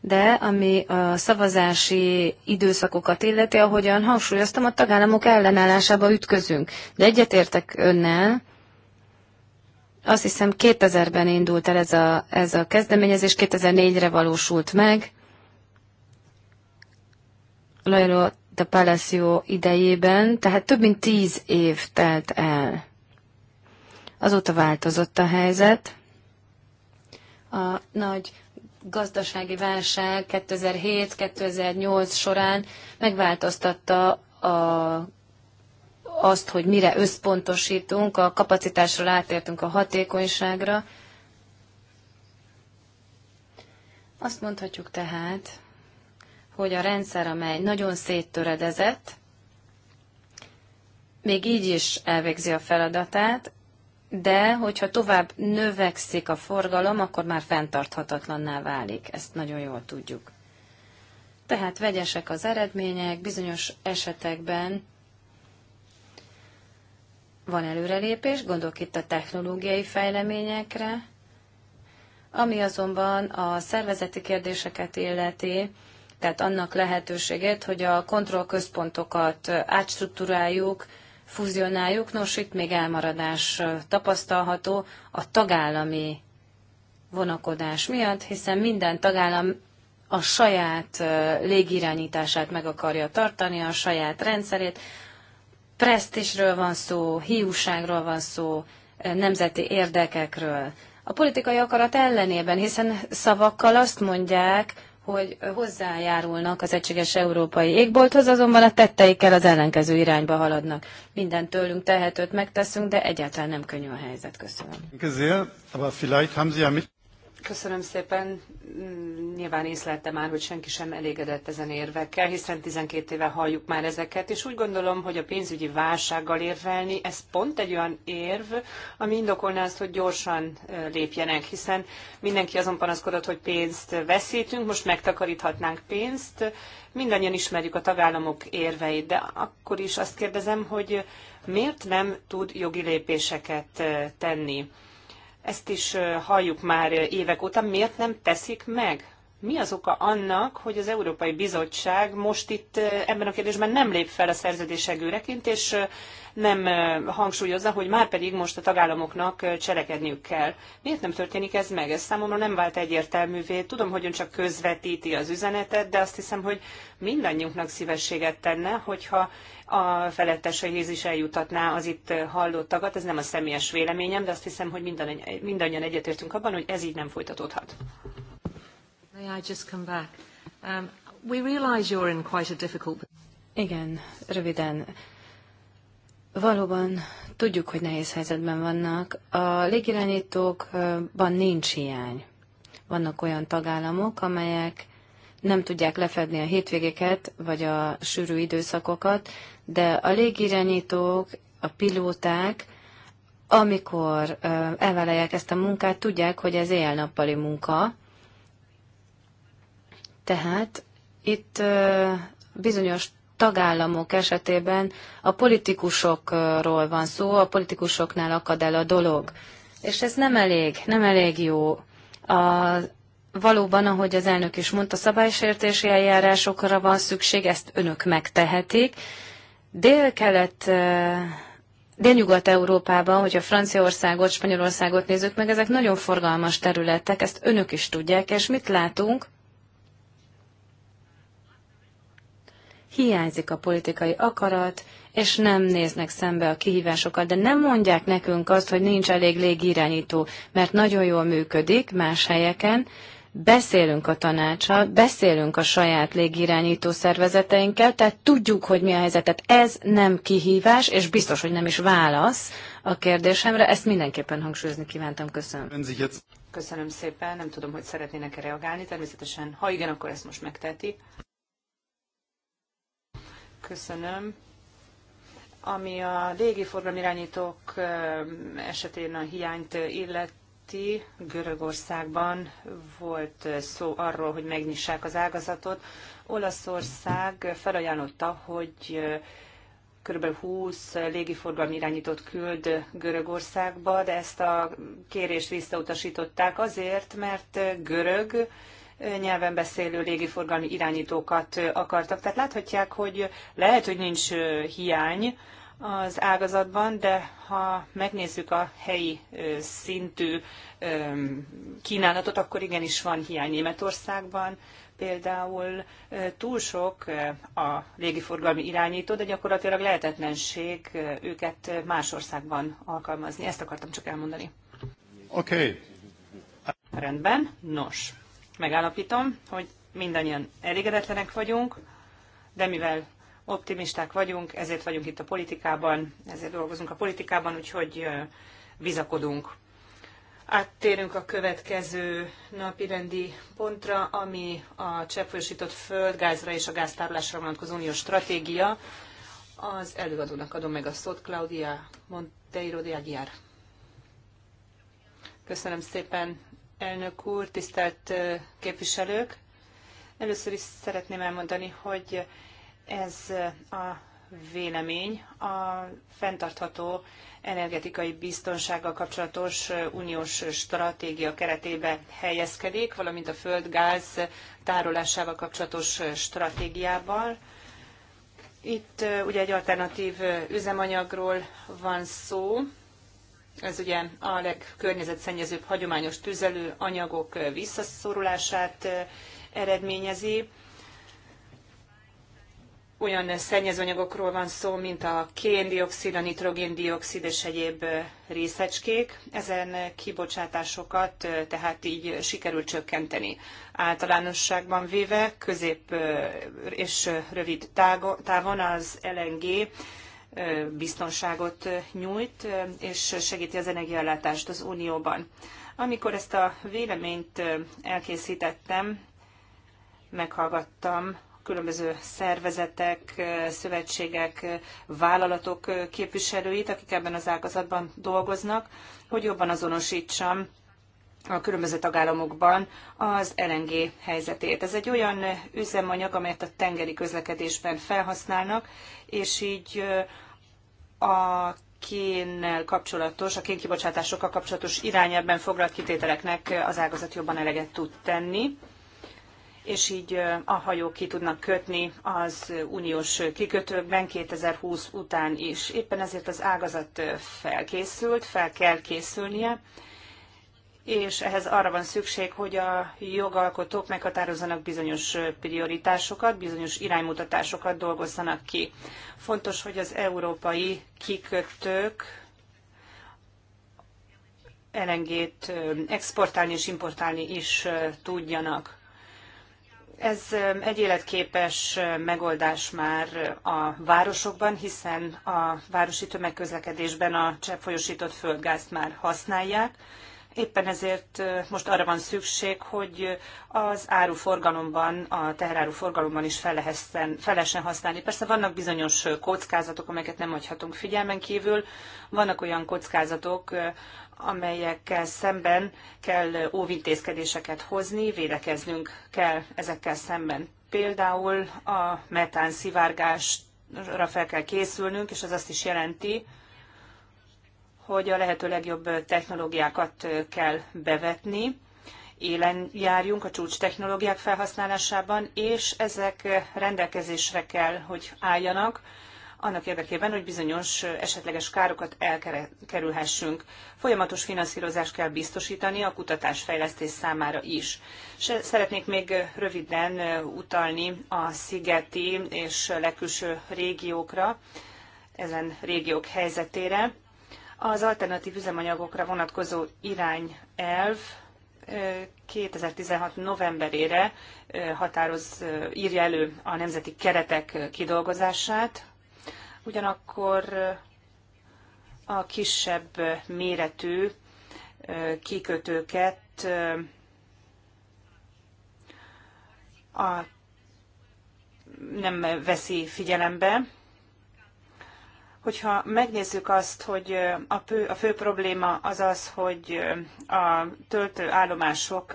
de ami a szavazási időszakokat illeti, ahogyan hangsúlyoztam, a tagállamok ellenállásába ütközünk. De egyetértek önnel, azt hiszem 2000-ben indult el ez a, ez a kezdeményezés, 2004-re valósult meg. Lajlo de Palacio idejében, tehát több mint tíz év telt el. Azóta változott a helyzet. A nagy gazdasági válság 2007-2008 során megváltoztatta a, azt, hogy mire összpontosítunk, a kapacitásról átértünk a hatékonyságra. Azt mondhatjuk tehát, hogy a rendszer, amely nagyon széttöredezett, még így is elvégzi a feladatát, de hogyha tovább növekszik a forgalom, akkor már fenntarthatatlanná válik. Ezt nagyon jól tudjuk. Tehát vegyesek az eredmények, bizonyos esetekben van előrelépés, gondolok itt a technológiai fejleményekre, ami azonban a szervezeti kérdéseket illeti, tehát annak lehetőségét, hogy a kontrollközpontokat átstruktúráljuk, fúzionáljuk. Nos, itt még elmaradás tapasztalható a tagállami vonakodás miatt, hiszen minden tagállam a saját légirányítását meg akarja tartani, a saját rendszerét. Presztisről van szó, hiúságról van szó, nemzeti érdekekről. A politikai akarat ellenében, hiszen szavakkal azt mondják, hogy hozzájárulnak az egységes európai égbolthoz, azonban a tetteikkel az ellenkező irányba haladnak. Minden tőlünk tehetőt megteszünk, de egyáltalán nem könnyű a helyzet. Köszönöm. Köszönöm szépen. Mm, nyilván észlelte már, hogy senki sem elégedett ezen érvekkel, hiszen 12 éve halljuk már ezeket, és úgy gondolom, hogy a pénzügyi válsággal érvelni, ez pont egy olyan érv, ami indokolná azt, hogy gyorsan lépjenek, hiszen mindenki azon panaszkodott, hogy pénzt veszítünk, most megtakaríthatnánk pénzt, mindannyian ismerjük a tagállamok érveit, de akkor is azt kérdezem, hogy miért nem tud jogi lépéseket tenni? Ezt is halljuk már évek óta. Miért nem teszik meg? Mi az oka annak, hogy az Európai Bizottság most itt ebben a kérdésben nem lép fel a szerződés és nem hangsúlyozza, hogy már pedig most a tagállamoknak cselekedniük kell. Miért nem történik ez meg? Ez számomra nem vált egyértelművé. Tudom, hogy ön csak közvetíti az üzenetet, de azt hiszem, hogy mindannyiunknak szívességet tenne, hogyha a feletteseihez is eljutatná az itt hallottakat. Ez nem a személyes véleményem, de azt hiszem, hogy mindannyian egyetértünk abban, hogy ez így nem folytatódhat. May I just come back? Um, we realize you're in quite a difficult... Igen, röviden. Valóban tudjuk, hogy nehéz helyzetben vannak. A légirányítókban nincs hiány. Vannak olyan tagállamok, amelyek nem tudják lefedni a hétvégeket vagy a sűrű időszakokat, de a légirányítók, a pilóták, amikor elvállalják ezt a munkát, tudják, hogy ez éjjel-nappali munka. Tehát itt bizonyos tagállamok esetében a politikusokról van szó, a politikusoknál akad el a dolog. És ez nem elég, nem elég jó. A, valóban, ahogy az elnök is mondta, szabálysértési eljárásokra van szükség, ezt önök megtehetik. Dél-kelet Délnyugat-Európában, hogyha Franciaországot, Spanyolországot nézzük meg, ezek nagyon forgalmas területek, ezt önök is tudják, és mit látunk? hiányzik a politikai akarat, és nem néznek szembe a kihívásokkal, de nem mondják nekünk azt, hogy nincs elég légirányító, mert nagyon jól működik más helyeken, beszélünk a tanácssal, beszélünk a saját légirányító szervezeteinkkel, tehát tudjuk, hogy mi a helyzetet. Ez nem kihívás, és biztos, hogy nem is válasz a kérdésemre. Ezt mindenképpen hangsúlyozni kívántam. Köszönöm. Köszönöm szépen. Nem tudom, hogy szeretnének-e reagálni. Természetesen, ha igen, akkor ezt most megteheti. Köszönöm. Ami a légiforgalmi irányítók esetén a hiányt illeti, Görögországban volt szó arról, hogy megnyissák az ágazatot. Olaszország felajánlotta, hogy kb. 20 légiforgalmi irányítót küld Görögországba, de ezt a kérést visszautasították azért, mert görög nyelven beszélő légiforgalmi irányítókat akartak. Tehát láthatják, hogy lehet, hogy nincs hiány az ágazatban, de ha megnézzük a helyi szintű kínálatot, akkor igenis van hiány Németországban, például túl sok a légiforgalmi irányító, de gyakorlatilag lehetetlenség őket más országban alkalmazni. Ezt akartam csak elmondani. Oké. Okay. Rendben, nos megállapítom, hogy mindannyian elégedetlenek vagyunk, de mivel optimisták vagyunk, ezért vagyunk itt a politikában, ezért dolgozunk a politikában, úgyhogy bizakodunk. Áttérünk a következő napi rendi pontra, ami a cseppfolyósított földgázra és a gáztárlásra vonatkozó uniós stratégia. Az előadónak adom meg a szót, Claudia Monteiro de Aguiar. Köszönöm szépen, elnök úr, tisztelt képviselők! Először is szeretném elmondani, hogy ez a vélemény a fenntartható energetikai biztonsággal kapcsolatos uniós stratégia keretébe helyezkedik, valamint a földgáz tárolásával kapcsolatos stratégiával. Itt ugye egy alternatív üzemanyagról van szó, ez ugye a legkörnyezetszennyezőbb hagyományos tüzelő anyagok eh, visszaszorulását eh, eredményezi. Olyan szennyezőanyagokról van szó, mint a kéndioxid, a nitrogéndioxid és egyéb eh, részecskék. Ezen kibocsátásokat tehát így sikerül csökkenteni. Általánosságban véve közép és rövid távon az LNG biztonságot nyújt, és segíti az energiállátást az Unióban. Amikor ezt a véleményt elkészítettem, meghallgattam különböző szervezetek, szövetségek, vállalatok képviselőit, akik ebben az ágazatban dolgoznak, hogy jobban azonosítsam a különböző tagállamokban az LNG helyzetét. Ez egy olyan üzemanyag, amelyet a tengeri közlekedésben felhasználnak, és így a kénnel kapcsolatos, a kénkibocsátásokkal kapcsolatos irányában foglalt kitételeknek az ágazat jobban eleget tud tenni és így a hajók ki tudnak kötni az uniós kikötőkben 2020 után is. Éppen ezért az ágazat felkészült, fel kell készülnie, és ehhez arra van szükség, hogy a jogalkotók meghatározzanak bizonyos prioritásokat, bizonyos iránymutatásokat dolgozzanak ki. Fontos, hogy az európai kikötők elengét exportálni és importálni is tudjanak. Ez egy életképes megoldás már a városokban, hiszen a városi tömegközlekedésben a cseppfolyósított földgázt már használják, Éppen ezért most arra van szükség, hogy az áruforgalomban, a teheráruforgalomban is fel lehessen használni. Persze vannak bizonyos kockázatok, amelyeket nem hagyhatunk figyelmen kívül. Vannak olyan kockázatok, amelyekkel szemben kell óvintézkedéseket hozni, védekeznünk kell ezekkel szemben. Például a metán szivárgásra fel kell készülnünk, és ez azt is jelenti, hogy a lehető legjobb technológiákat kell bevetni, élen járjunk a csúcs technológiák felhasználásában, és ezek rendelkezésre kell, hogy álljanak, annak érdekében, hogy bizonyos esetleges károkat elkerülhessünk. Folyamatos finanszírozást kell biztosítani a kutatás fejlesztés számára is. S szeretnék még röviden utalni a szigeti és legkülső régiókra, ezen régiók helyzetére. Az alternatív üzemanyagokra vonatkozó irányelv 2016. novemberére határoz, írja elő a nemzeti keretek kidolgozását, ugyanakkor a kisebb méretű kikötőket a, nem veszi figyelembe, hogyha megnézzük azt, hogy a fő, a fő probléma az az, hogy a töltőállomások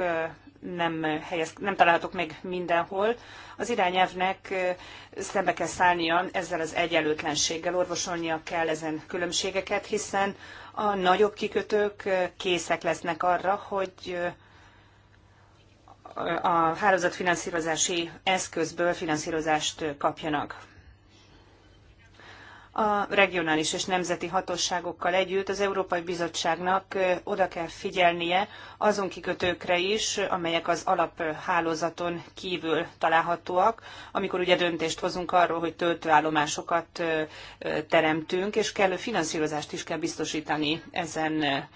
nem, helyez, nem találhatók meg mindenhol, az irányelvnek szembe kell szállnia ezzel az egyenlőtlenséggel, orvosolnia kell ezen különbségeket, hiszen a nagyobb kikötők készek lesznek arra, hogy a hálózatfinanszírozási eszközből finanszírozást kapjanak a regionális és nemzeti hatóságokkal együtt az Európai Bizottságnak oda kell figyelnie azon kikötőkre is, amelyek az alaphálózaton kívül találhatóak, amikor ugye döntést hozunk arról, hogy töltőállomásokat teremtünk, és kellő finanszírozást is kell biztosítani ezen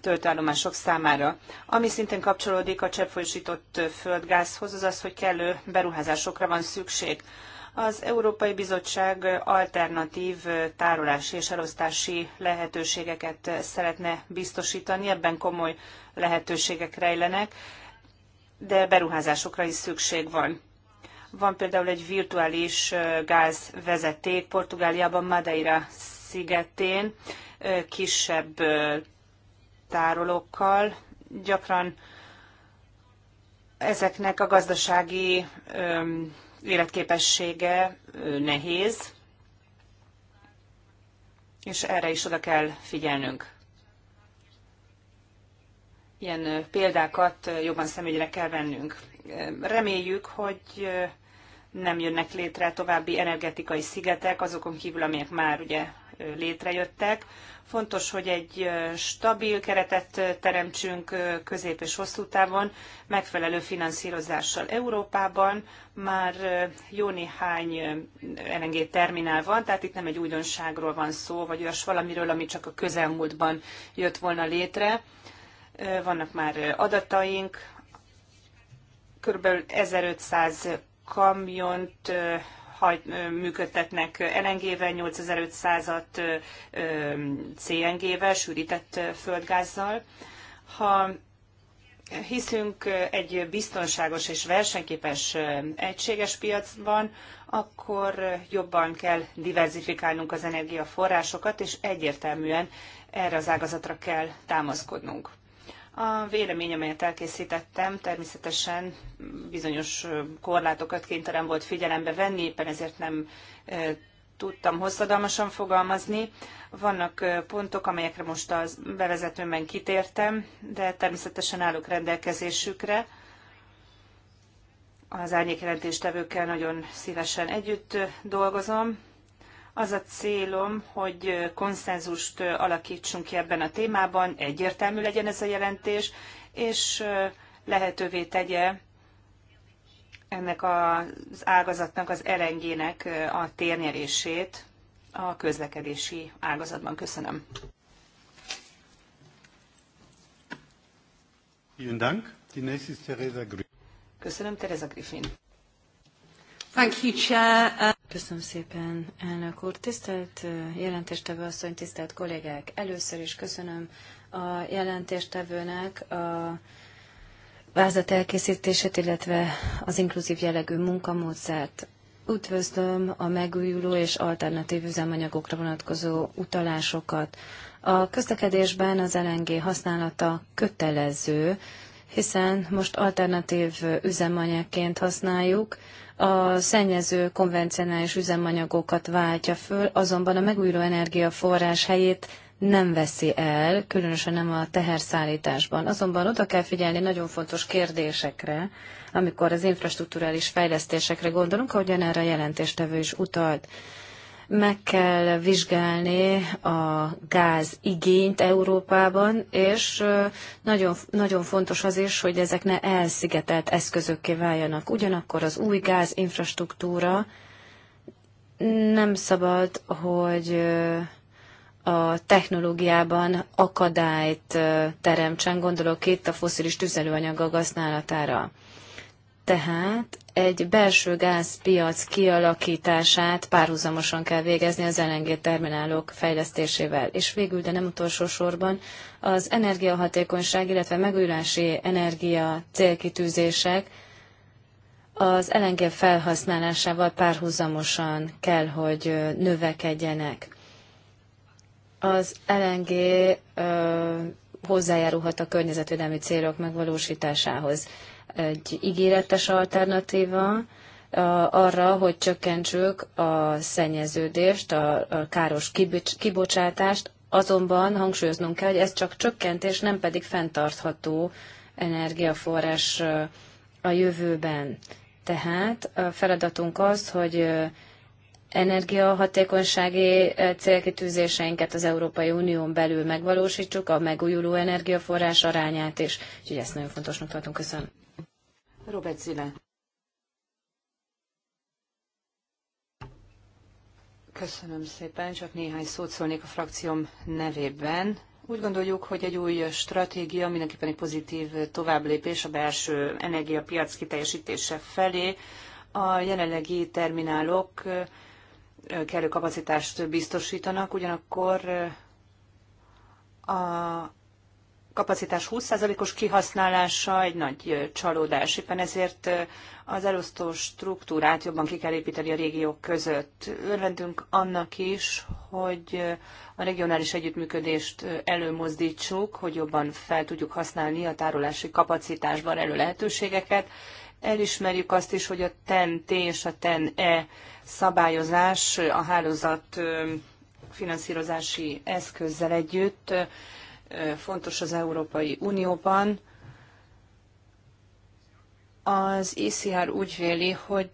töltőállomások számára. Ami szintén kapcsolódik a cseppfolyósított földgázhoz, az az, hogy kellő beruházásokra van szükség. Az Európai Bizottság alternatív tárolási és elosztási lehetőségeket szeretne biztosítani, ebben komoly lehetőségek rejlenek, de beruházásokra is szükség van. Van például egy virtuális gázvezeték Portugáliában, Madeira szigetén, kisebb tárolókkal. Gyakran ezeknek a gazdasági életképessége nehéz, és erre is oda kell figyelnünk. Ilyen példákat jobban szemügyre kell vennünk. Reméljük, hogy nem jönnek létre további energetikai szigetek, azokon kívül, amelyek már ugye létrejöttek, Fontos, hogy egy stabil keretet teremtsünk közép és hosszú távon, megfelelő finanszírozással. Európában már jó néhány LNG terminál van, tehát itt nem egy újdonságról van szó, vagy olyas valamiről, ami csak a közelmúltban jött volna létre. Vannak már adataink, körülbelül 1500 kamiont működtetnek LNG-vel, 8500-at CNG-vel, sűrített földgázzal. Ha hiszünk egy biztonságos és versenyképes egységes piacban, akkor jobban kell diversifikálnunk az energiaforrásokat, és egyértelműen erre az ágazatra kell támaszkodnunk. A vélemény, amelyet elkészítettem, természetesen bizonyos korlátokat kénytelen volt figyelembe venni, éppen ezért nem tudtam hosszadalmasan fogalmazni. Vannak pontok, amelyekre most a bevezetőmben kitértem, de természetesen állok rendelkezésükre. Az árnyékjelentéstevőkkel nagyon szívesen együtt dolgozom, az a célom, hogy konszenzust alakítsunk ki ebben a témában, egyértelmű legyen ez a jelentés, és lehetővé tegye ennek az ágazatnak, az elengének a térnyerését a közlekedési ágazatban. Köszönöm. Dank. Köszönöm, Teresa Griffin. Thank you, Chair. Köszönöm szépen, elnök úr. Tisztelt jelentéstevő asszony, tisztelt kollégák! Először is köszönöm a jelentéstevőnek a vázat elkészítését, illetve az inkluzív jellegű munkamódszert. Üdvözlöm a megújuló és alternatív üzemanyagokra vonatkozó utalásokat. A közlekedésben az LNG használata kötelező, hiszen most alternatív üzemanyagként használjuk, a szennyező konvencionális üzemanyagokat váltja föl, azonban a megújuló energiaforrás helyét nem veszi el, különösen nem a teherszállításban. Azonban oda kell figyelni nagyon fontos kérdésekre, amikor az infrastruktúrális fejlesztésekre gondolunk, ahogyan erre a jelentéstevő is utalt. Meg kell vizsgálni a gáz igényt Európában, és nagyon, nagyon fontos az is, hogy ezek ne elszigetelt eszközökké váljanak. Ugyanakkor az új gáz infrastruktúra nem szabad, hogy a technológiában akadályt teremtsen, gondolok itt a foszilis tüzelőanyagok használatára. Tehát egy belső gázpiac kialakítását párhuzamosan kell végezni az LNG terminálok fejlesztésével. És végül, de nem utolsó sorban, az energiahatékonyság, illetve megújulási energia célkitűzések az LNG felhasználásával párhuzamosan kell, hogy növekedjenek. Az LNG ö, hozzájárulhat a környezetvédelmi célok megvalósításához egy ígéretes alternatíva arra, hogy csökkentsük a szennyeződést, a káros kibocsátást, azonban hangsúlyoznunk kell, hogy ez csak csökkentés, nem pedig fenntartható energiaforrás a jövőben. Tehát a feladatunk az, hogy energiahatékonysági célkitűzéseinket az Európai Unión belül megvalósítsuk, a megújuló energiaforrás arányát is. Úgyhogy ezt nagyon fontosnak tartunk. Köszönöm. Robert Zile. Köszönöm szépen, csak néhány szót szólnék a frakcióm nevében. Úgy gondoljuk, hogy egy új stratégia mindenképpen egy pozitív továbblépés a belső energiapiac kiteljesítése felé. A jelenlegi terminálok kellő kapacitást biztosítanak, ugyanakkor a kapacitás 20%-os kihasználása egy nagy csalódás. Éppen ezért az elosztó struktúrát jobban ki kell építeni a régiók között. Örvendünk annak is, hogy a regionális együttműködést előmozdítsuk, hogy jobban fel tudjuk használni a tárolási kapacitásban elő lehetőségeket. Elismerjük azt is, hogy a TEN-T és a TEN-E szabályozás a hálózat finanszírozási eszközzel együtt fontos az Európai Unióban. Az ICR e úgy véli, hogy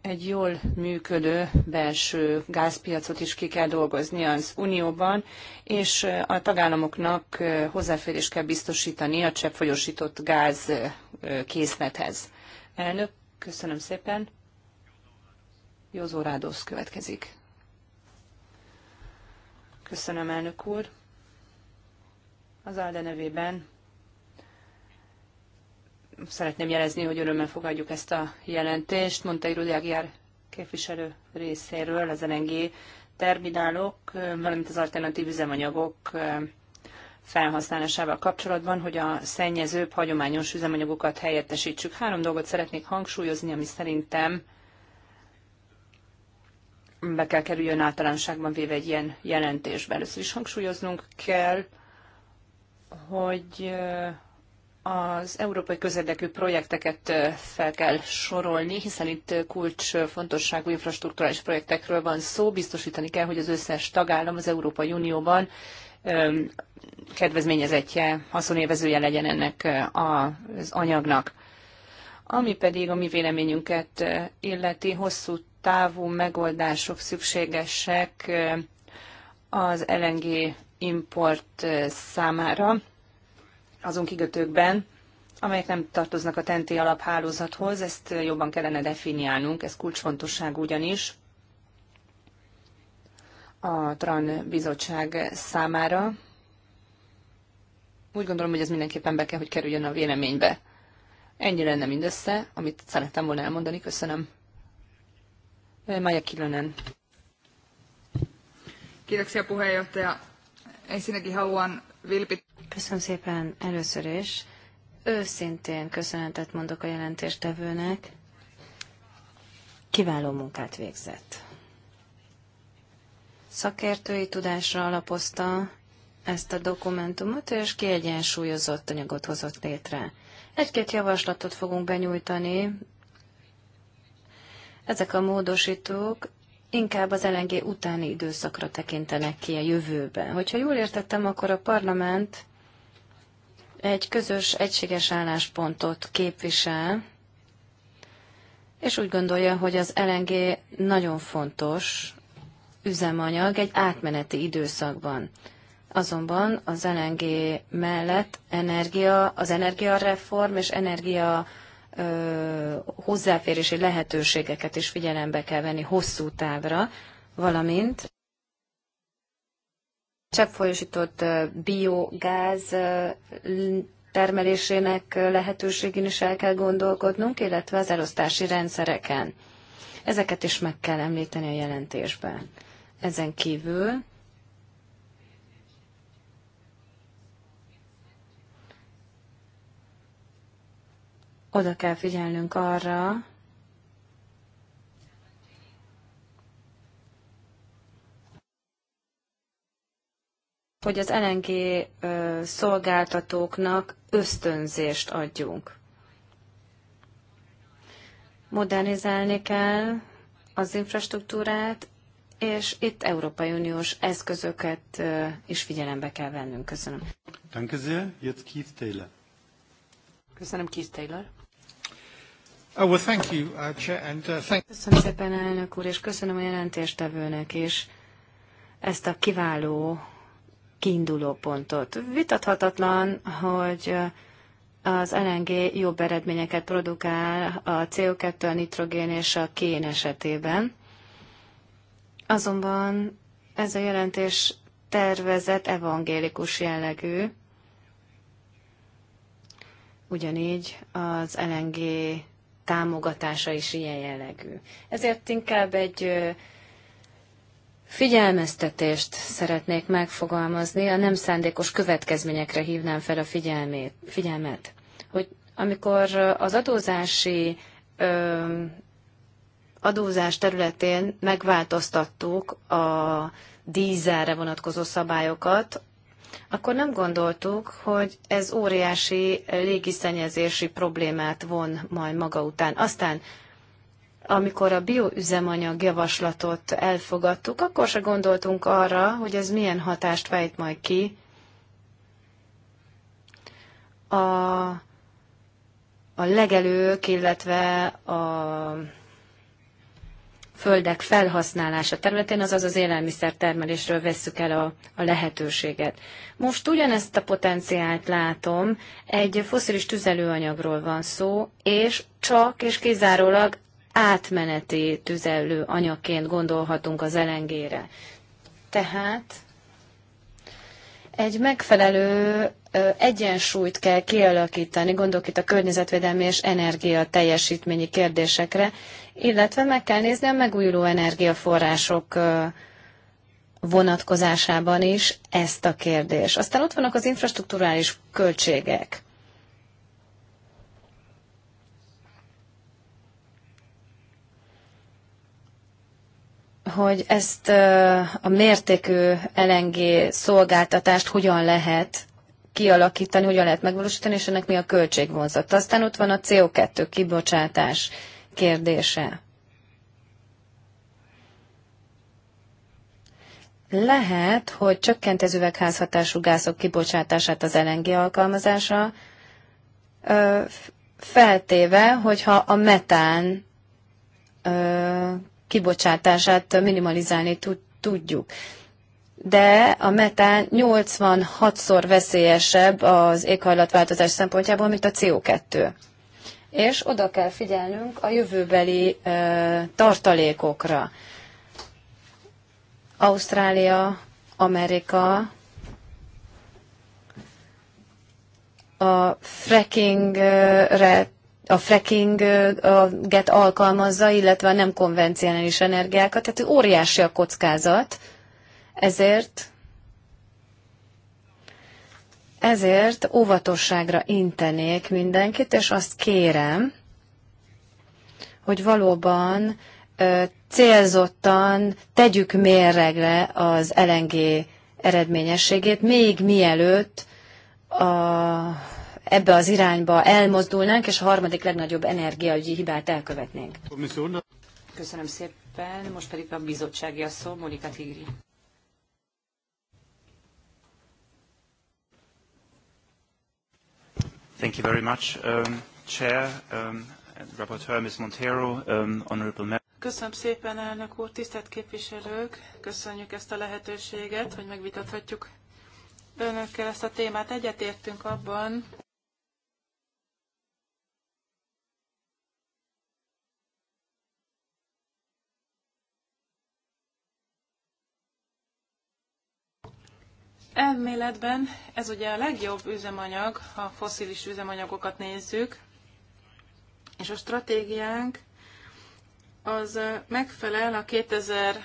egy jól működő belső gázpiacot is ki kell dolgozni az Unióban, és a tagállamoknak hozzáférést kell biztosítani a cseppfolyósított gáz készlethez. Elnök, köszönöm szépen. Józó Rádosz következik. Köszönöm, elnök úr. Az ALDE nevében szeretném jelezni, hogy örömmel fogadjuk ezt a jelentést. Mondta Irudiagiár képviselő részéről az LNG terminálok, valamint az alternatív üzemanyagok felhasználásával kapcsolatban, hogy a szennyezőbb hagyományos üzemanyagokat helyettesítsük. Három dolgot szeretnék hangsúlyozni, ami szerintem be kell kerüljön általánosságban véve egy ilyen jelentésben, Először is hangsúlyoznunk kell hogy az európai közérdekű projekteket fel kell sorolni, hiszen itt kulcs fontosságú infrastruktúrális projektekről van szó. Biztosítani kell, hogy az összes tagállam az Európai Unióban kedvezményezetje, haszonélvezője legyen ennek az anyagnak. Ami pedig a mi véleményünket illeti, hosszú távú megoldások szükségesek az LNG import számára azon kikötőkben, amelyek nem tartoznak a TNT alaphálózathoz, ezt jobban kellene definiálnunk, ez kulcsfontosság ugyanis a TRAN bizottság számára. Úgy gondolom, hogy ez mindenképpen be kell, hogy kerüljön a véleménybe. Ennyi lenne mindössze, amit szerettem volna elmondani. Köszönöm. Maja Kilönen. Kiitoksia puheenjohtaja ensinnäkin haluan vilpit... Köszönöm szépen először is. Őszintén köszönetet mondok a jelentéstevőnek. Kiváló munkát végzett. Szakértői tudásra alapozta ezt a dokumentumot, és kiegyensúlyozott anyagot hozott létre. Egy-két javaslatot fogunk benyújtani. Ezek a módosítók inkább az LNG utáni időszakra tekintenek ki a jövőben. Hogyha jól értettem, akkor a parlament egy közös, egységes álláspontot képvisel, és úgy gondolja, hogy az LNG nagyon fontos üzemanyag egy átmeneti időszakban. Azonban az LNG mellett energia, az energiareform és energia hozzáférési lehetőségeket is figyelembe kell venni hosszú távra, valamint cseppfolyósított biogáz termelésének lehetőségén is el kell gondolkodnunk, illetve az elosztási rendszereken. Ezeket is meg kell említeni a jelentésben. Ezen kívül oda kell figyelnünk arra, hogy az LNG szolgáltatóknak ösztönzést adjunk. Modernizálni kell az infrastruktúrát, és itt Európai Uniós eszközöket is figyelembe kell vennünk. Köszönöm. Keith Taylor. Köszönöm, Keith Taylor. Oh, well, thank you, uh, Chair, and, uh, thank... Köszönöm szépen, elnök úr, és köszönöm a jelentéstevőnek is ezt a kiváló kiinduló pontot. Vitathatatlan, hogy uh, az LNG jobb eredményeket produkál a CO2, a nitrogén és a kén esetében. Azonban ez a jelentés tervezet evangélikus jellegű, ugyanígy az LNG támogatása is ilyen jellegű. Ezért inkább egy figyelmeztetést szeretnék megfogalmazni, a nem szándékos következményekre hívnám fel a figyelmét, figyelmet. Hogy amikor az adózási ö, adózás területén megváltoztattuk a dízelre vonatkozó szabályokat, akkor nem gondoltuk, hogy ez óriási légiszennyezési problémát von majd maga után. Aztán, amikor a bioüzemanyag javaslatot elfogadtuk, akkor se gondoltunk arra, hogy ez milyen hatást fejt majd ki a, a legelők, illetve a földek felhasználása területén, azaz az élelmiszertermelésről vesszük el a, a lehetőséget. Most ugyanezt a potenciált látom, egy foszilis tüzelőanyagról van szó, és csak és kizárólag átmeneti tüzelőanyagként gondolhatunk az elengére. Tehát egy megfelelő egyensúlyt kell kialakítani, gondolok itt a környezetvédelmi és energia teljesítményi kérdésekre, illetve meg kell nézni a megújuló energiaforrások vonatkozásában is ezt a kérdést. Aztán ott vannak az infrastruktúrális költségek. hogy ezt a mértékű LNG szolgáltatást hogyan lehet kialakítani, hogyan lehet megvalósítani, és ennek mi a költségvonzat. Aztán ott van a CO2 kibocsátás kérdése. Lehet, hogy csökkent az üvegházhatású gázok kibocsátását az LNG alkalmazása, feltéve, hogyha a metán kibocsátását minimalizálni tudjuk. De a metán 86-szor veszélyesebb az éghajlatváltozás szempontjából, mint a CO2. És oda kell figyelnünk a jövőbeli tartalékokra. Ausztrália, Amerika, a frackingre a frackinget alkalmazza, illetve a nem konvencionális energiákat, tehát óriási a kockázat, ezért ezért óvatosságra intenék mindenkit, és azt kérem, hogy valóban célzottan tegyük mérregre az LNG eredményességét, még mielőtt a ebbe az irányba elmozdulnánk, és a harmadik legnagyobb energiaügyi hibát elkövetnénk. Köszönöm szépen, most pedig a bizottsági a szó, Monika Tigri. Thank you very much, um, Chair, um, Rapporteur Ms. Montero, um, Honorable Member. Köszönöm szépen, elnök úr, tisztelt képviselők! Köszönjük ezt a lehetőséget, hogy megvitathatjuk önökkel ezt a témát. Egyetértünk abban, Elméletben ez ugye a legjobb üzemanyag, ha foszilis üzemanyagokat nézzük, és a stratégiánk az megfelel a 2030-as,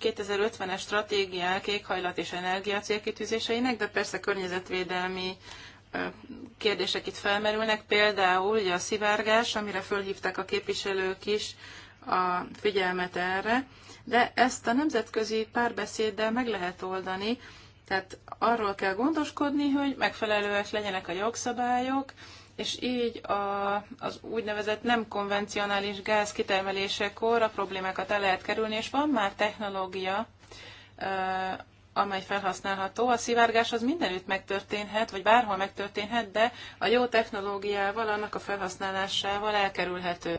2050-es stratégiák éghajlat és energia célkitűzéseinek, de persze környezetvédelmi kérdések itt felmerülnek, például ugye a szivárgás, amire fölhívták a képviselők is a figyelmet erre, de ezt a nemzetközi párbeszéddel meg lehet oldani, tehát arról kell gondoskodni, hogy megfelelőek legyenek a jogszabályok, és így a, az úgynevezett nem konvencionális gáz kitermelésekor a problémákat el lehet kerülni, és van már technológia, amely felhasználható. A szivárgás az mindenütt megtörténhet, vagy bárhol megtörténhet, de a jó technológiával, annak a felhasználásával elkerülhető.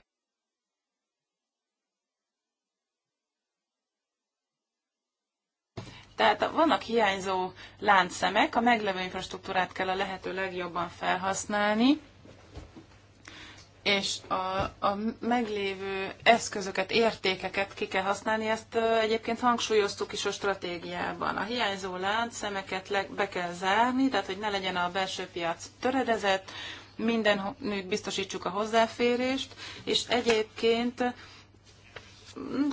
Tehát vannak hiányzó láncszemek, a meglevő infrastruktúrát kell a lehető legjobban felhasználni, és a, a meglévő eszközöket, értékeket ki kell használni, ezt egyébként hangsúlyoztuk is a stratégiában. A hiányzó láncszemeket le, be kell zárni, tehát hogy ne legyen a belső piac töredezett, mindenütt biztosítsuk a hozzáférést, és egyébként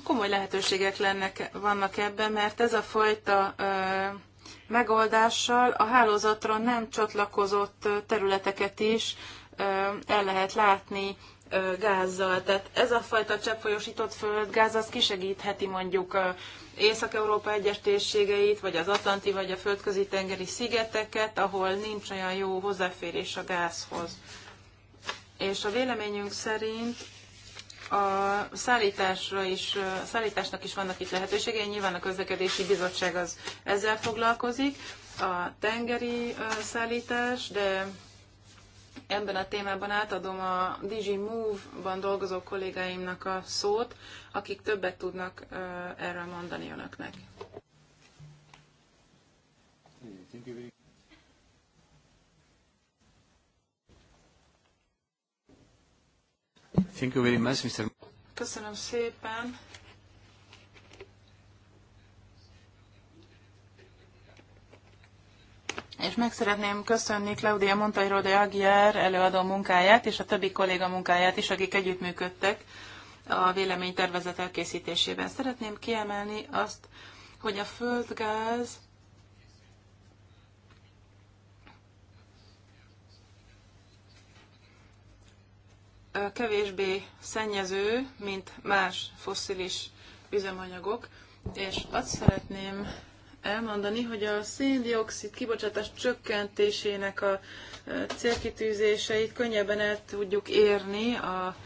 komoly lehetőségek lennek, vannak ebben, mert ez a fajta ö, megoldással a hálózatra nem csatlakozott területeket is ö, el lehet látni ö, gázzal. Tehát ez a fajta cseppfolyósított földgáz az kisegítheti mondjuk ö, Észak-Európa egyes térségeit, vagy az Atlanti, vagy a földközi tengeri szigeteket, ahol nincs olyan jó hozzáférés a gázhoz. És a véleményünk szerint a szállításra is, a szállításnak is vannak itt lehetőségei, nyilván a közlekedési bizottság az ezzel foglalkozik, a tengeri szállítás, de ebben a témában átadom a Digi Move-ban dolgozó kollégáimnak a szót, akik többet tudnak erről mondani önöknek. Thank you very much, Mr. Köszönöm szépen. És meg szeretném köszönni Claudia Montairo de Aguiar előadó munkáját, és a többi kolléga munkáját is, akik együttműködtek a véleménytervezet elkészítésében. Szeretném kiemelni azt, hogy a földgáz kevésbé szennyező, mint más fosszilis üzemanyagok, és azt szeretném elmondani, hogy a széndiokszid kibocsátás csökkentésének a célkitűzéseit könnyebben el tudjuk érni a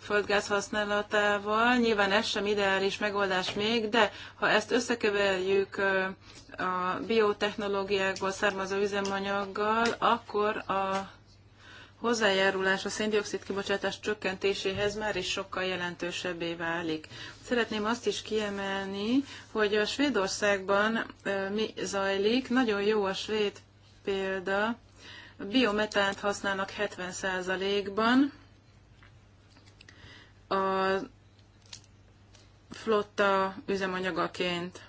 földgáz használatával. Nyilván ez sem ideális megoldás még, de ha ezt összekeverjük a biotechnológiákból származó üzemanyaggal, akkor a hozzájárulás a széndiokszid kibocsátás csökkentéséhez már is sokkal jelentősebbé válik. Szeretném azt is kiemelni, hogy a Svédországban mi zajlik, nagyon jó a svéd példa, biometánt használnak 70%-ban, a flotta üzemanyagaként.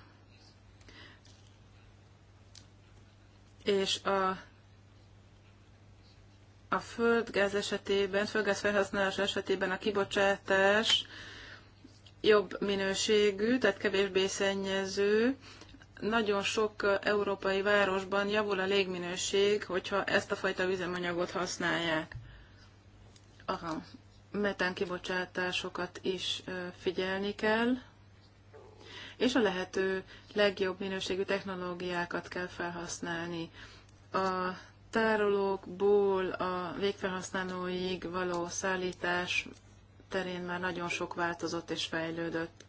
És a a földgáz esetében, földgáz felhasználás esetében a kibocsátás jobb minőségű, tehát kevésbé szennyező. Nagyon sok európai városban javul a légminőség, hogyha ezt a fajta üzemanyagot használják. Aha, metán kibocsátásokat is figyelni kell, és a lehető legjobb minőségű technológiákat kell felhasználni. A tárolókból a végfelhasználóig való szállítás terén már nagyon sok változott és fejlődött.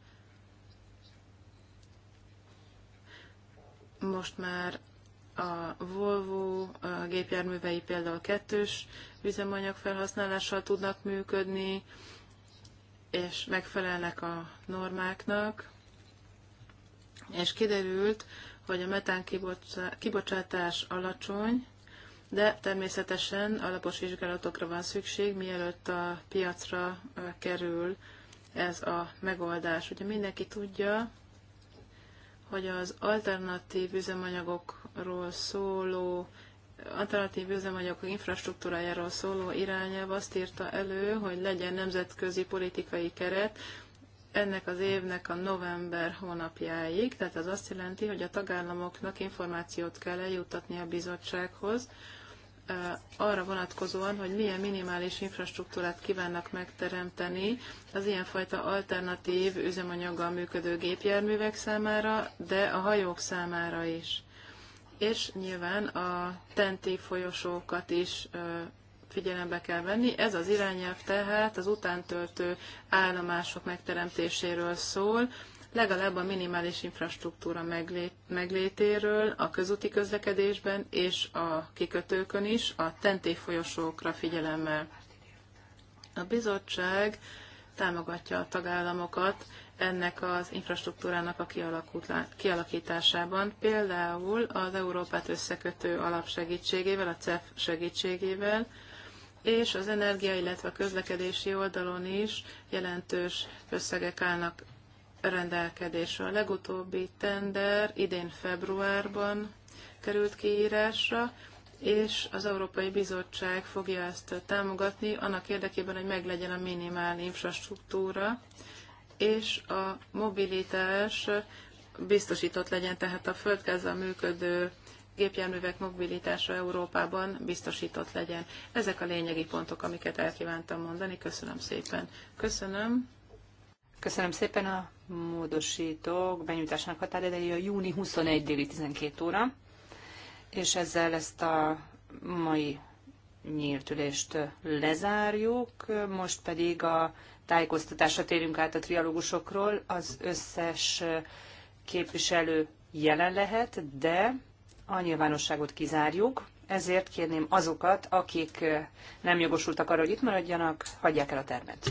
Most már a Volvo a gépjárművei például kettős üzemanyag felhasználással tudnak működni, és megfelelnek a normáknak, és kiderült, hogy a metán kibocsátás alacsony, de természetesen alapos vizsgálatokra van szükség, mielőtt a piacra kerül ez a megoldás. Ugye mindenki tudja, hogy az alternatív üzemanyagokról szóló alternatív üzemanyagok infrastruktúrájáról szóló irányelv azt írta elő, hogy legyen nemzetközi politikai keret ennek az évnek a november hónapjáig, tehát ez azt jelenti, hogy a tagállamoknak információt kell eljuttatni a bizottsághoz arra vonatkozóan, hogy milyen minimális infrastruktúrát kívánnak megteremteni az ilyenfajta alternatív üzemanyaggal működő gépjárművek számára, de a hajók számára is. És nyilván a tenti folyosókat is figyelembe kell venni. Ez az irányelv tehát az utántöltő állomások megteremtéséről szól, legalább a minimális infrastruktúra meglét, meglétéről a közúti közlekedésben és a kikötőkön is a tenté folyosókra figyelemmel. A bizottság támogatja a tagállamokat ennek az infrastruktúrának a kialakításában, például az Európát összekötő alap segítségével, a CEF segítségével, és az energia, illetve a közlekedési oldalon is jelentős összegek állnak rendelkedésre. A legutóbbi tender idén februárban került kiírásra, és az Európai Bizottság fogja ezt támogatni annak érdekében, hogy meglegyen a minimál infrastruktúra, és a mobilitás biztosított legyen, tehát a földkezzel működő gépjárművek mobilitása Európában biztosított legyen. Ezek a lényegi pontok, amiket elkívántam mondani. Köszönöm szépen. Köszönöm. Köszönöm szépen a módosítók benyújtásának határideje a júni 21 déli 12 óra, és ezzel ezt a mai nyíltülést lezárjuk, most pedig a tájékoztatásra térünk át a trialógusokról. Az összes képviselő jelen lehet, de a nyilvánosságot kizárjuk, ezért kérném azokat, akik nem jogosultak arra, hogy itt maradjanak, hagyják el a termet.